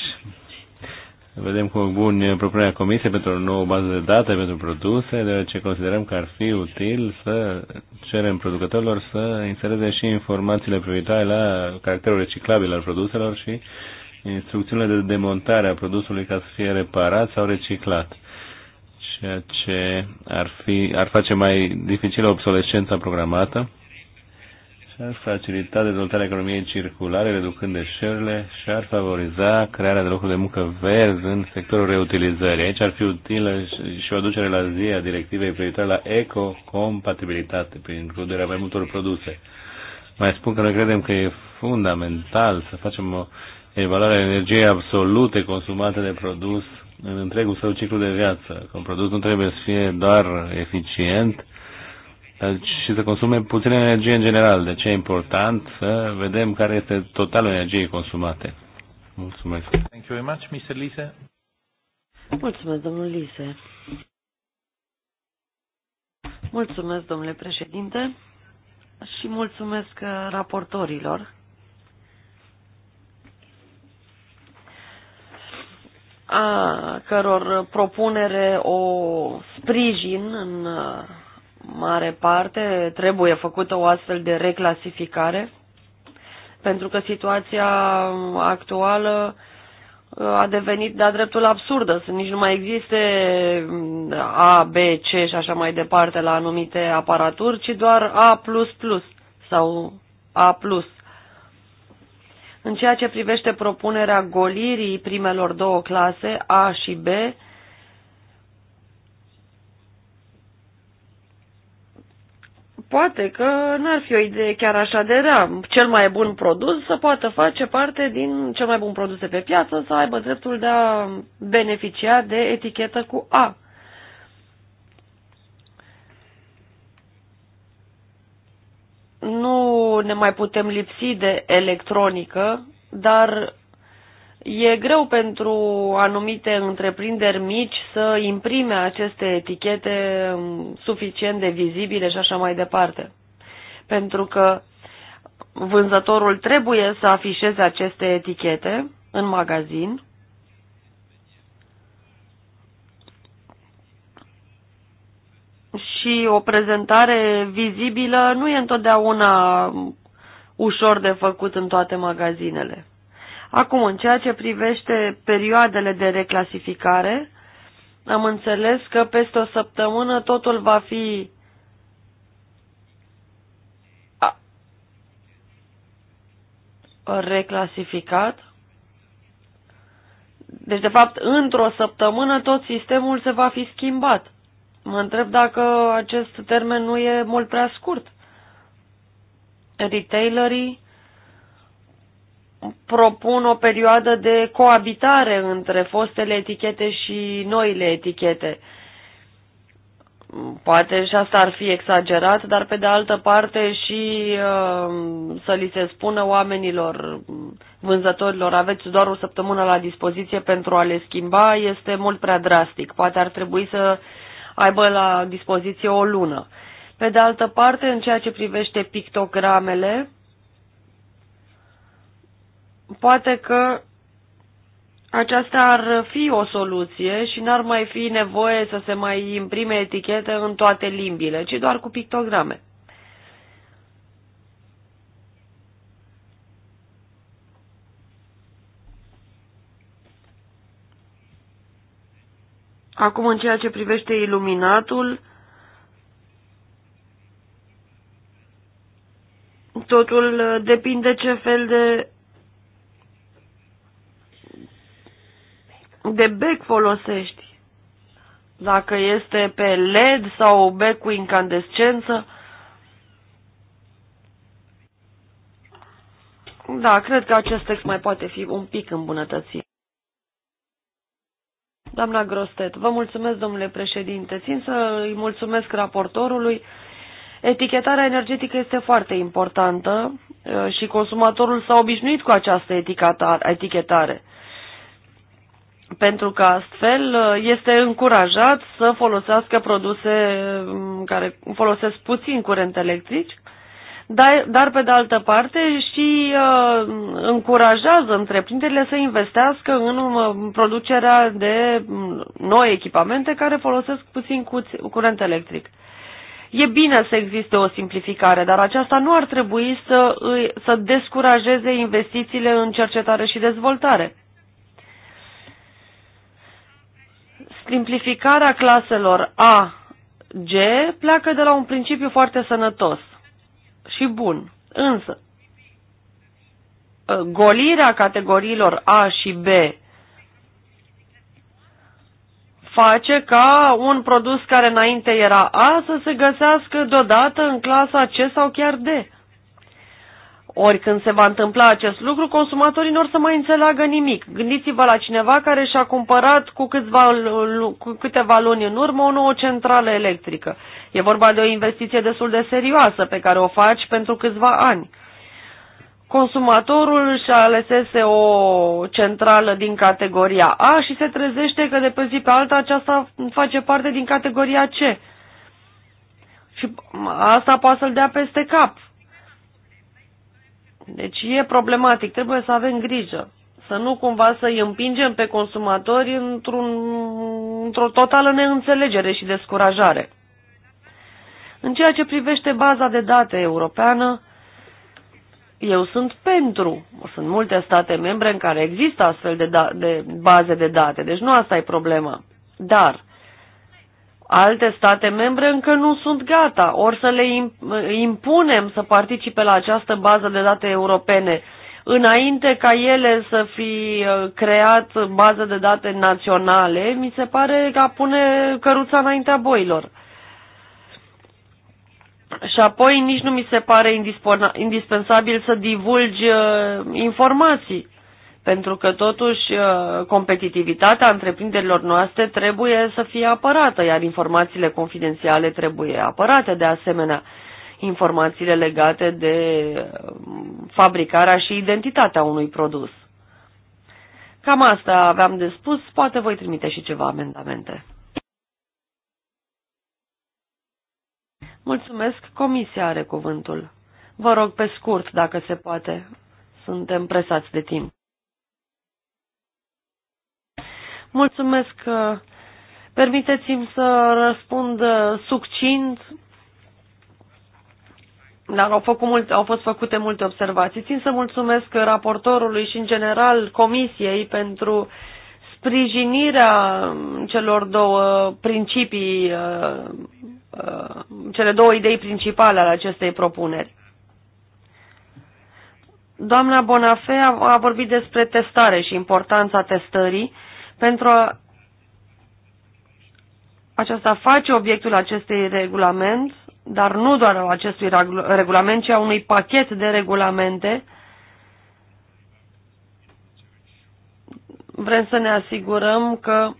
vedem cu bun propunerea Comisiei pentru o nouă bază de date pentru produse, deoarece considerăm că ar fi util să cerem producătorilor să insereze și informațiile privitoare la caracterul reciclabil al produselor și instrucțiunile de demontare a produsului ca să fie reparat sau reciclat ceea ce ar, fi, ar face mai dificilă obsolescența programată și ar facilita dezvoltarea economiei circulare, reducând deșeurile și ar favoriza crearea de locuri de muncă verzi în sectorul reutilizării. Aici ar fi utilă și o aducere la zi a directivei privitoare la ecocompatibilitate prin includerea mai multor produse. Mai spun că noi credem că e fundamental să facem o evaluare a energiei absolute consumate de produs în întregul său ciclu de viață. Că un produs nu trebuie să fie doar eficient, și să consume puțină energie în general. De ce e important să vedem care este totalul energiei consumate. Mulțumesc. Thank you very much, Mr. Lise. Mulțumesc, domnul Lise. Mulțumesc, domnule președinte, și mulțumesc uh, raportorilor a căror propunere o sprijin în mare parte, trebuie făcută o astfel de reclasificare, pentru că situația actuală a devenit de-a dreptul absurdă, să nici nu mai existe A, B, C și așa mai departe la anumite aparaturi, ci doar A++ sau A+. plus în ceea ce privește propunerea golirii primelor două clase, A și B, poate că n-ar fi o idee chiar așa de rea. Cel mai bun produs să poată face parte din cel mai bun produs de pe piață, să aibă dreptul de a beneficia de etichetă cu A. nu ne mai putem lipsi de electronică, dar e greu pentru anumite întreprinderi mici să imprime aceste etichete um, suficient de vizibile și așa mai departe. Pentru că vânzătorul trebuie să afișeze aceste etichete în magazin și o prezentare vizibilă nu e întotdeauna ușor de făcut în toate magazinele. Acum, în ceea ce privește perioadele de reclasificare, am înțeles că peste o săptămână totul va fi reclasificat. Deci, de fapt, într-o săptămână tot sistemul se va fi schimbat. Mă întreb dacă acest termen nu e mult prea scurt. Retailerii propun o perioadă de coabitare între fostele etichete și noile etichete. Poate și asta ar fi exagerat, dar pe de altă parte și uh, să li se spună oamenilor, vânzătorilor, aveți doar o săptămână la dispoziție pentru a le schimba, este mult prea drastic. Poate ar trebui să uh, aibă la dispoziție o lună. Pe de altă parte, în ceea ce privește pictogramele, poate că aceasta ar fi o soluție și n-ar mai fi nevoie să se mai imprime etichete în toate limbile, ci doar cu pictograme. Acum, în ceea ce privește iluminatul, totul uh, depinde ce fel de de bec folosești. Dacă este pe LED sau bec cu incandescență. Da, cred că acest text mai poate fi un pic îmbunătățit. Doamna Grostet, vă mulțumesc, domnule președinte. Țin să îi mulțumesc raportorului. Etichetarea energetică este foarte importantă uh, și consumatorul s-a obișnuit cu această etichetare, pentru că astfel uh, este încurajat să folosească produse um, care folosesc puțin curent electric dar, dar pe de altă parte și uh, încurajează întreprinderile să investească în um, producerea de um, noi echipamente care folosesc puțin cu curent electric. E bine să existe o simplificare, dar aceasta nu ar trebui să, să descurajeze investițiile în cercetare și dezvoltare. Simplificarea claselor A, G pleacă de la un principiu foarte sănătos și bun. Însă, ă, golirea categoriilor A și B face ca un produs care înainte era A să se găsească deodată în clasa C sau chiar D. Ori când se va întâmpla acest lucru, consumatorii nu or să mai înțeleagă nimic. Gândiți-vă la cineva care și-a cumpărat cu, câțiva, cu câteva luni în urmă o nouă centrală electrică. E vorba de o investiție destul de serioasă pe care o faci pentru câțiva ani. Consumatorul și-a alesese o centrală din categoria A și se trezește că de pe zi pe alta aceasta face parte din categoria C. Și asta poate să-l dea peste cap deci e problematic, trebuie să avem grijă, să nu cumva să îi împingem pe consumatori într-un, într-o totală neînțelegere și descurajare. În ceea ce privește baza de date europeană, eu sunt pentru. Sunt multe state membre în care există astfel de, da, de baze de date, deci nu asta e problema. Dar Alte state membre încă nu sunt gata, ori să le impunem să participe la această bază de date europene, înainte ca ele să fi uh, creat bază de date naționale, mi se pare că pune căruța înaintea boilor. Și apoi nici nu mi se pare indispensabil să divulgi uh, informații pentru că totuși uh, competitivitatea întreprinderilor noastre trebuie să fie apărată, iar informațiile confidențiale trebuie apărate de asemenea informațiile legate de uh, fabricarea și identitatea unui produs. Cam asta aveam de spus, poate voi trimite și ceva amendamente. Mulțumesc, comisia are cuvântul. Vă rog pe scurt, dacă se poate. Suntem presați de timp. Mulțumesc. Permiteți-mi să răspund uh, succint. Dar au, făcut multe, au fost făcute multe observații. Țin să mulțumesc raportorului și, în general, comisiei pentru sprijinirea um, celor două principii, uh, uh, cele două idei principale ale acestei propuneri. Doamna Bonafe a vorbit despre testare și importanța testării pentru a aceasta face obiectul acestei regulament, dar nu doar al acestui regulament, ci a unui pachet de regulamente. Vrem să ne asigurăm că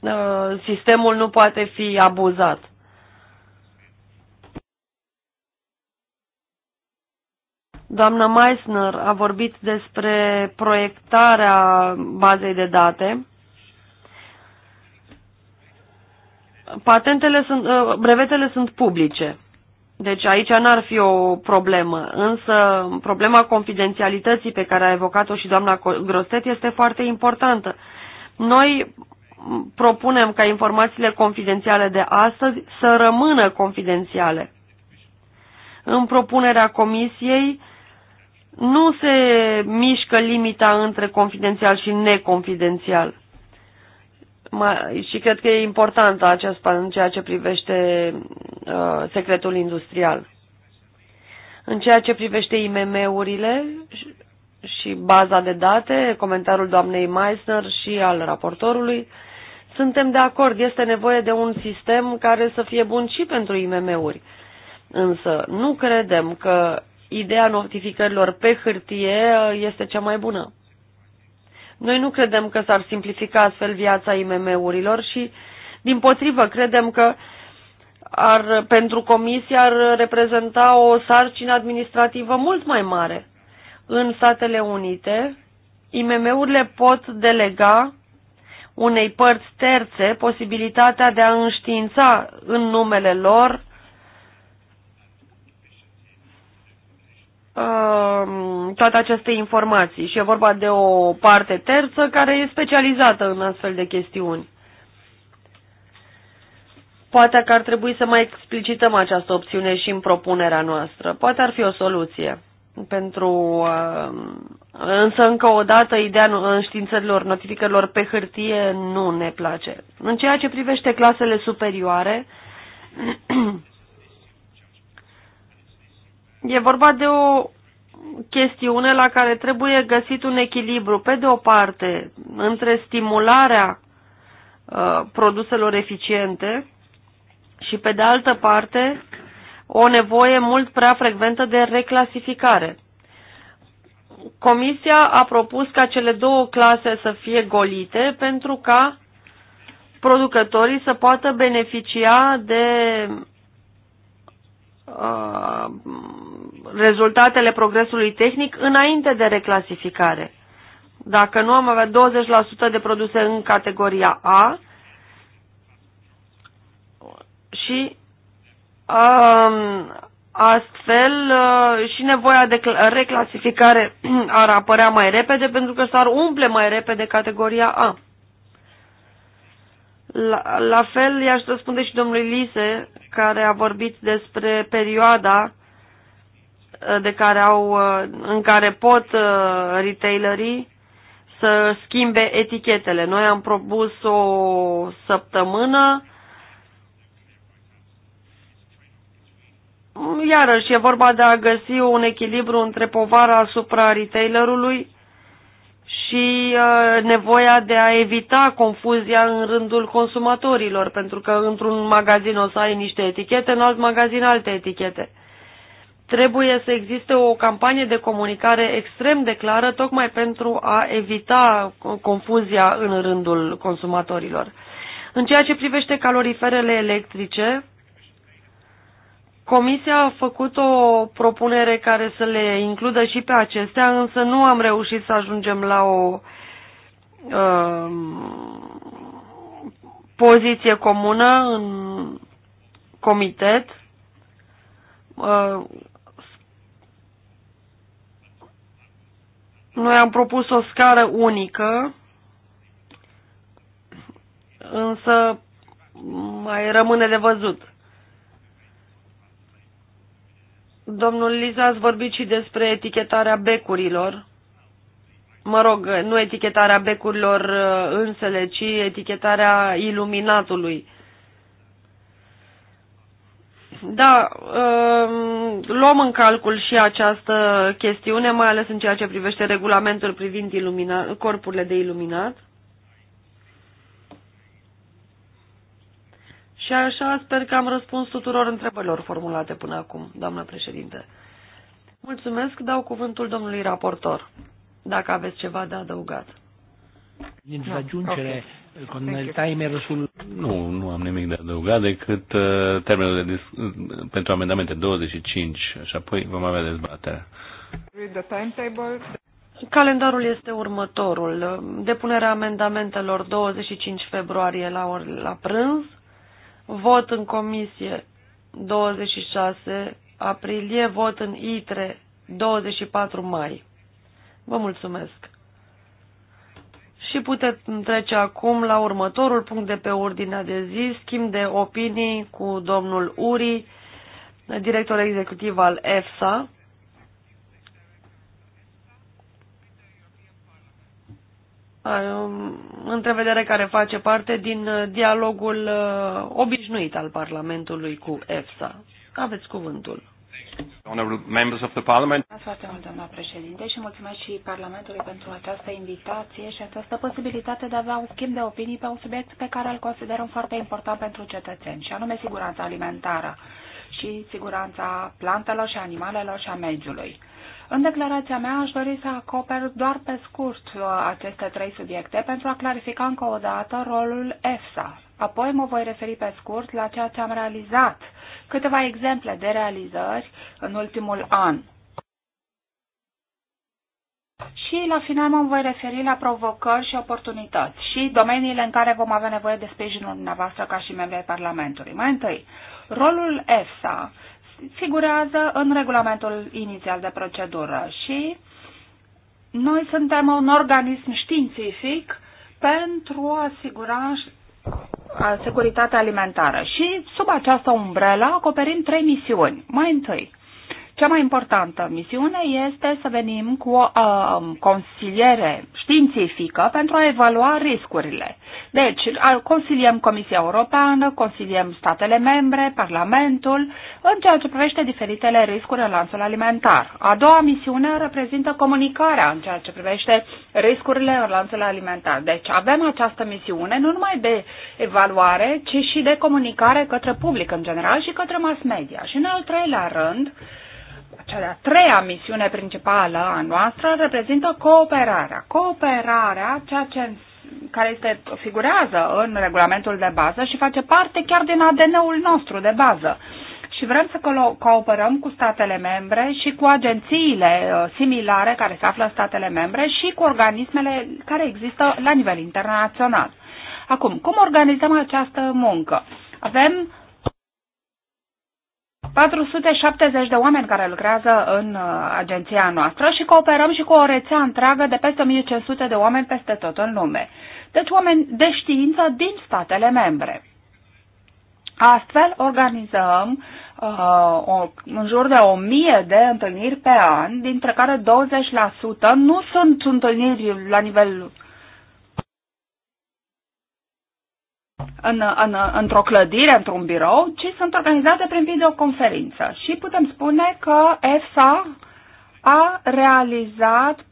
uh, sistemul nu poate fi abuzat. Doamna Meissner a vorbit despre proiectarea bazei de date. Patentele sunt, uh, brevetele sunt publice. Deci aici n-ar fi o problemă, însă problema confidențialității pe care a evocat-o și doamna Grostet este foarte importantă. Noi propunem ca informațiile confidențiale de astăzi să rămână confidențiale. În propunerea comisiei nu se mișcă limita între confidențial și neconfidențial și cred că e important aceasta în ceea ce privește uh, secretul industrial. În ceea ce privește IMM-urile și baza de date, comentariul doamnei Meissner și al raportorului, suntem de acord, este nevoie de un sistem care să fie bun și pentru IMM-uri. Însă nu credem că ideea notificărilor pe hârtie este cea mai bună. Noi nu credem că s-ar simplifica astfel viața IMM-urilor și, din potrivă, credem că ar, pentru comisie ar reprezenta o sarcină administrativă mult mai mare. În Statele Unite, IMM-urile pot delega unei părți terțe posibilitatea de a înștiința în numele lor Um, toate aceste informații și e vorba de o parte terță care e specializată în astfel de chestiuni. Poate că ar trebui să mai explicităm această opțiune și în propunerea noastră. Poate ar fi o soluție pentru... Um, însă, încă o dată, ideea înștiințărilor, notificărilor pe hârtie nu ne place. În ceea ce privește clasele superioare, E vorba de o chestiune la care trebuie găsit un echilibru, pe de o parte, între stimularea uh, produselor eficiente și, pe de altă parte, o nevoie mult prea frecventă de reclasificare. Comisia a propus ca cele două clase să fie golite pentru ca producătorii să poată beneficia de uh, rezultatele progresului tehnic înainte de reclasificare. Dacă nu am avea 20% de produse în categoria A și um, astfel uh, și nevoia de reclasificare ar apărea mai repede pentru că s-ar umple mai repede categoria A. La, la fel i-aș răspunde și domnului Lise, care a vorbit despre perioada Uh, de care au, uh, în care pot uh, retailerii să schimbe etichetele. Noi am propus o săptămână, iarăși e vorba de a găsi un echilibru între povara asupra retailerului și nevoia de a evita confuzia în rândul consumatorilor, pentru că într-un magazin o să ai niște etichete, în alt magazin alte etichete trebuie să existe o campanie de comunicare extrem de clară, tocmai pentru a evita confuzia în rândul consumatorilor. În ceea ce privește caloriferele electrice, Comisia a făcut o propunere care să le includă și pe acestea, însă nu am reușit să ajungem la o um, poziție comună în comitet. Uh, Noi am propus o scară unică, însă mai rămâne de văzut. Domnul Liza, ați vorbit și despre etichetarea becurilor. Mă rog, nu etichetarea becurilor uh, însele, ci etichetarea iluminatului. Da, um, luăm în calcul și această chestiune, mai ales în ceea ce privește regulamentul privind ilumina, corpurile de iluminat. Și așa sper că am răspuns tuturor întrebărilor formulate până acum, doamnă președinte. Mulțumesc, dau cuvântul domnului raportor, dacă aveți ceva de adăugat. Nici no. Da, aggiungere okay. con Thank il timer sul... Nu, nu am nimic de adăugat decât uh, termenul de dis... pentru amendamente 25 și apoi vom avea dezbaterea. Calendarul este următorul. Depunerea amendamentelor 25 februarie la, or, la prânz, vot în comisie 26 aprilie, vot în ITRE 24 mai. Vă mulțumesc! Și puteți trece acum la următorul punct de pe ordinea de zi, schimb de opinii cu domnul Uri, director executiv al EFSA. Întrevedere care face parte din uh, dialogul uh, obișnuit al Parlamentului cu EFSA. Aveți cuvântul. Honorable mult, doamna președinte, și mulțumesc și Parlamentului pentru această invitație și această posibilitate de a avea un schimb de opinii pe un subiect pe care îl considerăm foarte important pentru cetățeni, și anume siguranța alimentară și siguranța plantelor și animalelor și a mediului. În declarația mea aș dori să acoper doar pe scurt uh, aceste trei subiecte pentru a clarifica încă o dată rolul EFSA. Apoi mă voi referi pe scurt la ceea ce am realizat, câteva exemple de realizări în ultimul an. Și la final mă voi referi la provocări și oportunități și domeniile în care vom avea nevoie de sprijinul dumneavoastră ca și membrii Parlamentului. Mai întâi, rolul EFSA figurează în regulamentul inițial de procedură și noi suntem un organism științific pentru a asigura securitatea alimentară și sub această umbrelă acoperim trei misiuni. Mai întâi, cea mai importantă misiune este să venim cu o uh, consiliere științifică pentru a evalua riscurile. Deci, consiliem Comisia Europeană, consiliem statele membre, Parlamentul, în ceea ce privește diferitele riscuri în lanțul alimentar. A doua misiune reprezintă comunicarea în ceea ce privește riscurile în lanțul alimentar. Deci, avem această misiune nu numai de evaluare, ci și de comunicare către public în general și către mass media. Și în al treilea rând, cea de-a treia misiune principală a noastră reprezintă cooperarea. Cooperarea, ceea ce care este, figurează în regulamentul de bază și face parte chiar din ADN-ul nostru de bază. Și vrem să cooperăm cu statele membre și cu agențiile uh, similare care se află în statele membre și cu organismele care există la nivel internațional. Acum, cum organizăm această muncă? Avem 470 de oameni care lucrează în uh, agenția noastră și cooperăm și cu o rețea întreagă de peste 1500 de oameni peste tot în lume. Deci oameni de știință din statele membre. Astfel organizăm uh, o, în jur de 1000 de întâlniri pe an, dintre care 20% nu sunt întâlniri la nivel în, în, într-o clădire, într-un birou, ci sunt organizate prin videoconferință. Și putem spune că EFSA a realizat 4.000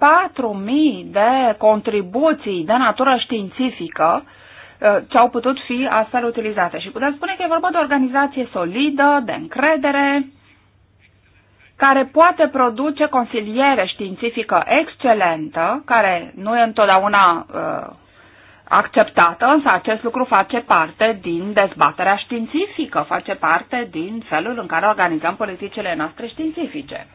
de contribuții de natură științifică uh, ce au putut fi astfel utilizate. Și putem spune că e vorba de o organizație solidă, de încredere, care poate produce consiliere științifică excelentă, care nu e întotdeauna uh, acceptată, însă acest lucru face parte din dezbaterea științifică, face parte din felul în care organizăm politicile noastre științifice.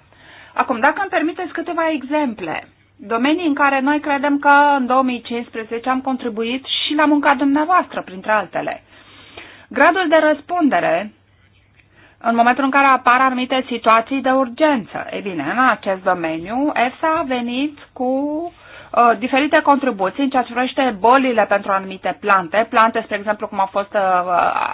Acum, dacă îmi permiteți câteva exemple, domenii în care noi credem că în 2015 am contribuit și la munca dumneavoastră, printre altele. Gradul de răspundere în momentul în care apar anumite situații de urgență. Ei bine, în acest domeniu, EFSA a venit cu uh, Uh, diferite contribuții în ceea ce privește bolile pentru anumite plante, plante, spre exemplu, cum a fost uh,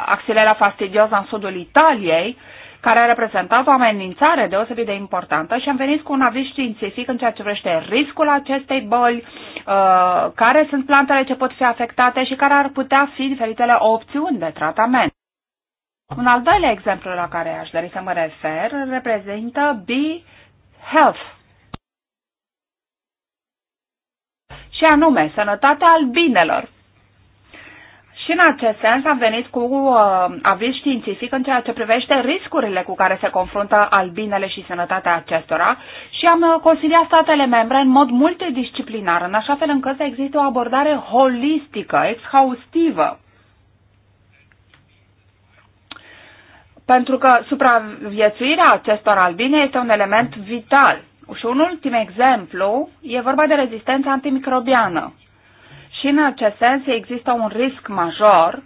axilera fastidioasă în sudul Italiei, care a reprezentat o amenințare deosebit de importantă și am venit cu un aviz științific în ceea ce vrește riscul acestei boli, uh, care sunt plantele ce pot fi afectate și care ar putea fi diferitele opțiuni de tratament. Un al doilea exemplu la care aș dori să mă refer reprezintă B Health, și anume sănătatea albinelor. Și în acest sens am venit cu uh, aviz științific în ceea ce privește riscurile cu care se confruntă albinele și sănătatea acestora și am uh, consiliat statele membre în mod multidisciplinar, în așa fel încât să existe o abordare holistică, exhaustivă. Pentru că supraviețuirea acestor albine este un element vital. Și un ultim exemplu e vorba de rezistența antimicrobiană. Și în acest sens există un risc major,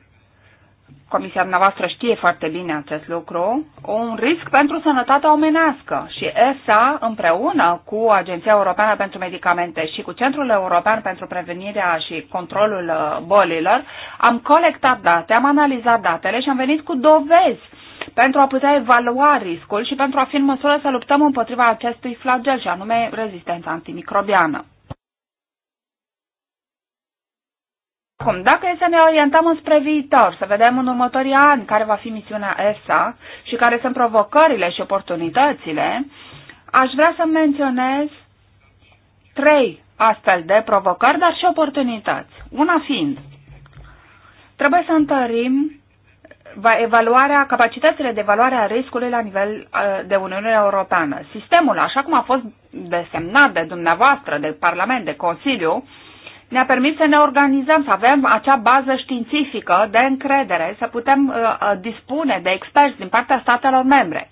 comisia noastră știe foarte bine acest lucru, un risc pentru sănătatea omenească. Și ESA, împreună cu Agenția Europeană pentru Medicamente și cu Centrul European pentru Prevenirea și Controlul uh, Bolilor, am colectat date, am analizat datele și am venit cu dovezi pentru a putea evalua riscul și pentru a fi în măsură să luptăm împotriva acestui flagel și anume rezistența antimicrobiană. Acum, dacă e să ne orientăm înspre viitor, să vedem în următorii ani care va fi misiunea ESA și care sunt provocările și oportunitățile, aș vrea să menționez trei astfel de provocări, dar și oportunități. Una fiind, trebuie să întărim evaluarea, capacitățile de evaluare a riscului la nivel uh, de Uniune Europeană. Sistemul, așa cum a fost desemnat de dumneavoastră, de Parlament, de Consiliu, ne-a permis să ne organizăm, să avem acea bază științifică de încredere, să putem uh, uh dispune de experți din partea statelor membre.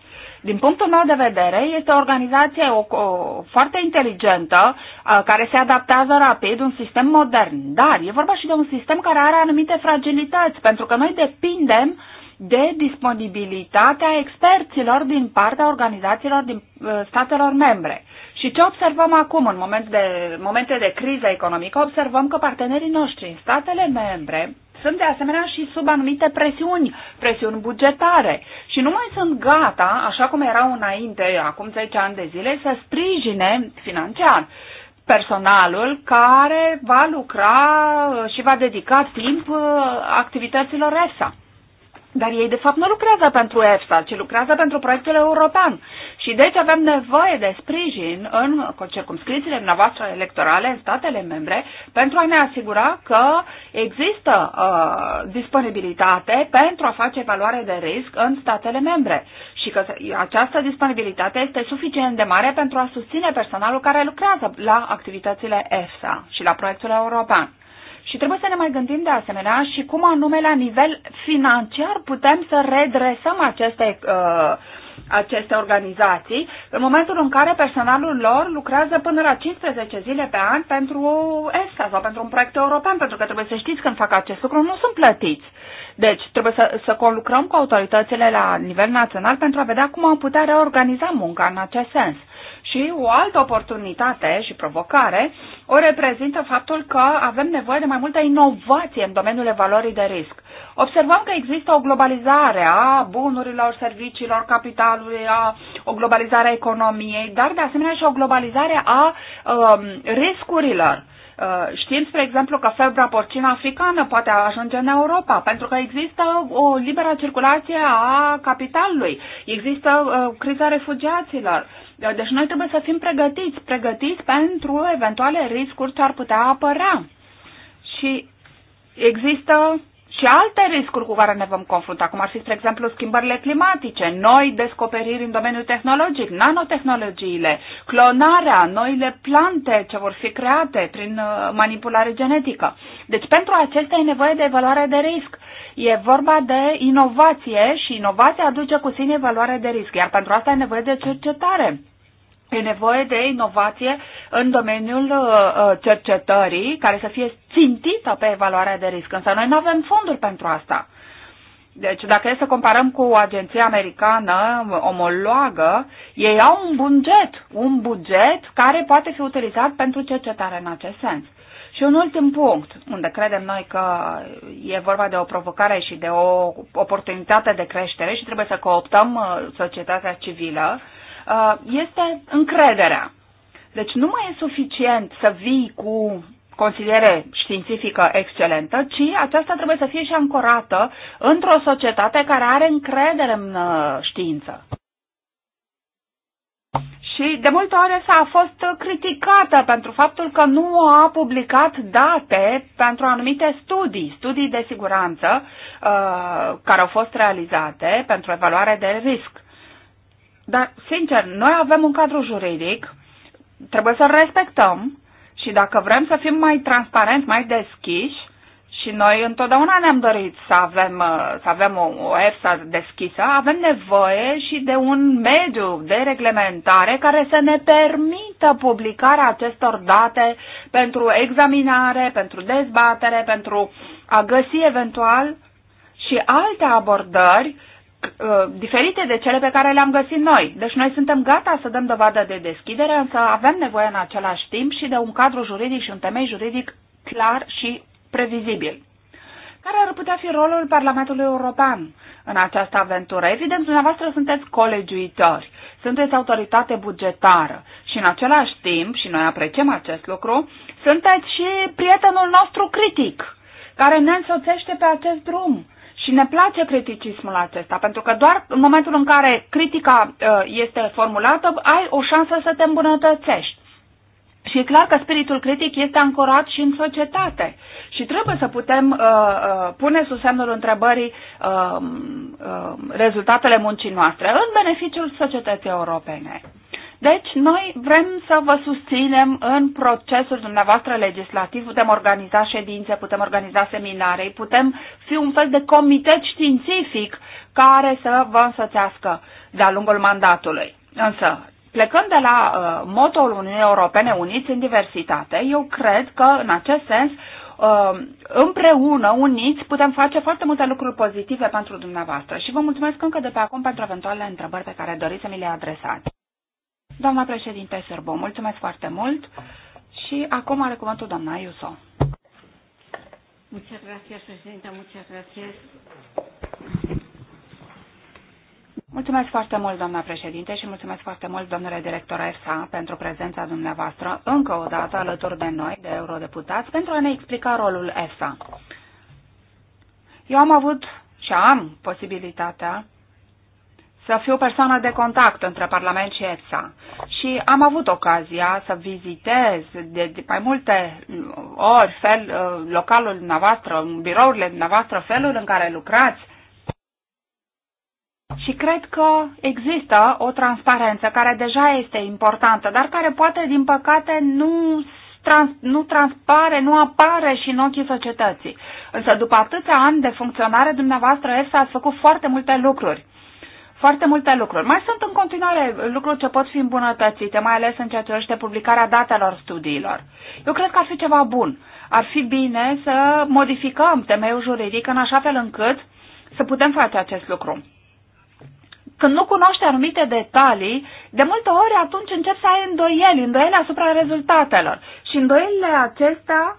Din punctul meu de vedere, este o organizație o, o, foarte inteligentă, a, uh, care se adaptează rapid, un sistem modern. Dar e vorba și de un sistem care are anumite fragilități, pentru că noi depindem de disponibilitatea experților din partea organizațiilor din uh, statelor membre. Și ce observăm acum, în moment de, momente de criză economică, observăm că partenerii noștri în statele membre sunt de asemenea și sub anumite presiuni, presiuni bugetare și nu mai sunt gata, așa cum erau înainte, acum 10 ani de zile, să sprijine financiar personalul care va lucra și va dedica timp uh, activităților ESA. Dar ei, de fapt, nu lucrează pentru EFSA, ci lucrează pentru proiectul european. Și deci avem nevoie de sprijin în circumscrițiile noastre electorale, în statele membre, pentru a ne asigura că există uh, disponibilitate pentru a face evaluare de risc în statele membre și că această disponibilitate este suficient de mare pentru a susține personalul care lucrează la activitățile EFSA și la proiectul european. Și trebuie să ne mai gândim de asemenea și cum anume la nivel financiar putem să redresăm aceste, uh, aceste organizații în momentul în care personalul lor lucrează până la 15 zile pe an pentru ESCA sau pentru un proiect european, pentru că trebuie să știți când fac acest lucru, nu sunt plătiți. Deci trebuie să, să conlucrăm cu autoritățile la nivel național pentru a vedea cum am putea reorganiza munca în acest sens. Și o altă oportunitate și provocare o reprezintă faptul că avem nevoie de mai multă inovație în domeniul evaluării de risc. Observăm că există o globalizare a bunurilor, serviciilor, capitalului, a, o globalizare a economiei, dar de asemenea și o globalizare a a um, riscurilor. Uh, știm, spre exemplu, că febra porcină africană poate ajunge în Europa, pentru că există o liberă circulație a capitalului, există uh, criza refugiaților. Da, deci noi trebuie să fim pregătiți, pregătiți pentru eventuale riscuri ce ar putea apărea. Și există și alte riscuri cu care ne vom confrunta, cum ar fi, spre exemplu, schimbările climatice, noi descoperiri în domeniul tehnologic, nanotehnologiile, clonarea, noile plante ce vor fi create prin uh, manipulare genetică. Deci pentru acestea e nevoie de evaluare de risc E vorba de inovație și inovația aduce cu sine valoare de risc, iar pentru asta e nevoie de cercetare. E nevoie de inovație în domeniul uh, uh, cercetării care să fie țintită pe evaluarea de risc, însă noi nu avem fonduri pentru asta. Deci dacă e să comparăm cu o agenție americană omologă, ei au un buget, un buget care poate fi utilizat pentru cercetare în acest sens. Și un ultim punct, unde credem noi că e vorba de o provocare și de o oportunitate de creștere și trebuie să cooptăm uh, societatea civilă, uh, este încrederea. Deci nu mai e suficient să vii cu consiliere științifică excelentă, ci aceasta trebuie să fie și ancorată într-o societate care are încredere în uh, știință și de multe ori s a fost criticată pentru faptul că nu a publicat date pentru anumite studii, studii de siguranță uh, care au fost realizate pentru evaluare de risc. Dar, sincer, noi avem un cadru juridic, trebuie să-l respectăm și dacă vrem să fim mai transparenți, mai deschiși, și noi întotdeauna ne-am dorit să avem, uh, să avem o, o EFSA deschisă, avem nevoie și de un mediu de reglementare care să ne permită publicarea acestor date pentru examinare, pentru dezbatere, pentru a găsi eventual și alte abordări uh, diferite de cele pe care le-am găsit noi. Deci noi suntem gata să dăm dovadă de deschidere, însă avem nevoie în același timp și de un cadru juridic și un temei juridic clar și previzibil. Care ar putea fi rolul Parlamentului European în această aventură? Evident, dumneavoastră sunteți colegiuitori, sunteți autoritate bugetară și în același timp, și noi apreciem acest lucru, sunteți și prietenul nostru critic, care ne însoțește pe acest drum. Și ne place criticismul acesta, pentru că doar în momentul în care critica uh, este formulată, ai o șansă să te îmbunătățești. Și e clar că spiritul critic este ancorat și în societate. Și trebuie să putem uh, uh, pune sub semnul întrebării uh, uh, rezultatele muncii noastre în beneficiul societății europene. Deci, noi vrem să vă susținem în procesul dumneavoastră legislativ, putem organiza ședințe, putem organiza seminare, putem fi un fel de comitet științific care să vă însoțească de-a lungul mandatului. Însă, Plecând de la uh, motoul Uniunii Europene Uniți în diversitate, eu cred că, în acest sens, uh, împreună, uniți, putem face foarte multe lucruri pozitive pentru dumneavoastră. Și vă mulțumesc încă de pe acum pentru eventualele întrebări pe care doriți să mi le adresați. Doamna președinte Sârbo, mulțumesc foarte mult și acum are cuvântul doamna Iuso. Muchas gracias, presidenta. Muchas gracias. Mulțumesc foarte mult, doamna președinte, și mulțumesc foarte mult, domnule director EFSA, pentru prezența dumneavoastră încă o dată alături de noi, de eurodeputați, pentru a ne explica rolul EFSA. Eu am avut și am posibilitatea să fiu persoană de contact între Parlament și EFSA. Și am avut ocazia să vizitez de, mai multe ori fel, localul dumneavoastră, birourile dumneavoastră, felul în care lucrați, și cred că există o transparență care deja este importantă, dar care poate, din păcate, nu trans, nu transpare, nu apare și în ochii societății. Însă după atâția ani de funcționare, dumneavoastră EFSA ați făcut foarte multe lucruri. Foarte multe lucruri. Mai sunt în continuare lucruri ce pot fi îmbunătățite, mai ales în ceea ce privește publicarea datelor studiilor. Eu cred că ar fi ceva bun. Ar fi bine să modificăm temeiul juridic în așa fel încât să putem face acest lucru când nu cunoști anumite detalii, de multe ori atunci începi să ai îndoieli, îndoieli asupra rezultatelor. Și îndoielile acestea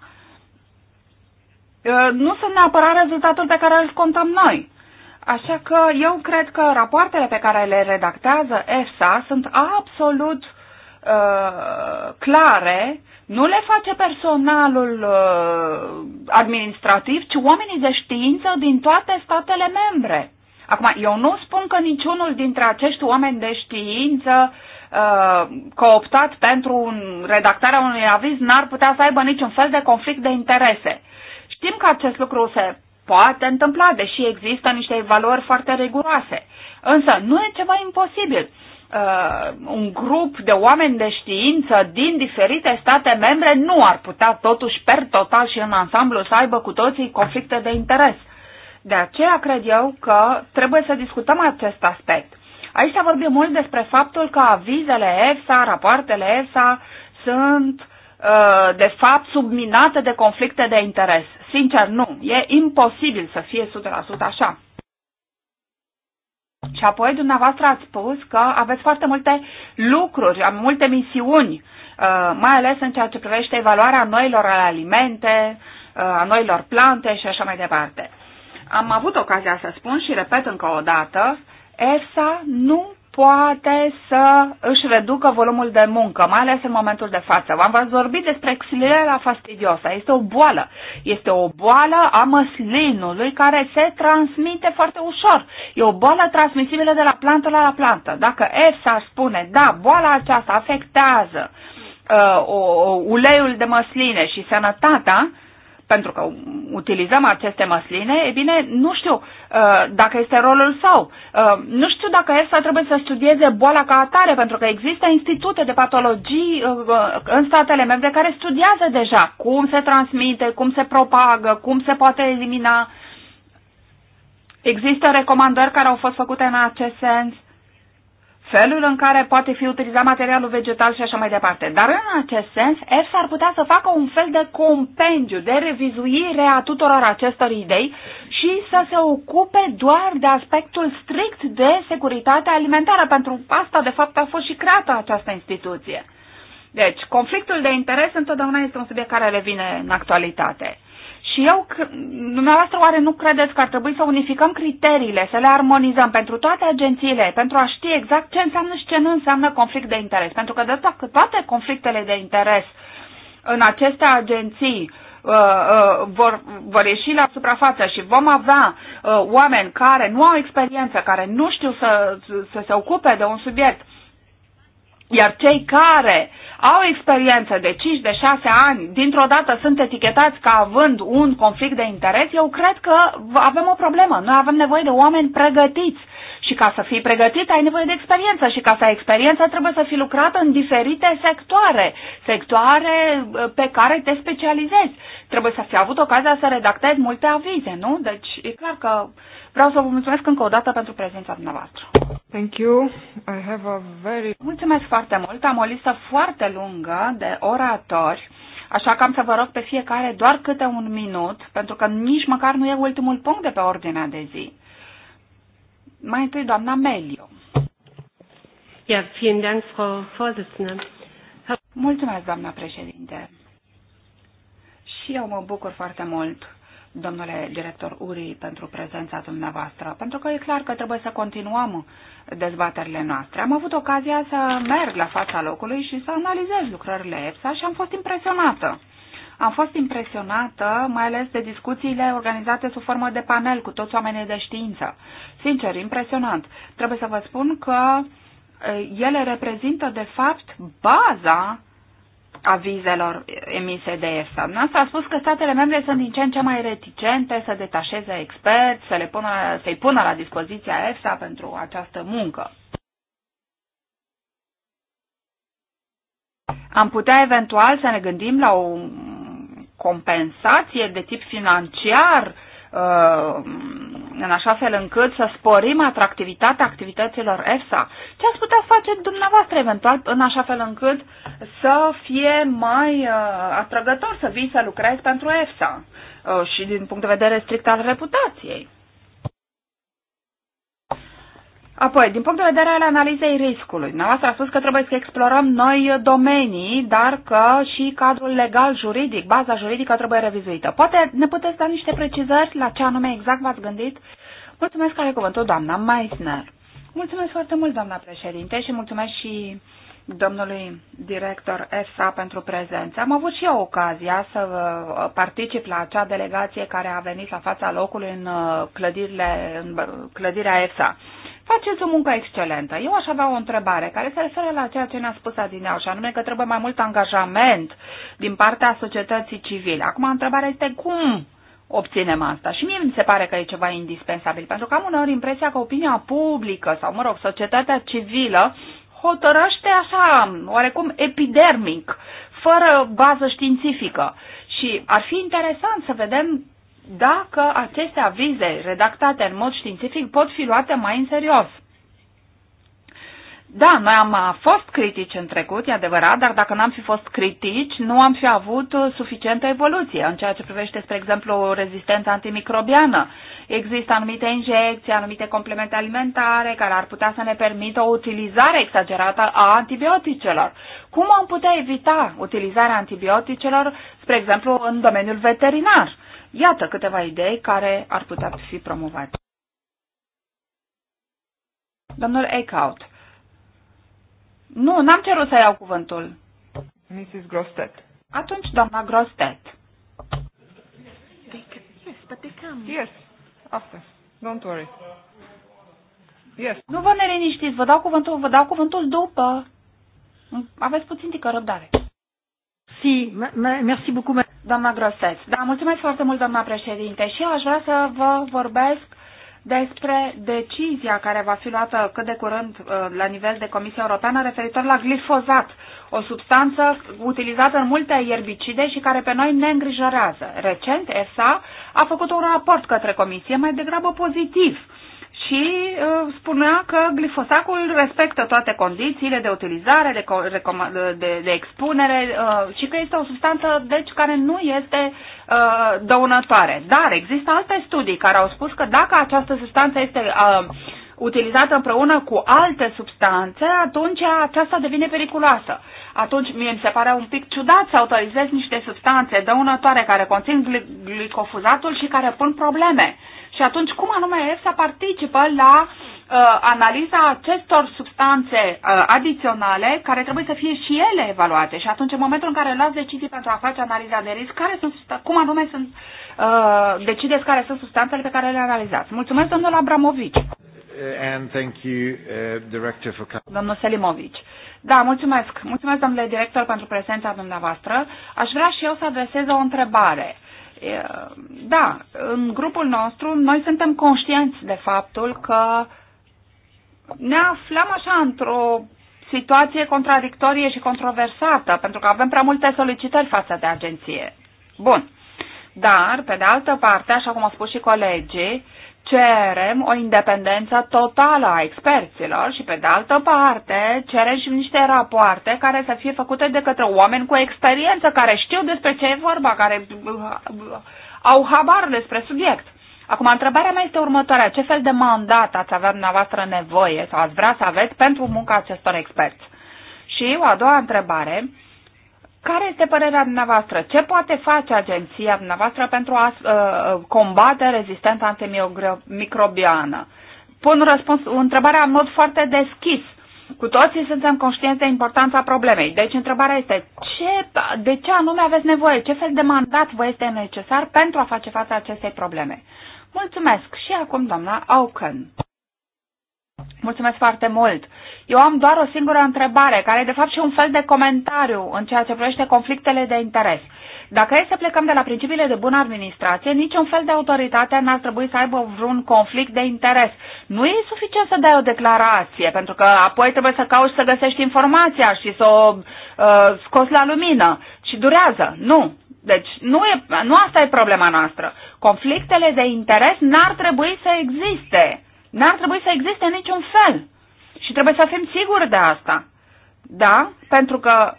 ă, nu sunt neapărat rezultatul pe care îl contăm noi. Așa că eu cred că rapoartele pe care le redactează EFSA sunt absolut uh, clare, nu le face personalul uh, administrativ, ci oamenii de știință din toate statele membre. Acum, eu nu spun că niciunul dintre acești oameni de știință uh, cooptat pentru redactarea unui aviz n-ar putea să aibă niciun fel de conflict de interese. Știm că acest lucru se poate întâmpla, deși există niște evaluări foarte riguroase. Însă nu e ceva imposibil. Uh, un grup de oameni de știință din diferite state membre nu ar putea totuși per total și în ansamblu să aibă cu toții conflicte de interes. Uh, de aceea cred eu că trebuie să discutăm acest aspect. Aici s-a vorbit mult despre faptul că avizele EFSA, rapoartele EFSA sunt uh, de fapt subminate de conflicte de interes. Sincer, nu. E imposibil să fie 100% așa. Și apoi dumneavoastră ați spus că aveți foarte multe lucruri, multe misiuni, uh, mai ales în ceea ce privește evaluarea noilor alimente, uh, a noilor plante și așa mai departe. Am avut ocazia să spun și repet încă o dată, ESA nu poate să își reducă volumul de muncă, mai ales în momentul de față. V-am vorbit despre xilera fastidiosa. Este o boală. Este o boală a măslinului care se transmite foarte ușor. E o boală transmisibilă de la plantă la, la plantă. Dacă EFSA spune, da, boala aceasta afectează uh, o, o, uleiul de măsline și sănătatea, uh, pentru că utilizăm aceste măsline, e bine, nu știu uh, dacă este rolul sau. Uh, nu știu dacă ESA trebuie să studieze boala ca atare, pentru că există institute de patologii uh, uh, în statele membre care studiază deja cum se transmite, cum se propagă, cum se poate elimina. Există recomandări care au fost făcute în acest sens felul în care poate fi utilizat materialul vegetal și așa mai departe. Dar în acest sens, EFSA ar putea să facă un fel de compendiu, de revizuire a tuturor acestor idei și să se ocupe doar de aspectul strict de securitate alimentară. Pentru asta, de fapt, a fost și creată această instituție. Deci, conflictul de interes întotdeauna este un subiect care revine în actualitate. Și eu, dumneavoastră, oare nu credeți că ar trebui să unificăm criteriile, să le armonizăm pentru toate agențiile, pentru a ști exact ce înseamnă și ce nu înseamnă conflict de interes? Pentru că de asta că toate conflictele de interes în aceste agenții uh, uh, vor, vor ieși la suprafață și vom avea uh, oameni care nu au experiență, care nu știu să, să se ocupe de un subiect, iar cei care au experiență de 5, de ani, dintr-o dată sunt etichetați ca având un conflict de interes, eu cred că avem o problemă. Noi avem nevoie de oameni pregătiți. Și ca să fii pregătit, ai nevoie de experiență și ca să ai experiență, trebuie să fii lucrat în diferite sectoare, sectoare pe care te specializezi. Trebuie să fi avut ocazia să redactezi multe avize, nu? Deci e clar că Vreau să vă mulțumesc încă o dată pentru prezența dumneavoastră. Thank you. I have a very... Mulțumesc foarte mult. Am o listă foarte lungă de oratori, așa că am să vă rog pe fiecare doar câte un minut, pentru că nici măcar nu e ultimul punct de pe ordinea de zi. Mai întâi, doamna Melio. Ja, vielen Dank, Frau Vorsitzende. Mulțumesc, doamna președinte. Și eu mă bucur foarte mult domnule director Uri, pentru prezența dumneavoastră, pentru că e clar că trebuie să continuăm dezbaterile noastre. Am avut ocazia să merg la fața locului și să analizez lucrările EPSA și am fost impresionată. Am fost impresionată mai ales de discuțiile organizate sub formă de panel cu toți oamenii de știință. Sincer, impresionant. Trebuie să vă spun că ele reprezintă, de fapt, baza avizelor emise de EFSA. Asta a spus că statele membre sunt din ce în ce mai reticente să detașeze experți, să le pună, să pună la dispoziția EFSA pentru această muncă. Am putea eventual să ne gândim la o compensație de tip financiar uh, în așa fel încât să sporim atractivitatea activităților EFSA. Ce ați putea face dumneavoastră eventual în așa fel încât să fie mai uh, atrăgător să vii să lucrezi pentru EFSA uh, și din punct de vedere strict al reputației? Apoi, din punct de vedere al analizei riscului, dumneavoastră a spus că trebuie să explorăm noi domenii, dar că și cadrul legal juridic, baza juridică trebuie revizuită. Poate ne puteți da niște precizări la ce anume exact v-ați gândit? Mulțumesc care cuvântul, doamna Meissner. Mulțumesc foarte mult, doamna președinte, și mulțumesc și domnului director ESA pentru prezență. Am avut și eu ocazia să uh, particip la acea delegație care a venit la fața locului în, uh, clădirile, în uh, clădirea ESA. Faceți o muncă excelentă. Eu aș avea o întrebare care se referă la ceea ce ne-a spus Adineau și anume că trebuie mai mult angajament din partea societății civile. Acum întrebarea este cum obținem asta. Și mie mi se pare că e ceva indispensabil, pentru că am uneori impresia că opinia publică sau, mă rog, societatea civilă hotărăște așa, oarecum epidermic, fără bază științifică. Și ar fi interesant să vedem dacă aceste avize redactate în mod științific pot fi luate mai în serios. Da, noi am uh, fost critici în trecut, e adevărat, dar dacă n-am fi fost critici, nu am fi avut uh, suficientă evoluție în ceea ce privește, spre exemplu, rezistența antimicrobiană. Există anumite injecții, anumite complemente alimentare care ar putea să ne permită o utilizare exagerată a antibioticelor. Cum am putea evita utilizarea antibioticelor, spre exemplu, în domeniul veterinar? Iată câteva idei care ar putea fi promovate. Domnul Eichhout. Nu, n-am cerut să iau cuvântul. Mrs. Grostet. Atunci, doamna Grostet. Yes, but they come. Yes, after. Don't worry. Yes. Nu vă neliniștiți, vă dau cuvântul, vă dau cuvântul după. Aveți puțin tică răbdare. Si, merci beaucoup. Doamna Groseț. Da, mulțumesc foarte mult, doamna președinte. Și eu aș vrea să vă vorbesc despre decizia care va fi luată cât de curând uh, la nivel de Comisia Europeană referitor la glifozat, o substanță utilizată în multe ierbicide și care pe noi ne îngrijorează. Recent, ESA a făcut un raport către Comisie mai degrabă pozitiv și uh, spunea că glifosacul respectă toate condițiile de utilizare, de, de, de expunere uh, și că este o substanță deci care nu este uh, dăunătoare. Dar există alte studii care au spus că dacă această substanță este uh, utilizată împreună cu alte substanțe, atunci aceasta devine periculoasă. Atunci mie mi se pare un pic ciudat să autorizez niște substanțe dăunătoare care conțin glicofuzatul și care pun probleme. Uh, și atunci, cum anume EFSA participă la uh, analiza acestor substanțe uh, adiționale care trebuie să fie și ele evaluate? Și atunci, în momentul în care luați decizii pentru a face analiza de risc, care sunt, cum anume sunt, uh, decideți care sunt substanțele pe care le analizați? Mulțumesc, domnul Abramovici. Uh, and thank you, uh, director for... Domnul Selimovici. Da, mulțumesc. Mulțumesc, domnule director, pentru prezența dumneavoastră. Aș vrea și eu să adresez o întrebare da, în grupul nostru noi suntem conștienți de faptul că ne aflăm așa într-o situație contradictorie și controversată, pentru că avem prea multe solicitări față de agenție. Bun. Dar, pe de altă parte, așa cum au spus și colegii, cerem o independență totală a experților și, pe de altă parte, cerem și niște rapoarte care să fie făcute de către oameni cu experiență, care știu despre ce e vorba, care uh, au habar despre subiect. Acum, întrebarea mea este următoarea. Ce fel de mandat ați avea dumneavoastră nevoie sau ați vrea să aveți pentru munca acestor experți? Și o a doua întrebare care este părerea dumneavoastră? Ce poate face agenția dumneavoastră pentru a uh, combate rezistența antimicrobiană? Pun răspuns, întrebarea în mod foarte deschis. Cu toții suntem conștienți de importanța problemei. Deci întrebarea este, ce, de ce anume aveți nevoie? Ce fel de mandat vă este necesar pentru a face față acestei probleme? Mulțumesc și acum doamna Auken. Mulțumesc foarte mult. Eu am doar o singură întrebare, care e de fapt și un fel de comentariu în ceea ce privește conflictele de interes. Dacă e să plecăm de la principiile de bună administrație, niciun fel de autoritate n-ar trebui să aibă vreun conflict de interes. Nu e suficient să dai o declarație, pentru că apoi trebuie să cauți să găsești informația și să o uh, scoți la lumină. Și durează. Nu. Deci nu, e, nu asta e problema noastră. Conflictele de interes n-ar trebui să existe. N-ar trebui să existe niciun fel. Și trebuie să fim siguri de asta. Da? Pentru că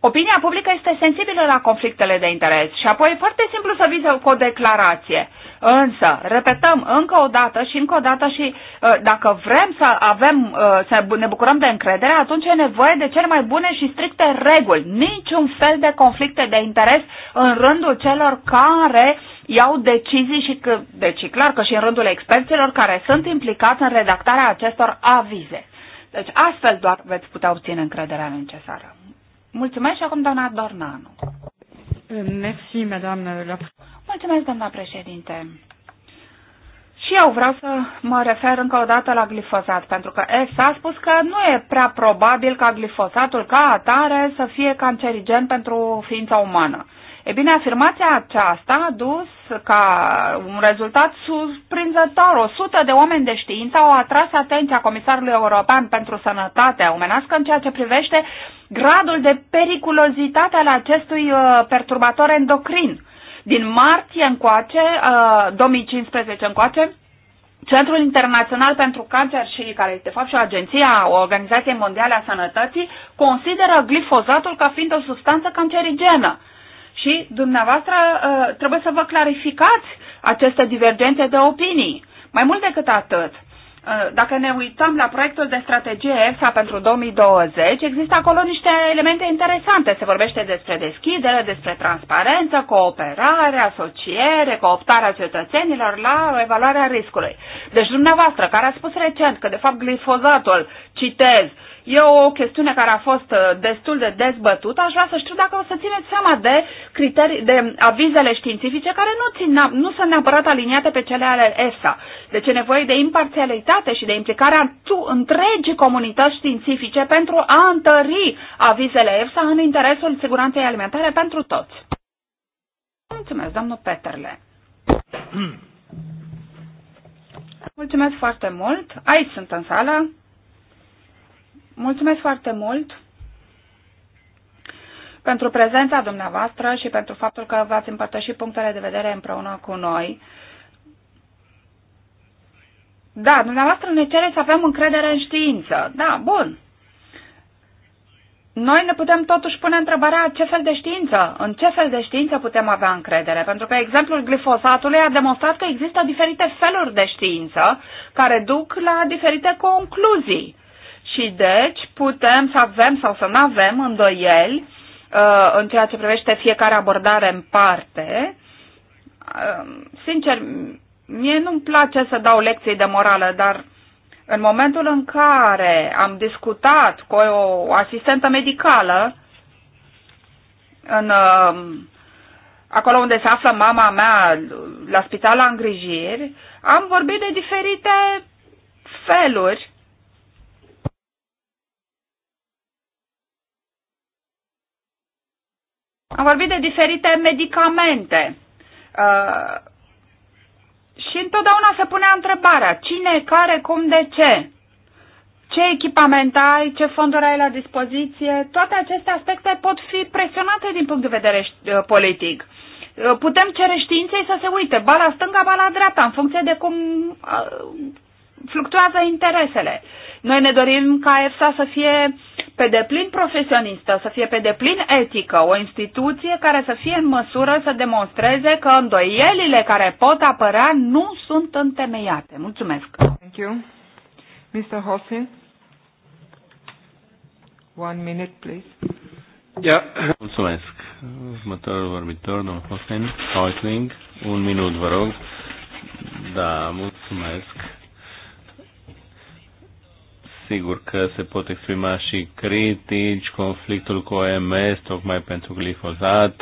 Opinia publică este sensibilă la conflictele de interes și apoi e foarte simplu să vii cu o declarație. Însă, repetăm încă o dată și încă o dată și uh, dacă vrem să avem, uh, să ne bucurăm de încredere, atunci e nevoie de cele mai bune și stricte reguli. Niciun fel de conflicte de interes în rândul celor care uh, iau decizii și că, deci e clar că și în rândul experților care sunt implicați în redactarea acestor avize. Deci astfel doar veți putea obține încrederea necesară. Mulțumesc și acum doamna Dornanu. Merci, madame Mulțumesc, doamna președinte. Și eu vreau să mă refer încă o dată la glifosat, pentru că EFSA a spus că nu e prea probabil ca glifosatul ca atare să fie cancerigen pentru ființa umană. E bine, afirmația aceasta a dus ca un rezultat surprinzător. O sută de oameni de știință au atras atenția Comisarului European pentru Sănătatea Omenească în ceea ce privește gradul de periculozitate al acestui uh, perturbator endocrin. Din martie încoace, uh, 2015 încoace, Centrul Internațional pentru Cancer și care este de fapt și o agenție a Organizației Mondiale a Sănătății consideră glifozatul ca fiind o substanță cancerigenă. Uh, și dumneavoastră uh, trebuie să vă clarificați aceste divergențe de opinii. Mai mult decât atât, uh, dacă ne uităm la proiectul de strategie EFSA pentru 2020, există acolo niște elemente interesante. Se vorbește despre deschidere, despre transparență, cooperare, asociere, cooptarea cetățenilor la evaluarea riscului. Deci dumneavoastră, care a spus recent că de fapt glifozatul, citez, E o chestiune care a fost uh, destul de dezbătută. Aș vrea să știu dacă o să țineți seama de criterii, de avizele științifice care nu, țin, nu sunt neapărat aliniate pe cele ale ESA. Deci e nevoie de imparțialitate și de implicarea întregii comunități științifice pentru a întări avizele ESA în interesul siguranței alimentare pentru toți. Mulțumesc, domnul Peterle. Mulțumesc foarte mult. Aici sunt în sală. Mulțumesc foarte mult pentru prezența dumneavoastră și pentru faptul că v-ați împărtășit punctele de vedere împreună cu noi. Da, dumneavoastră ne cereți să avem încredere în știință. Da, bun. Noi ne putem totuși pune întrebarea ce fel de știință, în ce fel de știință putem avea încredere, pentru că exemplul glifosatului a demonstrat că există diferite feluri de știință care duc la diferite concluzii. Și deci putem să avem sau să nu avem îndoieli uh, în ceea ce privește fiecare abordare în parte. Uh, sincer, mie nu-mi place să dau lecții de morală, dar în momentul în care am discutat cu o asistentă medicală, în, uh, acolo unde se află mama mea, la spital la îngrijiri, am vorbit de diferite feluri Am vorbit de diferite medicamente. Uh, și întotdeauna se punea întrebarea, cine, care, cum, de ce? Ce echipament ai, ce fonduri ai la dispoziție? Toate aceste aspecte pot fi presionate din punct de vedere uh, politic. Uh, putem cere științei să se uite, ba la stânga, ba la dreapta, în funcție de cum uh, fluctuează interesele. Noi ne dorim ca EFSA să fie pe deplin profesionistă, să fie pe deplin etică, o instituție care să fie în măsură să demonstreze că îndoielile care pot apărea nu sunt întemeiate. Mulțumesc. Thank you. Mr. Hossin. One minute, please. Yeah. Mulțumesc. Următorul vorbitor, domnul Hossein Hoisling. Un minut, vă rog. Da, mulțumesc. Sigur că se pot exprima și critici, conflictul cu OMS, tocmai pentru glifozat,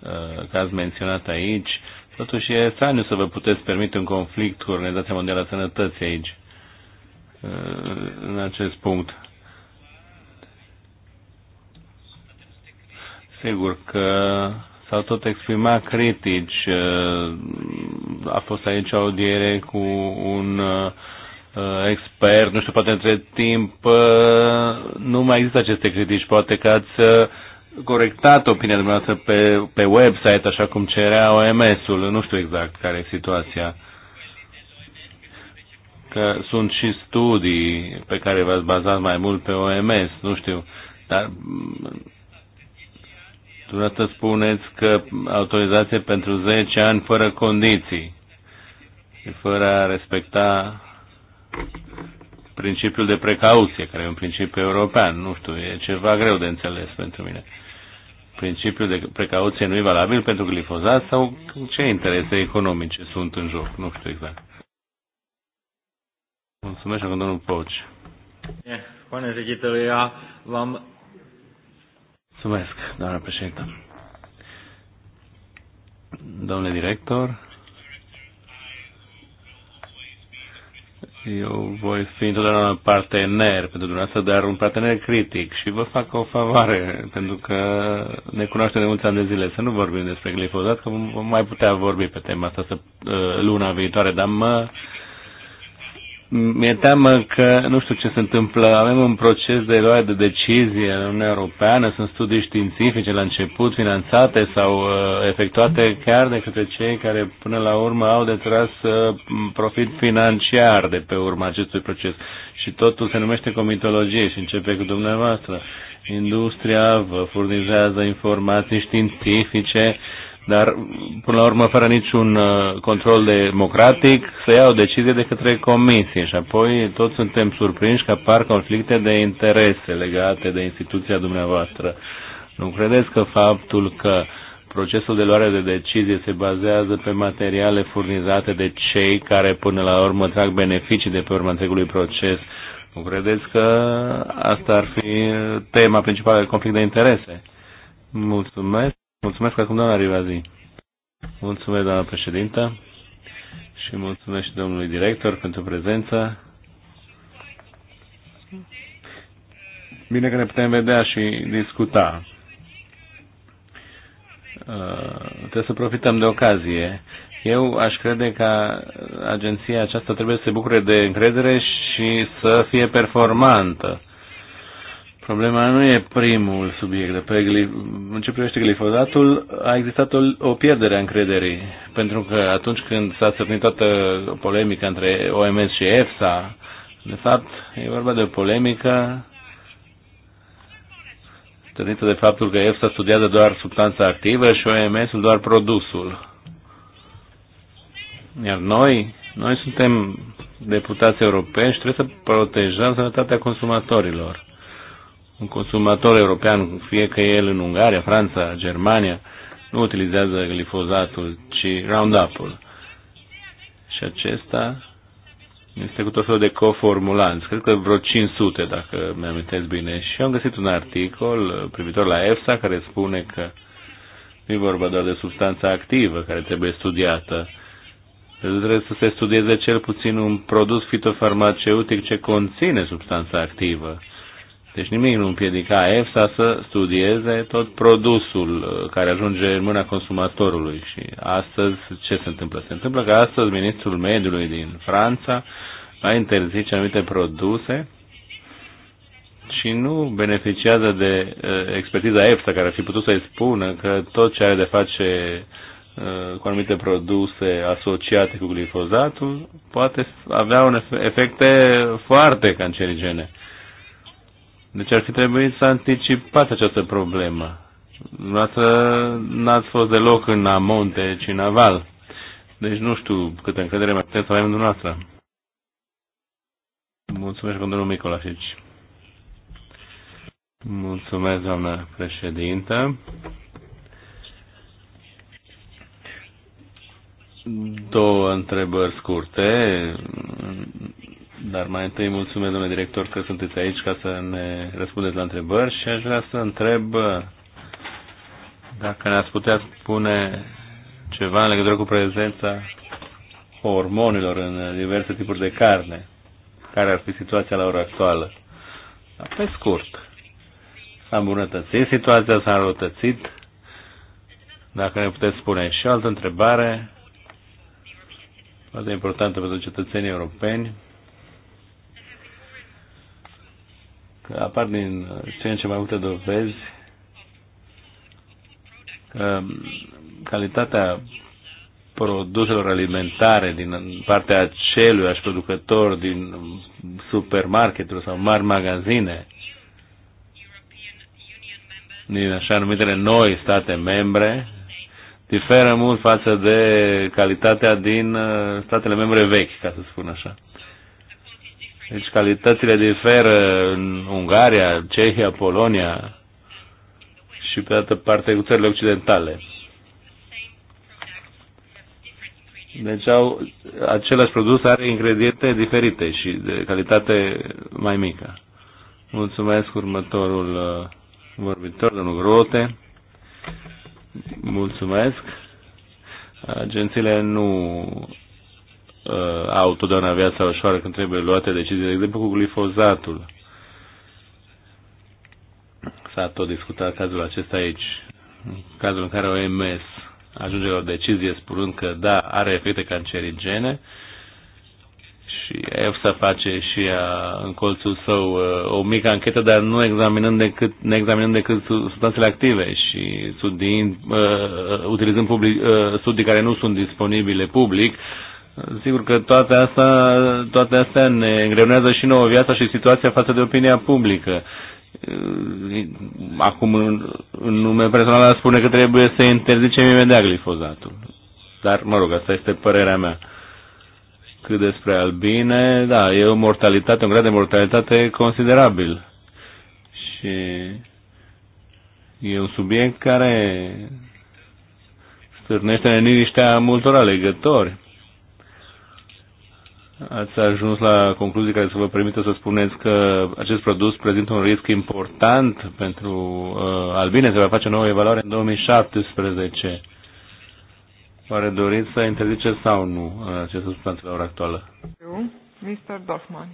uh, că ați menționat aici. Totuși e straniu să vă puteți permite un conflict cu Organizația Mondială a Sănătății aici, uh, în acest punct. Sigur că s-au tot exprimat critici. Uh, a fost aici o audiere cu un uh, Uh, expert, nu știu, poate între timp uh, nu mai există aceste critici, poate că ați uh, corectat opinia dumneavoastră pe, pe website, așa cum cerea OMS-ul, nu știu exact care e situația. Că sunt și studii pe care v-ați bazat mai mult pe OMS, nu știu, dar Dumneavoastră spuneți că autorizație pentru 10 ani fără condiții, fără a respecta principiul de precauție, care e un principiu european, nu știu, e ceva greu de înțeles pentru mine. Principiul de precauție nu e valabil pentru glifozat sau ce interese economice sunt în joc, nu știu exact. Mulțumesc acum domnul Poci. Bine, ea, v-am... Mulțumesc, doamna președintă. Domnule director, Eu voi fi întotdeauna partener pentru dumneavoastră, dar un partener critic și vă fac o favoare, pentru că ne cunoaștem de mulți ani de zile. Să nu vorbim despre glifozat, că vom mai putea vorbi pe tema asta să, uh, luna viitoare, dar mă mi-e teamă că nu știu ce se întâmplă. Avem un proces de luare de decizie în Uniunea Europeană, sunt studii științifice la început, finanțate sau uh, efectuate chiar de către cei care până la urmă au de tras uh, profit financiar de pe urma acestui proces. Și totul se numește comitologie și începe cu dumneavoastră. Industria vă furnizează informații științifice, uh, dar până la urmă fără niciun uh, control democratic se ia o decizie de către comisie și apoi toți suntem surprinși că apar conflicte de interese legate de instituția dumneavoastră. Nu credeți că faptul că procesul de luare de decizie se bazează pe materiale furnizate de cei care până la urmă trag beneficii de pe urma întregului proces, nu credeți că asta ar fi tema principală de conflict de interese? Mulțumesc! Mulțumesc acum doamna Rivazi. Mulțumesc doamna președintă și mulțumesc și domnului director pentru prezența. Bine că ne putem vedea și discuta. Uh, trebuie să profităm de ocazie. Eu aș crede că agenția aceasta trebuie să se bucure de încredere și să fie performantă. Problema nu e primul subiect. Pe glif- în ce privește glifozatul, a existat o, o pierdere a încrederii. Pentru că atunci când s-a sărnit toată polemica între OMS și EFSA, de fapt, e vorba de o polemică sărnită de faptul că EFSA studiază doar substanța activă și OMS-ul doar produsul. Iar noi, noi suntem deputați europeni și trebuie să protejăm sănătatea consumatorilor un consumator european, fie că el în Ungaria, Franța, Germania, nu utilizează glifozatul, ci Roundup-ul. Și acesta este cu tot felul de coformulanți, cred că vreo 500, dacă mi-amintesc bine. Și am găsit un articol privitor la EFSA care spune că nu e vorba doar de substanța activă care trebuie studiată. trebuie să se studieze cel puțin un produs fitofarmaceutic ce conține substanța activă. Deci nimic nu împiedica EFSA să studieze tot produsul uh, care ajunge în mâna consumatorului. Și astăzi ce se întâmplă? Se întâmplă că astăzi ministrul mediului din Franța a interzice anumite produse și nu beneficiază de uh, expertiza EFSA, care ar fi putut să-i spună că tot ce are de face uh, cu anumite produse asociate cu glifozatul poate avea un efecte foarte cancerigene. Deci ar fi trebuit să anticipați această problemă. Noastră n-ați fost deloc în amonte, ci în aval. Deci nu știu câtă încredere mai puteți să avem dumneavoastră. Mulțumesc, domnul Micolașici. Mulțumesc, doamnă președintă. Două întrebări scurte dar mai întâi mulțumesc, domnule director, că sunteți aici ca să ne răspundeți la întrebări și aș vrea să întreb uh, dacă ne-ați putea spune ceva în legătură cu prezența hormonilor în diverse tipuri de carne. Care ar fi situația la ora actuală? Pe scurt, s-a îmbunătățit situația, s-a înrăutățit. Dacă ne puteți spune și o altă întrebare, foarte importantă pentru cetățenii europeni, că apar din ce în ce mai multe dovezi că calitatea produselor alimentare din partea acelui aș producător din supermarketuri sau mari magazine din așa numitele noi state membre diferă mult față de calitatea din uh, statele membre vechi, ca să spun așa. Deci calitățile diferă în Ungaria, Cehia, Polonia și pe altă parte cu țările occidentale. Deci au, același produs are ingrediente diferite și de calitate mai mică. Mulțumesc următorul uh, vorbitor, domnul Grote. Mulțumesc. Agențiile nu uh, au totdeauna viața ușoară când trebuie luate decizii, de exemplu cu glifozatul. S-a tot discutat cazul acesta aici, cazul în care OMS ajunge la o decizie spunând că da, are efecte cancerigene și EFSA face și a în colțul său uh, o mică anchetă, dar nu examinând decât, ne examinând decât substanțele active și studiind, uh, uh, utilizând public, uh, studii care nu sunt disponibile public, uh, Sigur că toate astea, toate astea ne îngreunează și nouă viața și situația față de opinia publică. Acum, în, în nume personal, spune că trebuie să interzicem imediat glifozatul. Dar, mă rog, asta este părerea mea. Cât despre albine, da, e o mortalitate, un grad de mortalitate considerabil. Și e un subiect care stârnește neliniștea multor alegători ați ajuns la concluzii care să vă permită să spuneți că acest produs prezintă un risc important pentru uh, albine. Se va face o nouă evaluare în 2017. Oare doriți să interzice sau nu uh, aceste substanțe la ora actuală? Eu, Mr. Dorfman.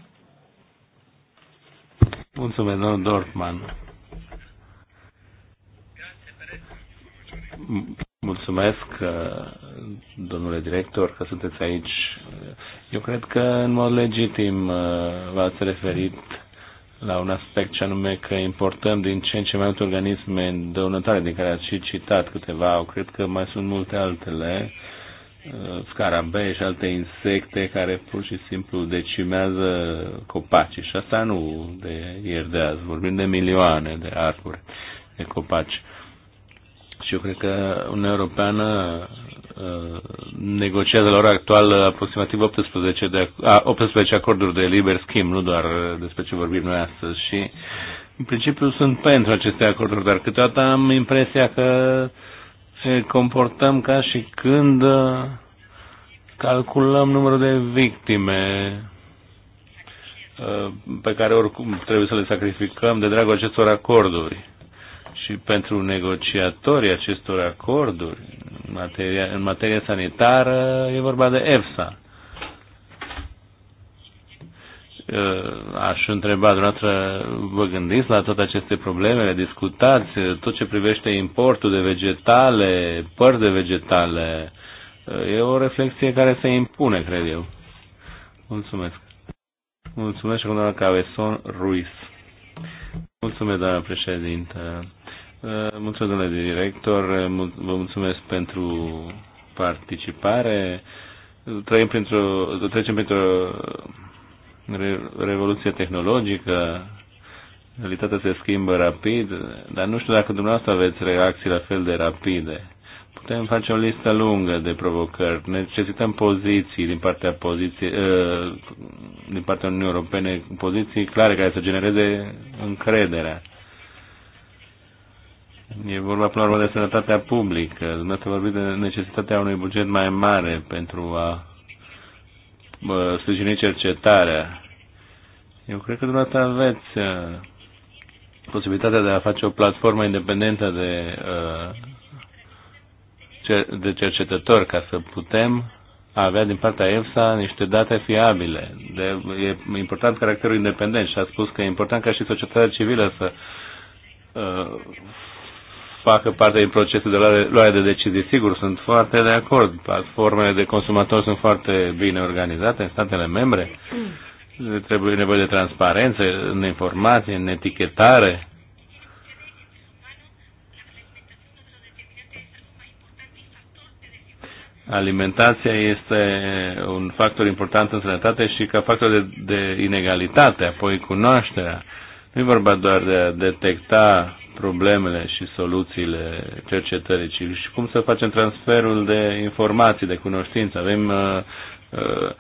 Mulțumesc, domnul Dorfman. Mulțumesc, uh, domnule director, că sunteți aici. Eu cred că, în mod legitim, uh, v-ați referit la un aspect ce anume că importăm din ce în ce mai multe organisme dăunătoare, din care ați și citat câteva, eu cred că mai sunt multe altele, uh, scarabei și alte insecte care pur și simplu decimează copacii și asta nu de ieri de azi, vorbim de milioane de arbori de copaci. Și eu cred că Uniunea Europeană uh, negociază la ora actuală aproximativ 18, de, a, 18 acorduri de liber schimb, nu doar uh, despre ce vorbim noi astăzi. Și în principiu sunt pentru aceste acorduri, dar câteodată am impresia că ne comportăm ca și când uh, calculăm numărul de victime pe care oricum trebuie să le sacrificăm de dragul acestor acorduri și pentru negociatorii acestor acorduri în materia în materia sanitară e vorba de EFSA. Uh, aș întreba, dumneavoastră, vă gândiți la toate aceste probleme, le discutați, uh, tot ce privește importul de vegetale, păr de vegetale, uh, e o reflexie care se impune, cred eu. Mulțumesc. Mulțumesc și cu doamna Caveson Ruiz. Mulțumesc, doamna președintă. Uh, mulțumesc, domnule director, uh, vă mulțumesc pentru participare. Trăim printr-o, trecem printr-o revoluție tehnologică, realitatea se schimbă rapid, dar nu știu dacă dumneavoastră aveți reacții la fel de rapide. Putem face o listă lungă de provocări. Necesităm poziții din partea, poziție, uh, din partea Uniunii Europene, poziții clare care să genereze încrederea E vorba până la urmă de sănătatea publică. Dumneavoastră vorbi de necesitatea unui buget mai mare pentru a sprijini cercetarea. Eu cred că dumneavoastră aveți uh, posibilitatea de a face o platformă independentă de, uh, de cercetători ca să putem avea din partea EFSA niște date fiabile. De, e important caracterul independent și a spus că e important ca și societatea civilă să uh, facă parte din procesul de luare de decizii. Sigur, sunt foarte de acord. Platformele de consumatori sunt foarte bine organizate în statele membre. Trebuie nevoie de transparență în informație, în etichetare. Alimentația este un factor important în sănătate și ca factor de, de inegalitate, apoi cunoașterea. Nu e vorba doar de a detecta problemele și soluțiile cercetării, ci și cum să facem transferul de informații, de cunoștință. Avem uh, uh,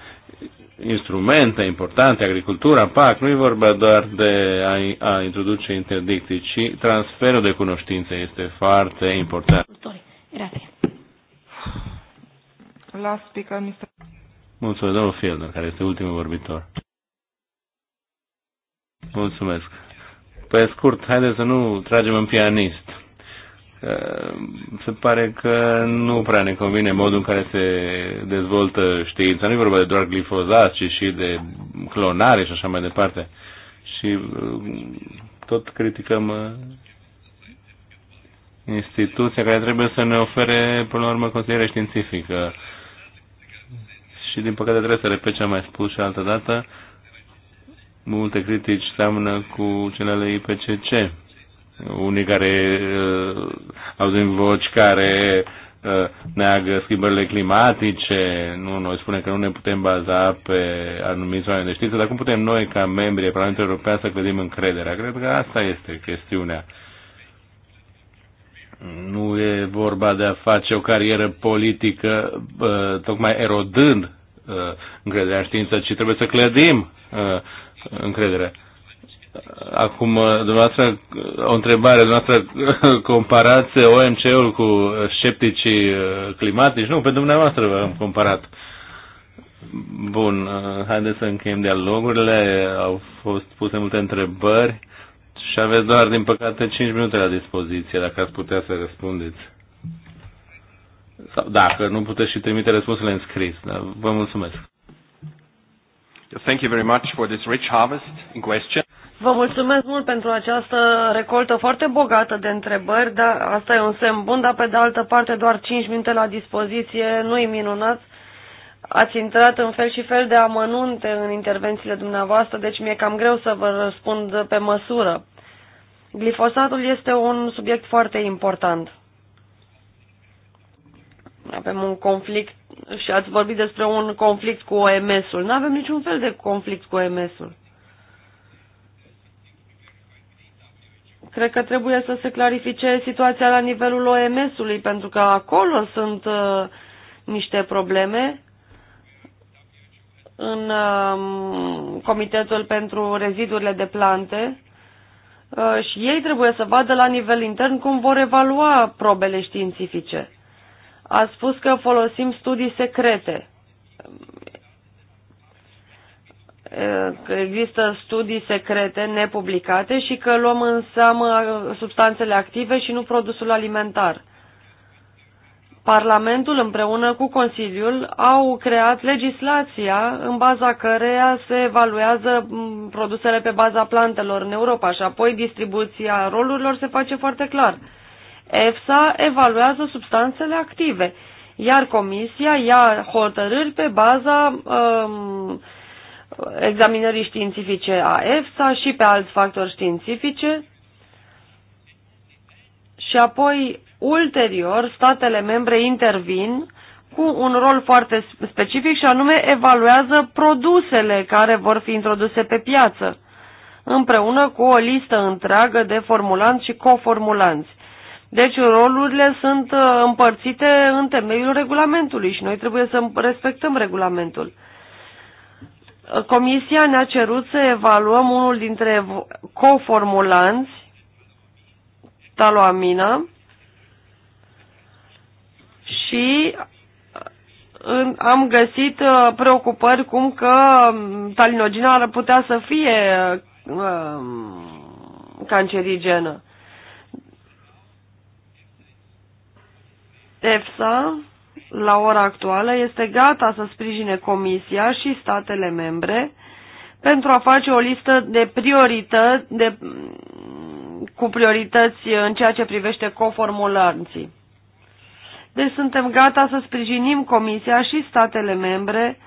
instrumente importante, agricultura, PAC, nu e vorba doar de a, a introduce interdicții, ci transferul de cunoștințe este foarte important. Mulțumesc, domnul Fielder, care este ultimul vorbitor. Mulțumesc. Pe scurt, haideți să nu tragem în pianist. Se pare că nu prea ne convine modul în care se dezvoltă știința. Nu e vorba de doar glifozat, ci și de clonare și așa mai departe. Și uh, tot criticăm uh, instituția care trebuie să ne ofere, până la urmă, consiliere științifică. Și, din păcate, trebuie să repet ce am mai spus și altă dată multe critici seamănă cu cele ale IPCC. Unii care uh, auzim voci care uh, neagă schimbările climatice, nu, noi spunem că nu ne putem baza pe anumiți oameni de știință, dar cum putem noi, ca membri ai Parlamentului European, să credem încrederea? Cred că asta este chestiunea. Nu e vorba de a face o carieră politică uh, tocmai erodând uh, încrederea în știință, ci trebuie să clădim uh, încredere. Acum, dumneavoastră, o întrebare, dumneavoastră, comparați OMC-ul cu scepticii uh, climatici? Nu, pe dumneavoastră v-am comparat. Bun, uh, haideți să încheiem dialogurile. Au fost puse multe întrebări și aveți doar, din păcate, 5 minute la dispoziție, dacă ați putea să răspundeți. Sau dacă nu puteți și trimite răspunsurile în scris. Vă mulțumesc. Thank you very much for this rich harvest in question. Vă mulțumesc mult pentru această recoltă foarte bogată de întrebări, dar asta e un semn bun, dar pe de altă parte doar 5 minute la dispoziție, nu-i minunat. Ați intrat în fel și fel de amănunte în intervențiile dumneavoastră, deci mi-e cam greu să vă răspund pe măsură. Glifosatul este un subiect foarte important. Avem un conflict și ați vorbit despre un conflict cu OMS-ul. Nu avem niciun fel de conflict cu OMS-ul. Cred că trebuie să se clarifice situația la nivelul OMS-ului, pentru că acolo sunt uh, niște probleme. În uh, Comitetul pentru Rezidurile de Plante, uh, și ei trebuie să vadă la nivel intern cum vor evalua probele științifice a spus că folosim studii secrete. Că există studii secrete nepublicate și că luăm în seamă substanțele active și nu produsul alimentar. Parlamentul împreună cu Consiliul au creat legislația în baza căreia se evaluează produsele pe baza plantelor în Europa și apoi distribuția rolurilor se face foarte clar. EFSA evaluează substanțele active, iar Comisia ia hotărâri pe baza um, examinării științifice a EFSA și pe alți factori științifice și apoi, ulterior, statele membre intervin cu un rol foarte specific și anume evaluează produsele care vor fi introduse pe piață, împreună cu o listă întreagă de formulanți și coformulanți. Deci rolurile sunt uh, împărțite în temeiul regulamentului și noi trebuie să respectăm regulamentul. Uh, comisia ne-a cerut să evaluăm unul dintre coformulanți, taloamina, și uh, am găsit preocupări cum că um, talinogina ar putea să fie um, cancerigenă. EFSA, la ora actuală, este gata să sprijine Comisia și statele membre pentru a face o listă de priorități, de, cu priorități în ceea ce privește coformulanții. Deci suntem gata să sprijinim Comisia și statele membre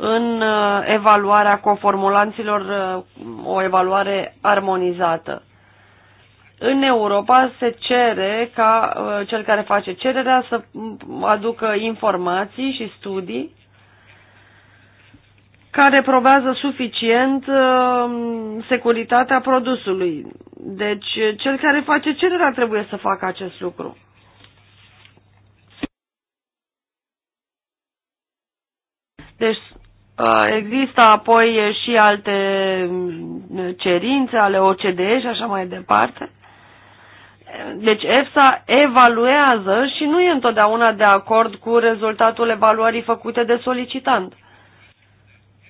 în uh, evaluarea coformulanților, uh, o evaluare armonizată. În Europa se cere ca uh, cel care face cererea să aducă informații și studii care probează suficient uh, securitatea produsului. Deci cel care face cererea trebuie să facă acest lucru. Deci uh, există apoi și alte mm, cerințe ale OCDE și așa mai departe. Deci EFSA evaluează și nu e întotdeauna de acord cu rezultatul evaluării făcute de solicitant.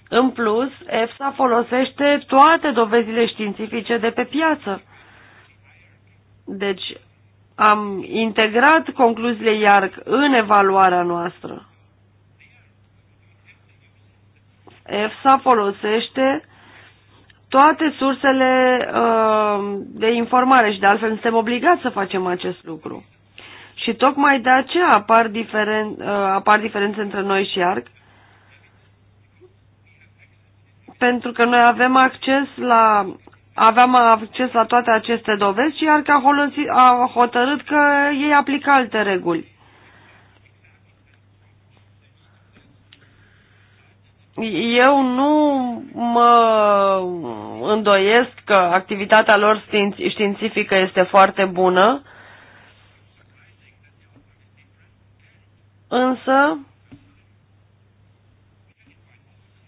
În plus, EFSA folosește toate dovezile științifice de pe piață. Deci, am integrat concluziile IARC în evaluarea noastră. EFSA folosește toate sursele uh, de informare și de altfel suntem obligați să facem acest lucru. Și tocmai de aceea apar, diferen, uh, apar diferențe între noi și ARC, pentru că noi avem acces la aveam acces la toate aceste dovezi și ARC a, holosi, a hotărât că ei aplică alte reguli. eu nu mă îndoiesc că activitatea lor științifică este foarte bună, însă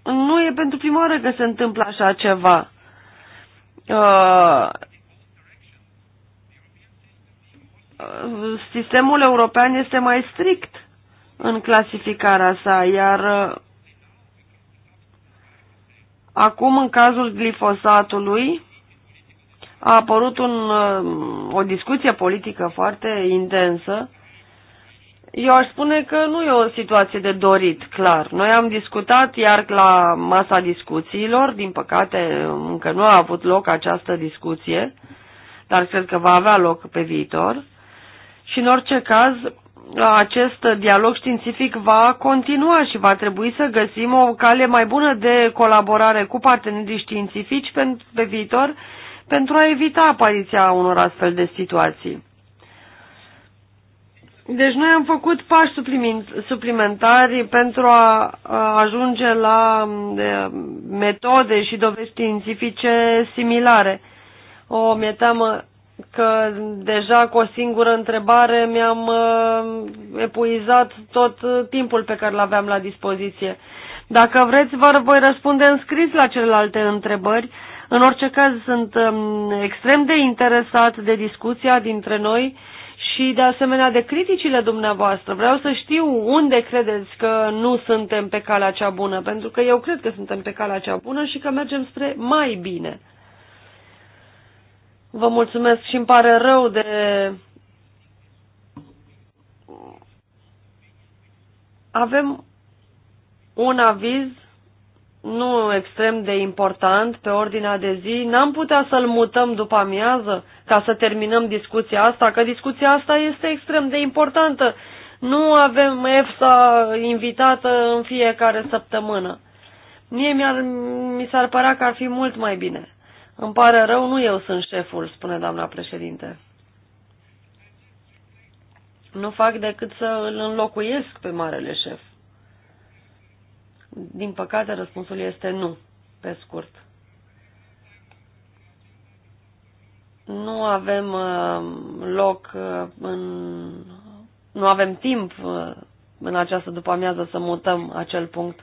nu e pentru prima oară că se întâmplă așa ceva. Uh, uh, sistemul european este mai strict în clasificarea sa, iar uh, Acum, în cazul glifosatului, a apărut un, um, o discuție politică foarte intensă. Eu aș spune că nu e o situație de dorit, clar. Noi am discutat iar la masa discuțiilor, din păcate încă nu a avut loc această discuție, dar cred că va avea loc pe viitor. Și în orice caz, acest dialog științific va continua și va trebui să găsim o cale mai bună de colaborare cu partenerii științifici pe viitor pentru a evita apariția unor astfel de situații. Deci noi am făcut pași suplimentari pentru a ajunge la metode și dovezi științifice similare. O metamă că deja cu o singură întrebare mi-am uh, epuizat tot uh, timpul pe care l-aveam la dispoziție. Dacă vreți, vă voi răspunde în scris la celelalte întrebări. În orice caz, sunt um, extrem de interesat de discuția dintre noi și, de asemenea, de criticile dumneavoastră. Vreau să știu unde credeți că nu suntem pe calea cea bună, pentru că eu cred că suntem pe calea cea bună și că mergem spre mai bine. Vă mulțumesc și îmi pare rău de avem un aviz nu extrem de important pe ordinea de zi. N-am putea să-l mutăm după amiază ca să terminăm discuția asta, că discuția asta este extrem de importantă. Nu avem EFSA invitată în fiecare săptămână. Mie mi, mi s-ar părea că ar fi mult mai bine. Îmi pare rău, nu eu sunt șeful, spune doamna președinte. Nu fac decât să îl înlocuiesc pe marele șef. Din păcate, răspunsul este nu, pe scurt. Nu avem uh, loc uh, în... Nu avem timp uh, în această după-amiază să mutăm acel punct.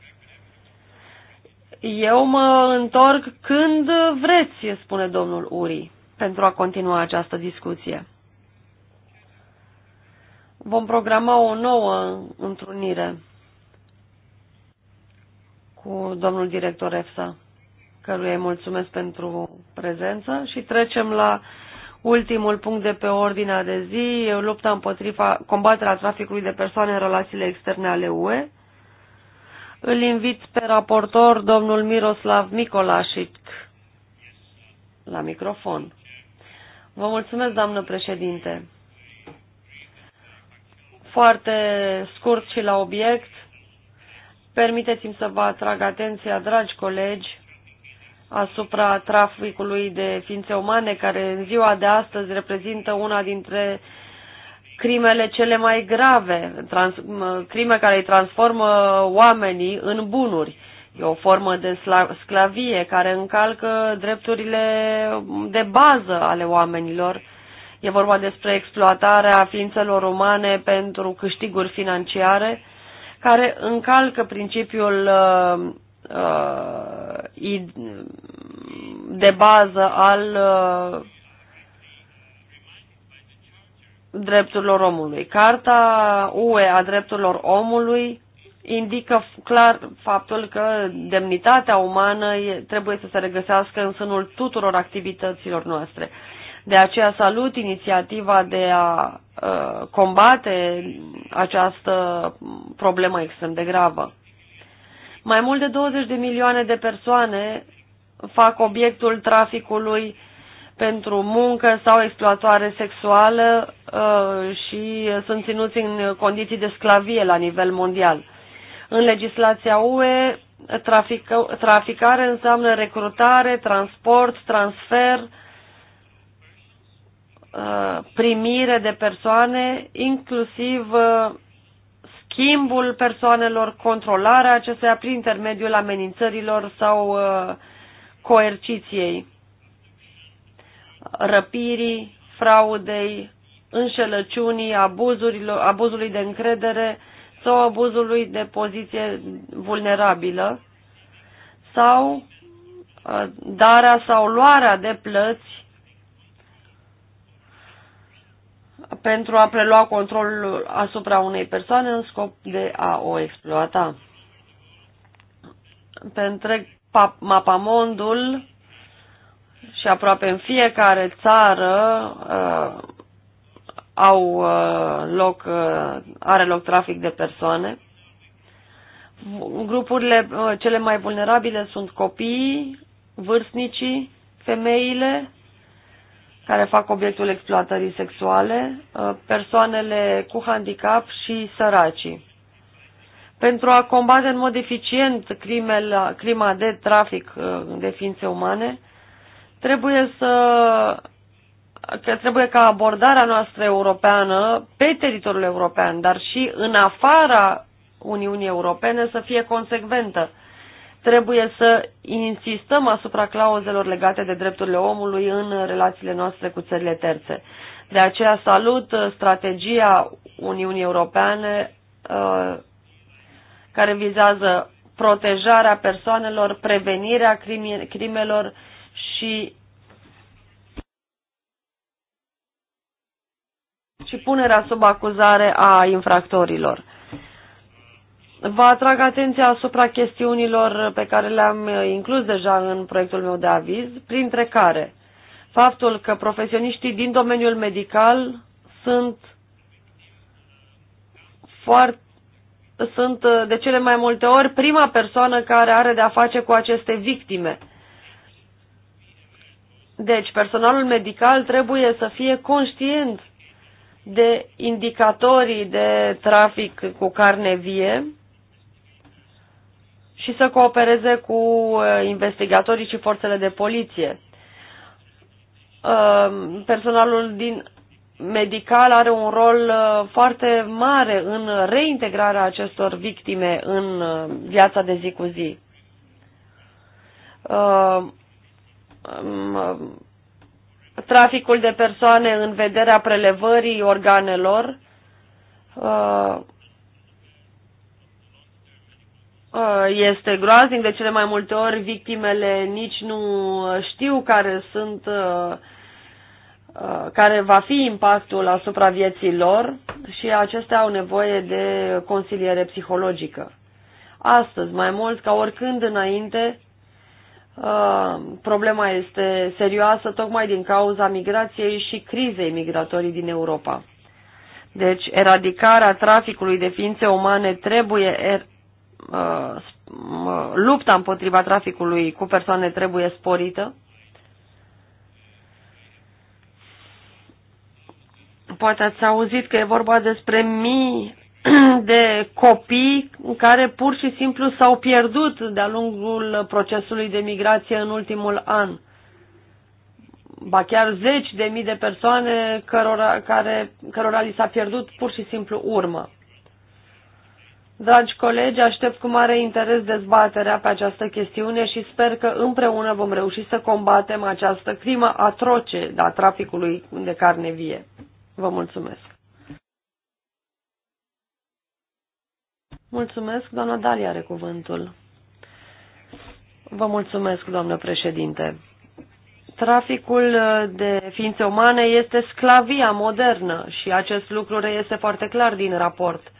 Eu mă întorc când vreți, spune domnul Uri, pentru a continua această discuție. Vom programa o nouă întrunire cu domnul director EFSA, căruia îi mulțumesc pentru prezență și trecem la ultimul punct de pe ordinea de zi, lupta împotriva combaterea traficului de persoane în relațiile externe ale UE. Îl invit pe raportor, domnul Miroslav Micolașic, la microfon. Vă mulțumesc, doamnă președinte. Foarte scurt și la obiect, permiteți-mi să vă atrag atenția, dragi colegi, asupra traficului de ființe umane, care în ziua de astăzi reprezintă una dintre crimele cele mai grave, trans, crime care îi transformă oamenii în bunuri. E o formă de sclavie care încalcă drepturile de bază ale oamenilor. E vorba despre exploatarea ființelor umane pentru câștiguri financiare, care încalcă principiul uh, uh, de bază al uh, drepturilor omului. Carta UE a drepturilor omului indică clar faptul că demnitatea umană trebuie să se regăsească în sânul tuturor activităților noastre. De aceea salut inițiativa de a ă, combate această problemă extrem de gravă. Mai mult de 20 de milioane de persoane fac obiectul traficului pentru muncă sau exploatare sexuală uh, și sunt ținuți în condiții de sclavie la nivel mondial. În legislația UE, trafică, traficare înseamnă recrutare, transport, transfer, uh, primire de persoane, inclusiv uh, schimbul persoanelor, controlarea acesteia prin intermediul amenințărilor sau coerciției răpirii, fraudei, înșelăciunii, abuzurilor, abuzului de încredere sau abuzului de poziție vulnerabilă sau uh, darea sau luarea de plăți pentru a prelua controlul asupra unei persoane în scop de a o exploata. Pe întreg mapamondul și aproape în fiecare țară uh, au uh, loc, uh, are loc trafic de persoane. Grupurile uh, cele mai vulnerabile sunt copiii, vârstnicii, femeile care fac obiectul exploatării sexuale, uh, persoanele cu handicap și săracii. Pentru a combate în mod eficient crimele, crima de trafic uh, de ființe umane, trebuie să că trebuie ca abordarea noastră europeană pe teritoriul european, dar și în afara Uniunii Europene să fie consecventă. Trebuie să insistăm asupra clauzelor legate de drepturile omului în relațiile noastre cu țările terțe. De aceea salut strategia Uniunii Europene uh, care vizează protejarea persoanelor, prevenirea crimelor, și și punerea sub acuzare a infractorilor. Vă atrag atenția asupra chestiunilor pe care le-am inclus deja în proiectul meu de aviz, printre care faptul că profesioniștii din domeniul medical sunt foarte sunt de cele mai multe ori prima persoană care are de-a face cu aceste victime. Deci, personalul medical trebuie să fie conștient de indicatorii de trafic cu carne vie și să coopereze cu uh, investigatorii și forțele de poliție. Uh, personalul din medical are un rol uh, foarte mare în reintegrarea acestor victime în viața de zi cu zi traficul de persoane în vederea prelevării organelor, uh, uh, este groaznic, de cele mai multe ori victimele nici nu știu care sunt uh, care va fi impactul asupra vieții lor și acestea au nevoie de consiliere psihologică. Astăzi, mai mult ca oricând înainte, Uh, problema este serioasă tocmai din cauza migrației și crizei migratorii din Europa. Deci, eradicarea traficului de ființe umane trebuie. Er, uh, lupta împotriva traficului cu persoane trebuie sporită. Poate ați auzit că e vorba despre mii de copii care pur și simplu s-au pierdut de-a lungul procesului de migrație în ultimul an. Ba chiar zeci de mii de persoane cărora, care, cărora li s-a pierdut pur și simplu urmă. Dragi colegi, aștept cu mare interes dezbaterea pe această chestiune și sper că împreună vom reuși să combatem această crimă atroce a traficului de carne vie. Vă mulțumesc! Mulțumesc, doamna Dalia are cuvântul. Vă mulțumesc, doamnă președinte. Traficul uh, de ființe umane este sclavia modernă și acest lucru reiese foarte clar din raport.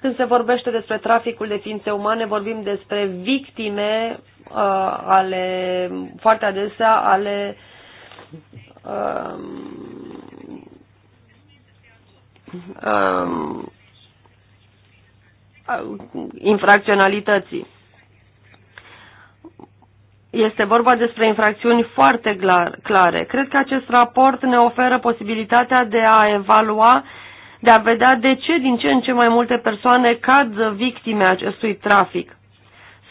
Când se vorbește despre traficul de ființe umane, vorbim despre victime uh, ale, foarte adesea ale uh, uh, Uh, infracționalității. Este vorba despre infracțiuni foarte clare. Cred că acest raport ne oferă posibilitatea de a evalua, de a vedea de ce din ce în ce mai multe persoane cad victime acestui trafic.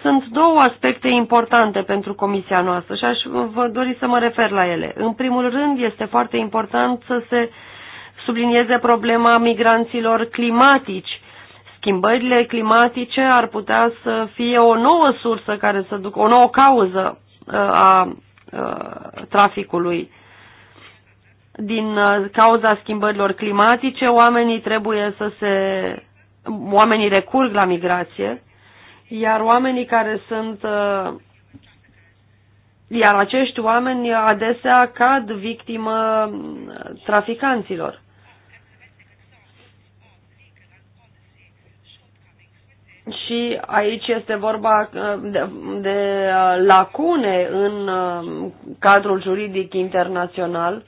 Sunt două aspecte importante pentru comisia noastră și aș vă dori să mă refer la ele. În primul rând, este foarte important să se sublinieze problema migranților climatici, Schimbările climatice ar putea să fie o nouă sursă care să ducă, o nouă cauză uh, a uh, traficului. Din uh, cauza schimbărilor climatice, oamenii trebuie să se oamenii recurg la migrație, iar oamenii care sunt iar acești oameni adesea cad victimă traficanților. Și aici este vorba uh, de, de uh, lacune în uh, cadrul juridic internațional.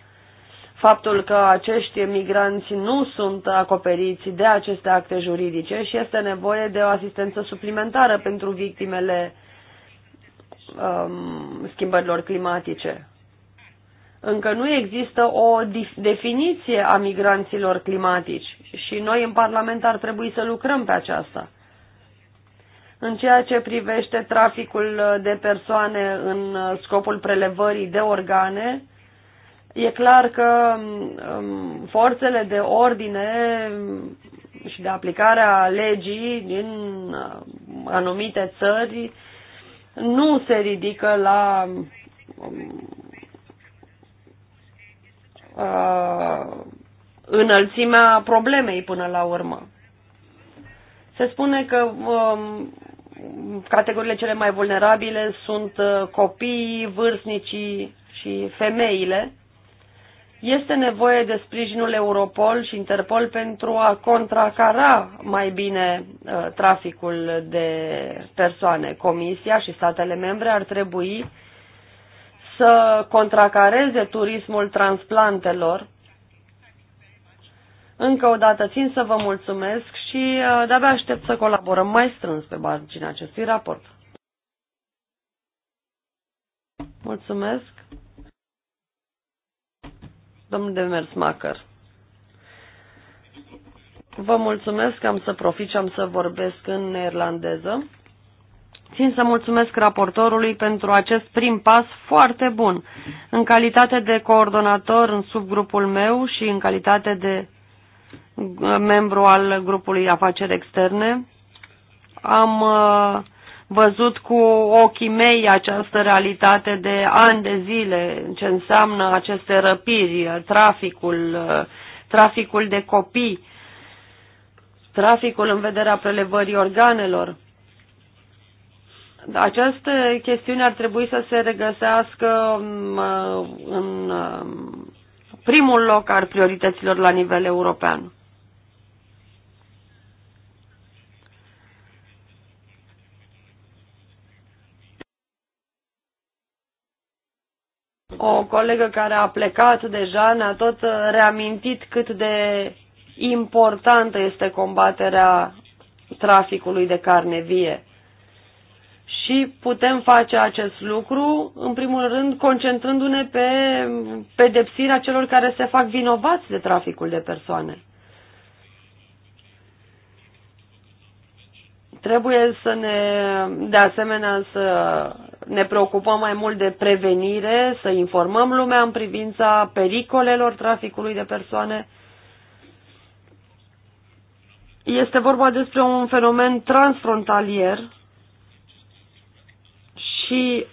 Faptul că acești migranți nu sunt acoperiți de aceste acte juridice și este nevoie de o asistență suplimentară pentru victimele um, schimbărilor climatice. Încă nu există o definiție a migranților climatici și noi în Parlament ar trebui să lucrăm pe aceasta în ceea ce privește traficul de persoane în scopul prelevării de organe, e clar că um, forțele de ordine și de aplicare a legii din uh, anumite țări nu se ridică la um, uh, înălțimea problemei până la urmă. Se spune că um, categoriile cele mai vulnerabile sunt uh, copiii, vârstnicii și femeile. Este nevoie de sprijinul Europol și Interpol pentru a contracara mai bine uh, traficul de persoane. Comisia și statele membre ar trebui să contracareze turismul transplantelor încă o dată țin să vă mulțumesc și uh, de-abia aștept să colaborăm mai strâns pe marginea acestui raport. Mulțumesc. Domnul Demersmacher. Vă mulțumesc, am să profit și am să vorbesc în neerlandeză. Țin să mulțumesc raportorului pentru acest prim pas foarte bun. În calitate de coordonator în subgrupul meu și în calitate de membru al grupului afaceri externe. Am uh, văzut cu ochii mei această realitate de ani de zile, ce înseamnă aceste răpiri, traficul, uh, traficul de copii, traficul în vederea prelevării organelor. Această chestiune ar trebui să se regăsească um, uh, în um, primul loc al priorităților la nivel european. O colegă care a plecat deja ne-a tot uh, reamintit cât de importantă este combaterea traficului de carne vie. Și putem face acest lucru, în primul rând, concentrându-ne pe pedepsirea celor care se fac vinovați de traficul de persoane. Trebuie să ne, de asemenea, să ne preocupăm mai mult de prevenire, să informăm lumea în privința pericolelor traficului de persoane. Este vorba despre un fenomen transfrontalier și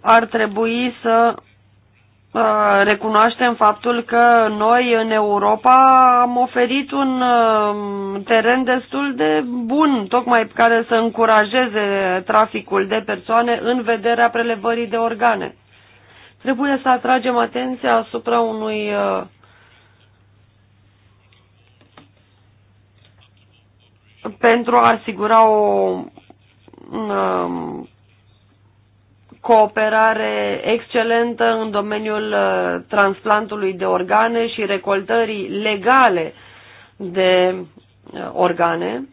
ar trebui să uh, recunoaștem faptul că noi în Europa am oferit un uh, teren destul de bun, tocmai care să încurajeze traficul de persoane în vederea prelevării de organe. Trebuie să atragem atenția asupra unui uh, pentru a asigura o um, cooperare excelentă în domeniul uh, transplantului de organe și recoltării legale de uh, organe.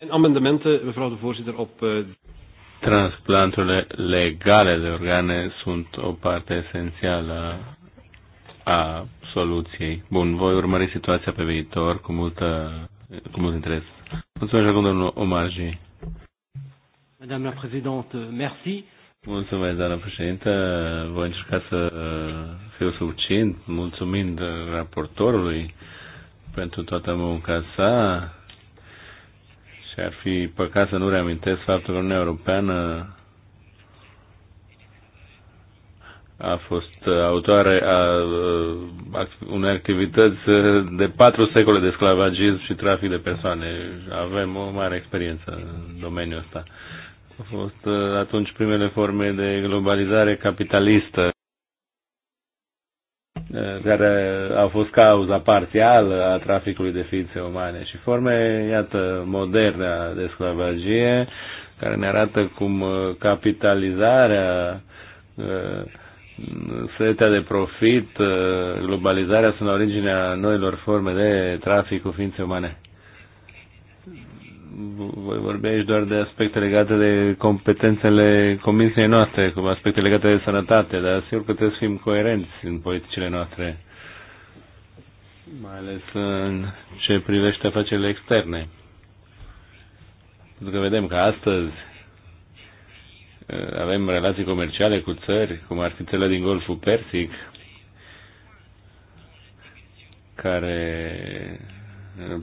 În amendamente, mevrouw de voorzitter, op... Eh, Transplanturile legale de organe sunt o parte esențială a soluției. Bun, voi urmări situația pe viitor cu, multă, cu mult interes. Mulțumesc acum, domnul Omarji. Madame la Présidente, merci. Mulțumesc, doamna președintă. Voi încerca să fiu succint, mulțumind raportorului pentru toată munca sa și ar fi păcat să nu reamintesc faptul că Uniunea Europeană a fost uh, autoare a uh, unei activități uh, de patru secole de sclavagism și trafic de persoane. Avem o mare experiență în domeniul ăsta. Au fost atunci primele forme de globalizare capitalistă care au fost cauza parțială a traficului de ființe umane și forme, iată, moderne de sclavagie, care ne arată cum capitalizarea uh, Setea de profit, uh, globalizarea sunt la originea noilor forme de trafic cu ființe umane. Voi vorbi aici doar de aspecte legate de competențele comisiei noastre, cum aspecte legate de sănătate, dar sigur că trebuie să fim coerenți în politicile noastre, mai ales în ce privește afacerile externe. Pentru că vedem că astăzi avem relații comerciale cu țări, cum ar fi țările din Golful Persic, care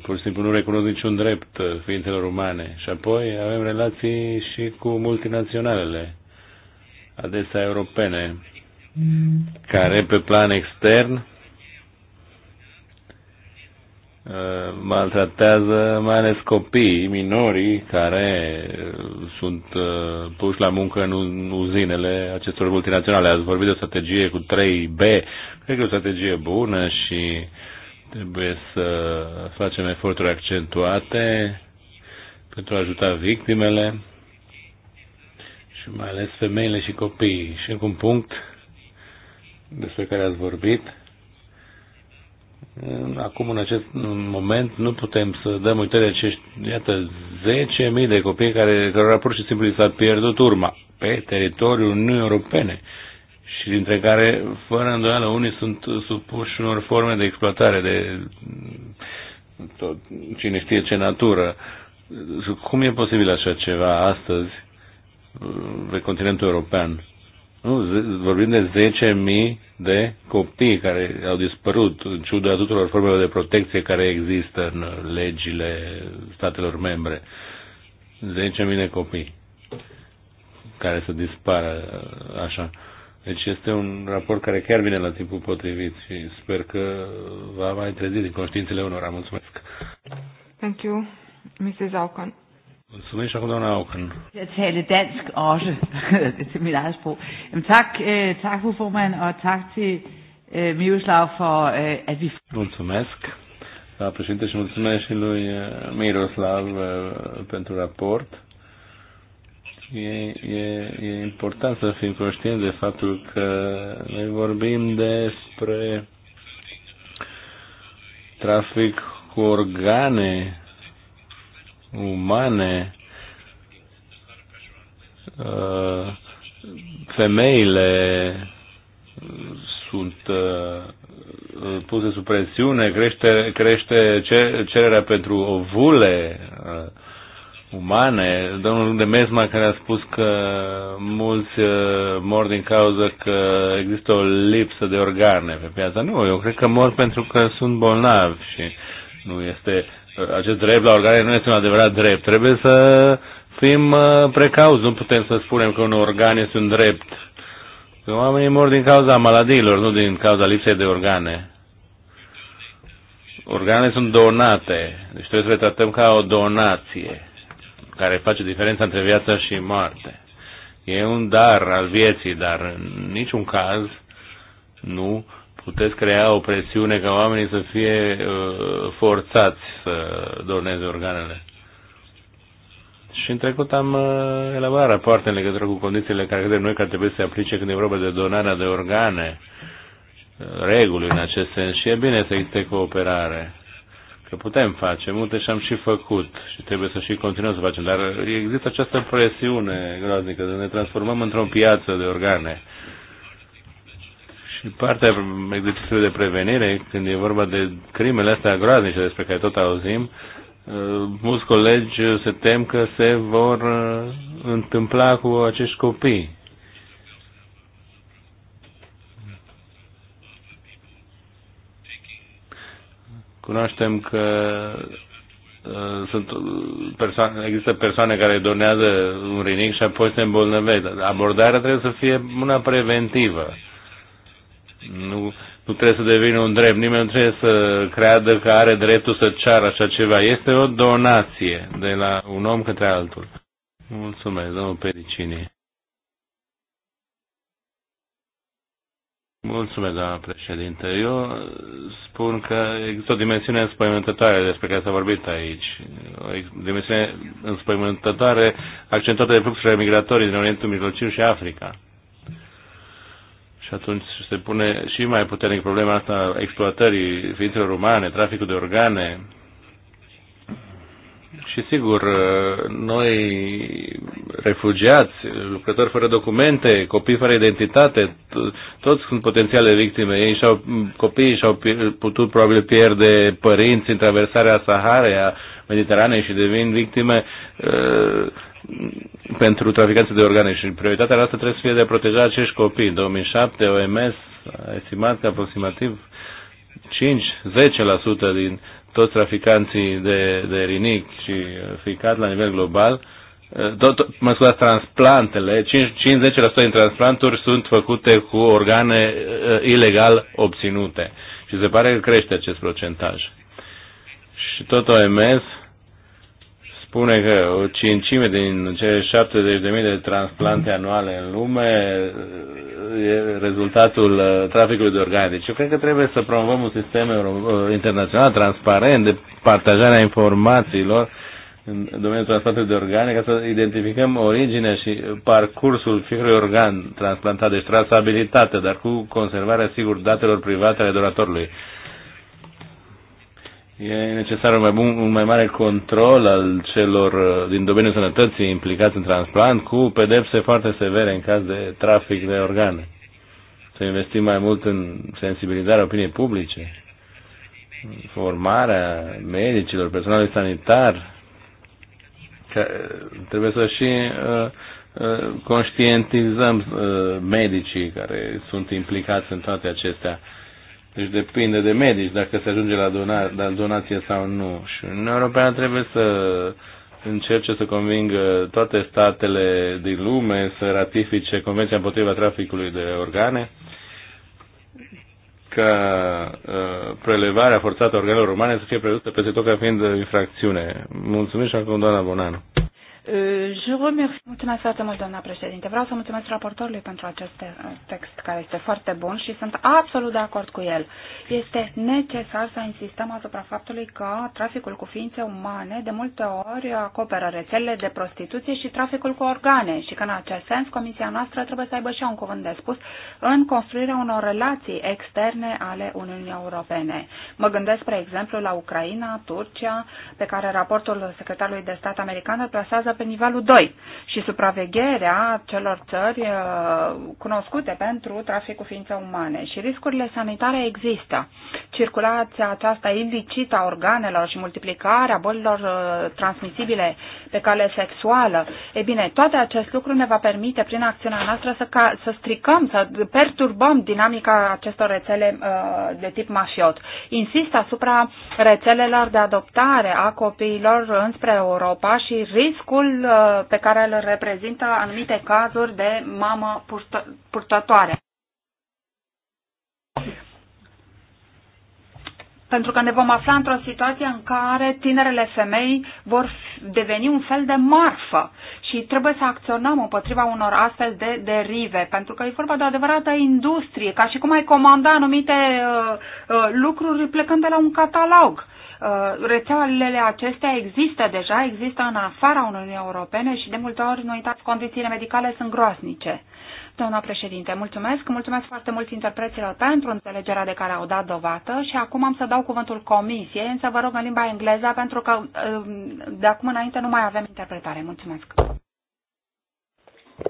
pur și simplu nu recunosc niciun drept ființelor umane. Și apoi avem relații și cu multinaționalele, adesea europene, mm. care pe plan extern Uh, maltratează mai ales copiii, minorii care uh, sunt uh, puși la muncă în uzinele acestor multinaționale. Ați vorbit de o strategie cu 3B, cred că e o strategie bună și trebuie să facem eforturi accentuate pentru a ajuta victimele și mai ales femeile și copiii. Și încă un punct despre care ați vorbit, Acum, în acest moment, nu putem să dăm uitare acești, iată, 10.000 de copii care, cărora pur și simplu s-a pierdut urma pe teritoriul Uniunii Europene și dintre care, fără îndoială, unii sunt supuși unor forme de exploatare, de tot, cine știe ce natură. Cum e posibil așa ceva astăzi pe continentul european? Nu, vorbim de 10.000 de copii care au dispărut în ciuda tuturor formelor de protecție care există în legile statelor membre. 10.000 de copii care să dispară așa. Deci este un raport care chiar vine la timpul potrivit și sper că va mai trezi din conștiințele unora. Mulțumesc! Thank you, Mrs. Alcon. Mulțumesc și acum doamna Auken. Să tale dansk også til er mit eget sprog. Jamen, tak, øh, tak fru formand, og tak til øh, Miroslav for, øh, at vi... Mulțumesc. La președinte și mulțumesc și lui uh, Miroslav uh, pentru raport. E, e, e important să fim conștienți de faptul că noi vorbim despre trafic cu organe umane, uh, femeile sunt uh, uh, puse sub presiune, crește, crește cererea pentru ovule umane. Domnul de Mesma care a spus că mulți mor din cauza că există o lipsă de organe pe piața. Nu, eu cred că mor pentru că sunt bolnavi și nu este acest drept la organe nu este un adevărat drept. Trebuie să fim uh, precauți, nu putem să spunem că un organ este un drept. Oamenii mor din cauza maladiilor, nu din cauza lipsei de organe. Organele sunt donate, deci trebuie să le tratăm ca o donație care face diferența între viață și moarte. E un dar al vieții, dar în niciun caz nu puteți crea o presiune ca oamenii să fie uh, forțați să doneze organele. Și în trecut am uh, elaborat rapoarte în legătură cu condițiile care credem noi că ar trebui să se aplice când e vorba de donarea de organe, uh, reguli în acest sens și e bine să existe cooperare. Că putem face multe și am și făcut și trebuie să și continuăm să facem, dar există această presiune groaznică de ne transformăm într-o piață de organe și partea exercițiului de prevenire, când e vorba de crimele astea groaznice despre care tot auzim, uh, mulți colegi se tem că se vor uh, întâmpla cu acești copii. Cunoaștem că uh, sunt persoane, există persoane care donează un rinic și apoi se îmbolnăvesc. Abordarea trebuie să fie una preventivă. Nu, nu trebuie să devină un drept. Nimeni nu trebuie să creadă că are dreptul să ceară așa ceva. Este o donație de la un om către altul. Mulțumesc, domnul Pericini. Mulțumesc, doamna președinte. Eu spun că există o dimensiune înspăimântătoare despre care s-a vorbit aici. O dimensiune înspăimântătoare accentuată de fluxurile migratorii din Orientul Mijlociu și Africa. Și atunci se pune și mai puternic problema asta exploatării ființelor umane, traficul de organe. Și sigur, noi refugiați, lucrători fără documente, copii fără identitate, toți sunt potențiale victime. Ei și-au, copiii și-au putut probabil pierde părinți în traversarea Saharei, a Mediteranei și devin victime uh, pentru traficanții de organe și prioritatea noastră trebuie să fie de a proteja acești copii. În 2007 OMS a estimat că aproximativ 5-10% din toți traficanții de, de rinic și ficat la nivel global, eh, tot, mă scuzați, transplantele, 5-10% din transplanturi sunt făcute cu organe eh, ilegal obținute. Și se pare că crește acest procentaj. Și tot OMS spune că o cincime din cele 70.000 de transplante anuale în lume e rezultatul uh, traficului de organe. Deci eu cred că trebuie să promovăm un sistem uh, internațional transparent de partajarea informațiilor în domeniul transplantului de organe ca să identificăm originea și parcursul fiecărui organ transplantat, deci trasabilitate, dar cu conservarea, sigur, datelor private ale donatorului. E necesar un mai, bun, un mai mare control al celor uh, din domeniul sănătății implicați în transplant cu pedepse foarte severe în caz de trafic de organe. Să investim mai mult în sensibilizarea opiniei publice, formarea medicilor, personalului sanitar, că uh, trebuie să și uh, conștientizăm medicii care sunt implicați în toate acestea. Deci depinde de medici dacă se ajunge la, dona, la donație sau nu. Și Uniunea Europeană trebuie să încerce să convingă toate statele din lume să ratifice Convenția împotriva traficului de organe ca uh, prelevarea forțată a organelor umane să fie prevăzută peste tot ca fiind infracțiune. Mulțumim și acum doamna Bonanu. Uh, je remercie. Mulțumesc foarte mult, doamna președinte. Vreau să mulțumesc raportorului pentru acest uh, text care este foarte bun și sunt absolut de acord cu el. Este necesar să insistăm asupra faptului că traficul cu ființe umane de multe ori acoperă rețelele de prostituție și traficul cu organe și că în acest sens comisia noastră trebuie să aibă și un cuvânt de spus în construirea unor relații externe ale Uniunii Europene. Mă gândesc, spre exemplu, la Ucraina, Turcia, pe care raportul secretarului de stat american îl plasează pe nivelul 2 și supravegherea celor țări uh, cunoscute pentru traficul ființe umane. Și riscurile sanitare există. Circulația aceasta ilicită a organelor și multiplicarea bolilor uh, transmisibile pe cale sexuală, e bine, toate acest lucru ne va permite prin acțiunea noastră să, ca, să stricăm, să perturbăm dinamica acestor rețele uh, de tip mafiot. Insist asupra rețelelor de adoptare a copiilor înspre Europa și riscul riscul uh, pe care îl reprezintă anumite cazuri de mamă purtătoare. Pentru că ne vom afla într-o situație în care tinerele femei vor deveni un fel de marfă și trebuie să acționăm împotriva unor astfel de derive, pentru că e vorba de o adevărată industrie, ca și cum ai comanda anumite uh, uh, lucruri plecând de la un catalog. Uh, Uh, rețelele acestea există deja, există în afara Uniunii Europene și de multe ori, nu uitați, condițiile medicale sunt groaznice. Doamna președinte, mulțumesc, mulțumesc foarte mult interpreților pentru înțelegerea de care au dat dovadă și acum am să dau cuvântul comisiei, însă vă rog în limba engleză pentru că uh, de acum înainte nu mai avem interpretare. Mulțumesc.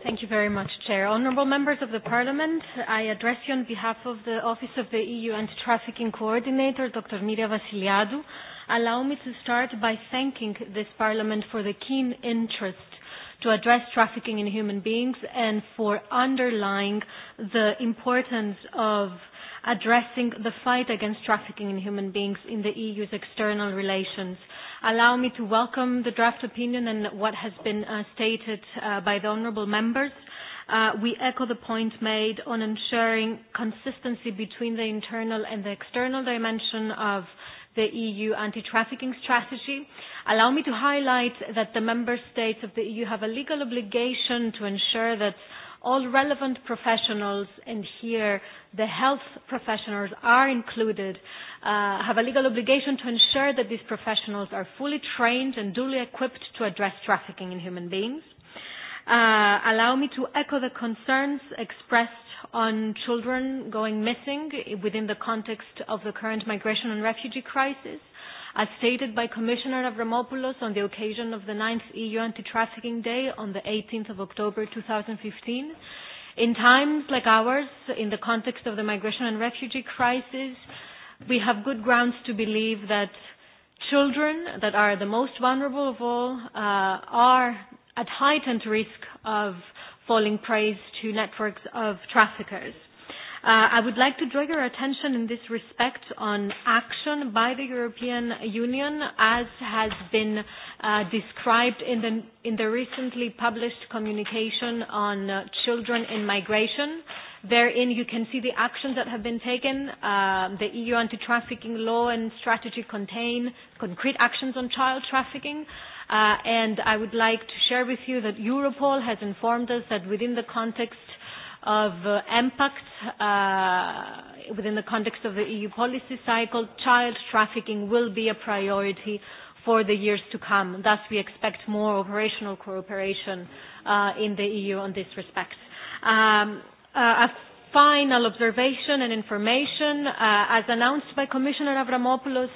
Thank you very much, Chair. Honourable members of the Parliament, I address you on behalf of the Office of the EU Anti-Trafficking Coordinator, Dr. Miria Vasiliadou. Allow me to start by thanking this Parliament for the keen interest to address trafficking in human beings and for underlying the importance of addressing the fight against trafficking in human beings in the EU's external relations allow me to welcome the draft opinion and what has been uh, stated uh, by the honourable members. Uh, we echo the point made on ensuring consistency between the internal and the external dimension of the EU anti-trafficking strategy. Allow me to highlight that the member states of the EU have a legal obligation to ensure that all relevant professionals, and here the health professionals are included, uh, have a legal obligation to ensure that these professionals are fully trained and duly equipped to address trafficking in human beings. Uh, allow me to echo the concerns expressed on children going missing within the context of the current migration and refugee crisis. As stated by Commissioner Avramopoulos on the occasion of the 9th EU Anti-Trafficking Day on the 18th of October 2015, in times like ours, in the context of the migration and refugee crisis, we have good grounds to believe that children that are the most vulnerable of all uh, are at heightened risk of falling prey to networks of traffickers. Uh, I would like to draw your attention in this respect on action by the European Union as has been uh, described in the, in the recently published communication on uh, children in migration. Therein, you can see the actions that have been taken. Uh, the EU anti-trafficking law and strategy contain concrete actions on child trafficking. Uh, and I would like to share with you that Europol has informed us that within the context of uh, impact uh, within the context of the EU policy cycle, child trafficking will be a priority for the years to come. Thus, we expect more operational cooperation uh, in the EU on this respect. Um, uh, a final observation and information, uh, as announced by Commissioner Avramopoulos,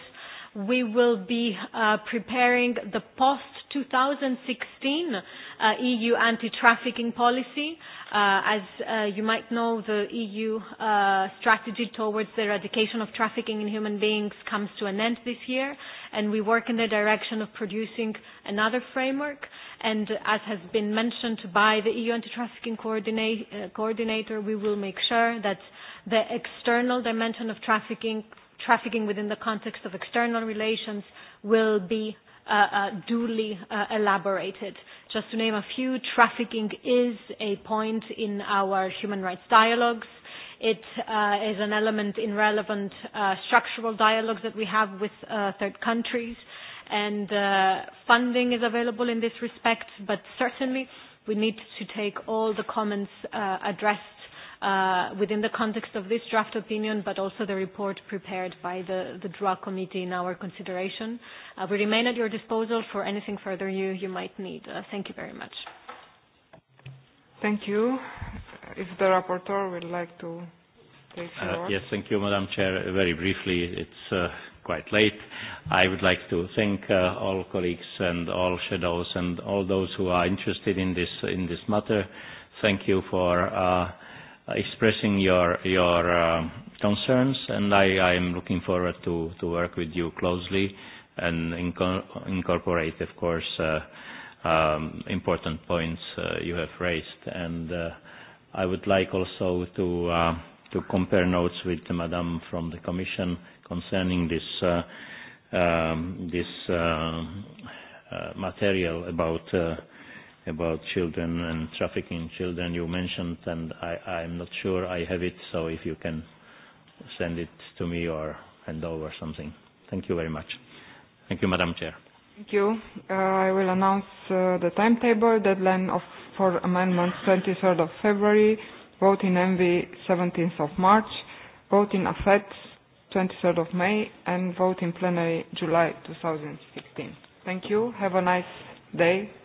we will be uh, preparing the post-2016 uh, EU anti-trafficking policy. Uh, as uh, you might know, the EU uh, strategy towards the eradication of trafficking in human beings comes to an end this year, and we work in the direction of producing another framework. And as has been mentioned by the EU anti-trafficking coordinate, uh, coordinator, we will make sure that the external dimension of trafficking, trafficking within the context of external relations, will be uh, uh, duly uh, elaborated. Just to name a few, trafficking is a point in our human rights dialogues. It uh, is an element in relevant uh, structural dialogues that we have with uh, third countries, and uh, funding is available in this respect, but certainly we need to take all the comments uh, addressed uh, within the context of this draft opinion, but also the report prepared by the, the drug committee in our consideration. Uh, we remain at your disposal for anything further you, you might need. Uh, thank you very much. Thank you. If the rapporteur would like to take the Uh, yes, thank you, Madam Chair. Very briefly, it's uh, quite late. I would like to thank uh, all colleagues and all shadows and all those who are interested in this in this matter. Thank you for. Uh, Uh, expressing your your um, concerns, and I I am looking forward to to work with you closely and inco incorporate, of course, uh, um, important points uh, you have raised. And uh, I would like also to uh, to compare notes with Madam from the Commission concerning this uh, um, this uh, uh, material about. Uh, about children and trafficking children you mentioned, and I, I'm not sure I have it, so if you can send it to me or hand over something. Thank you very much. Thank you, Madam Chair. Thank you. Uh, I will announce uh, the timetable, deadline of, for amendments 23rd of February, vote in MV 17th of March, vote in AFET 23rd of May, and vote in plenary July 2016. Thank you. Have a nice day.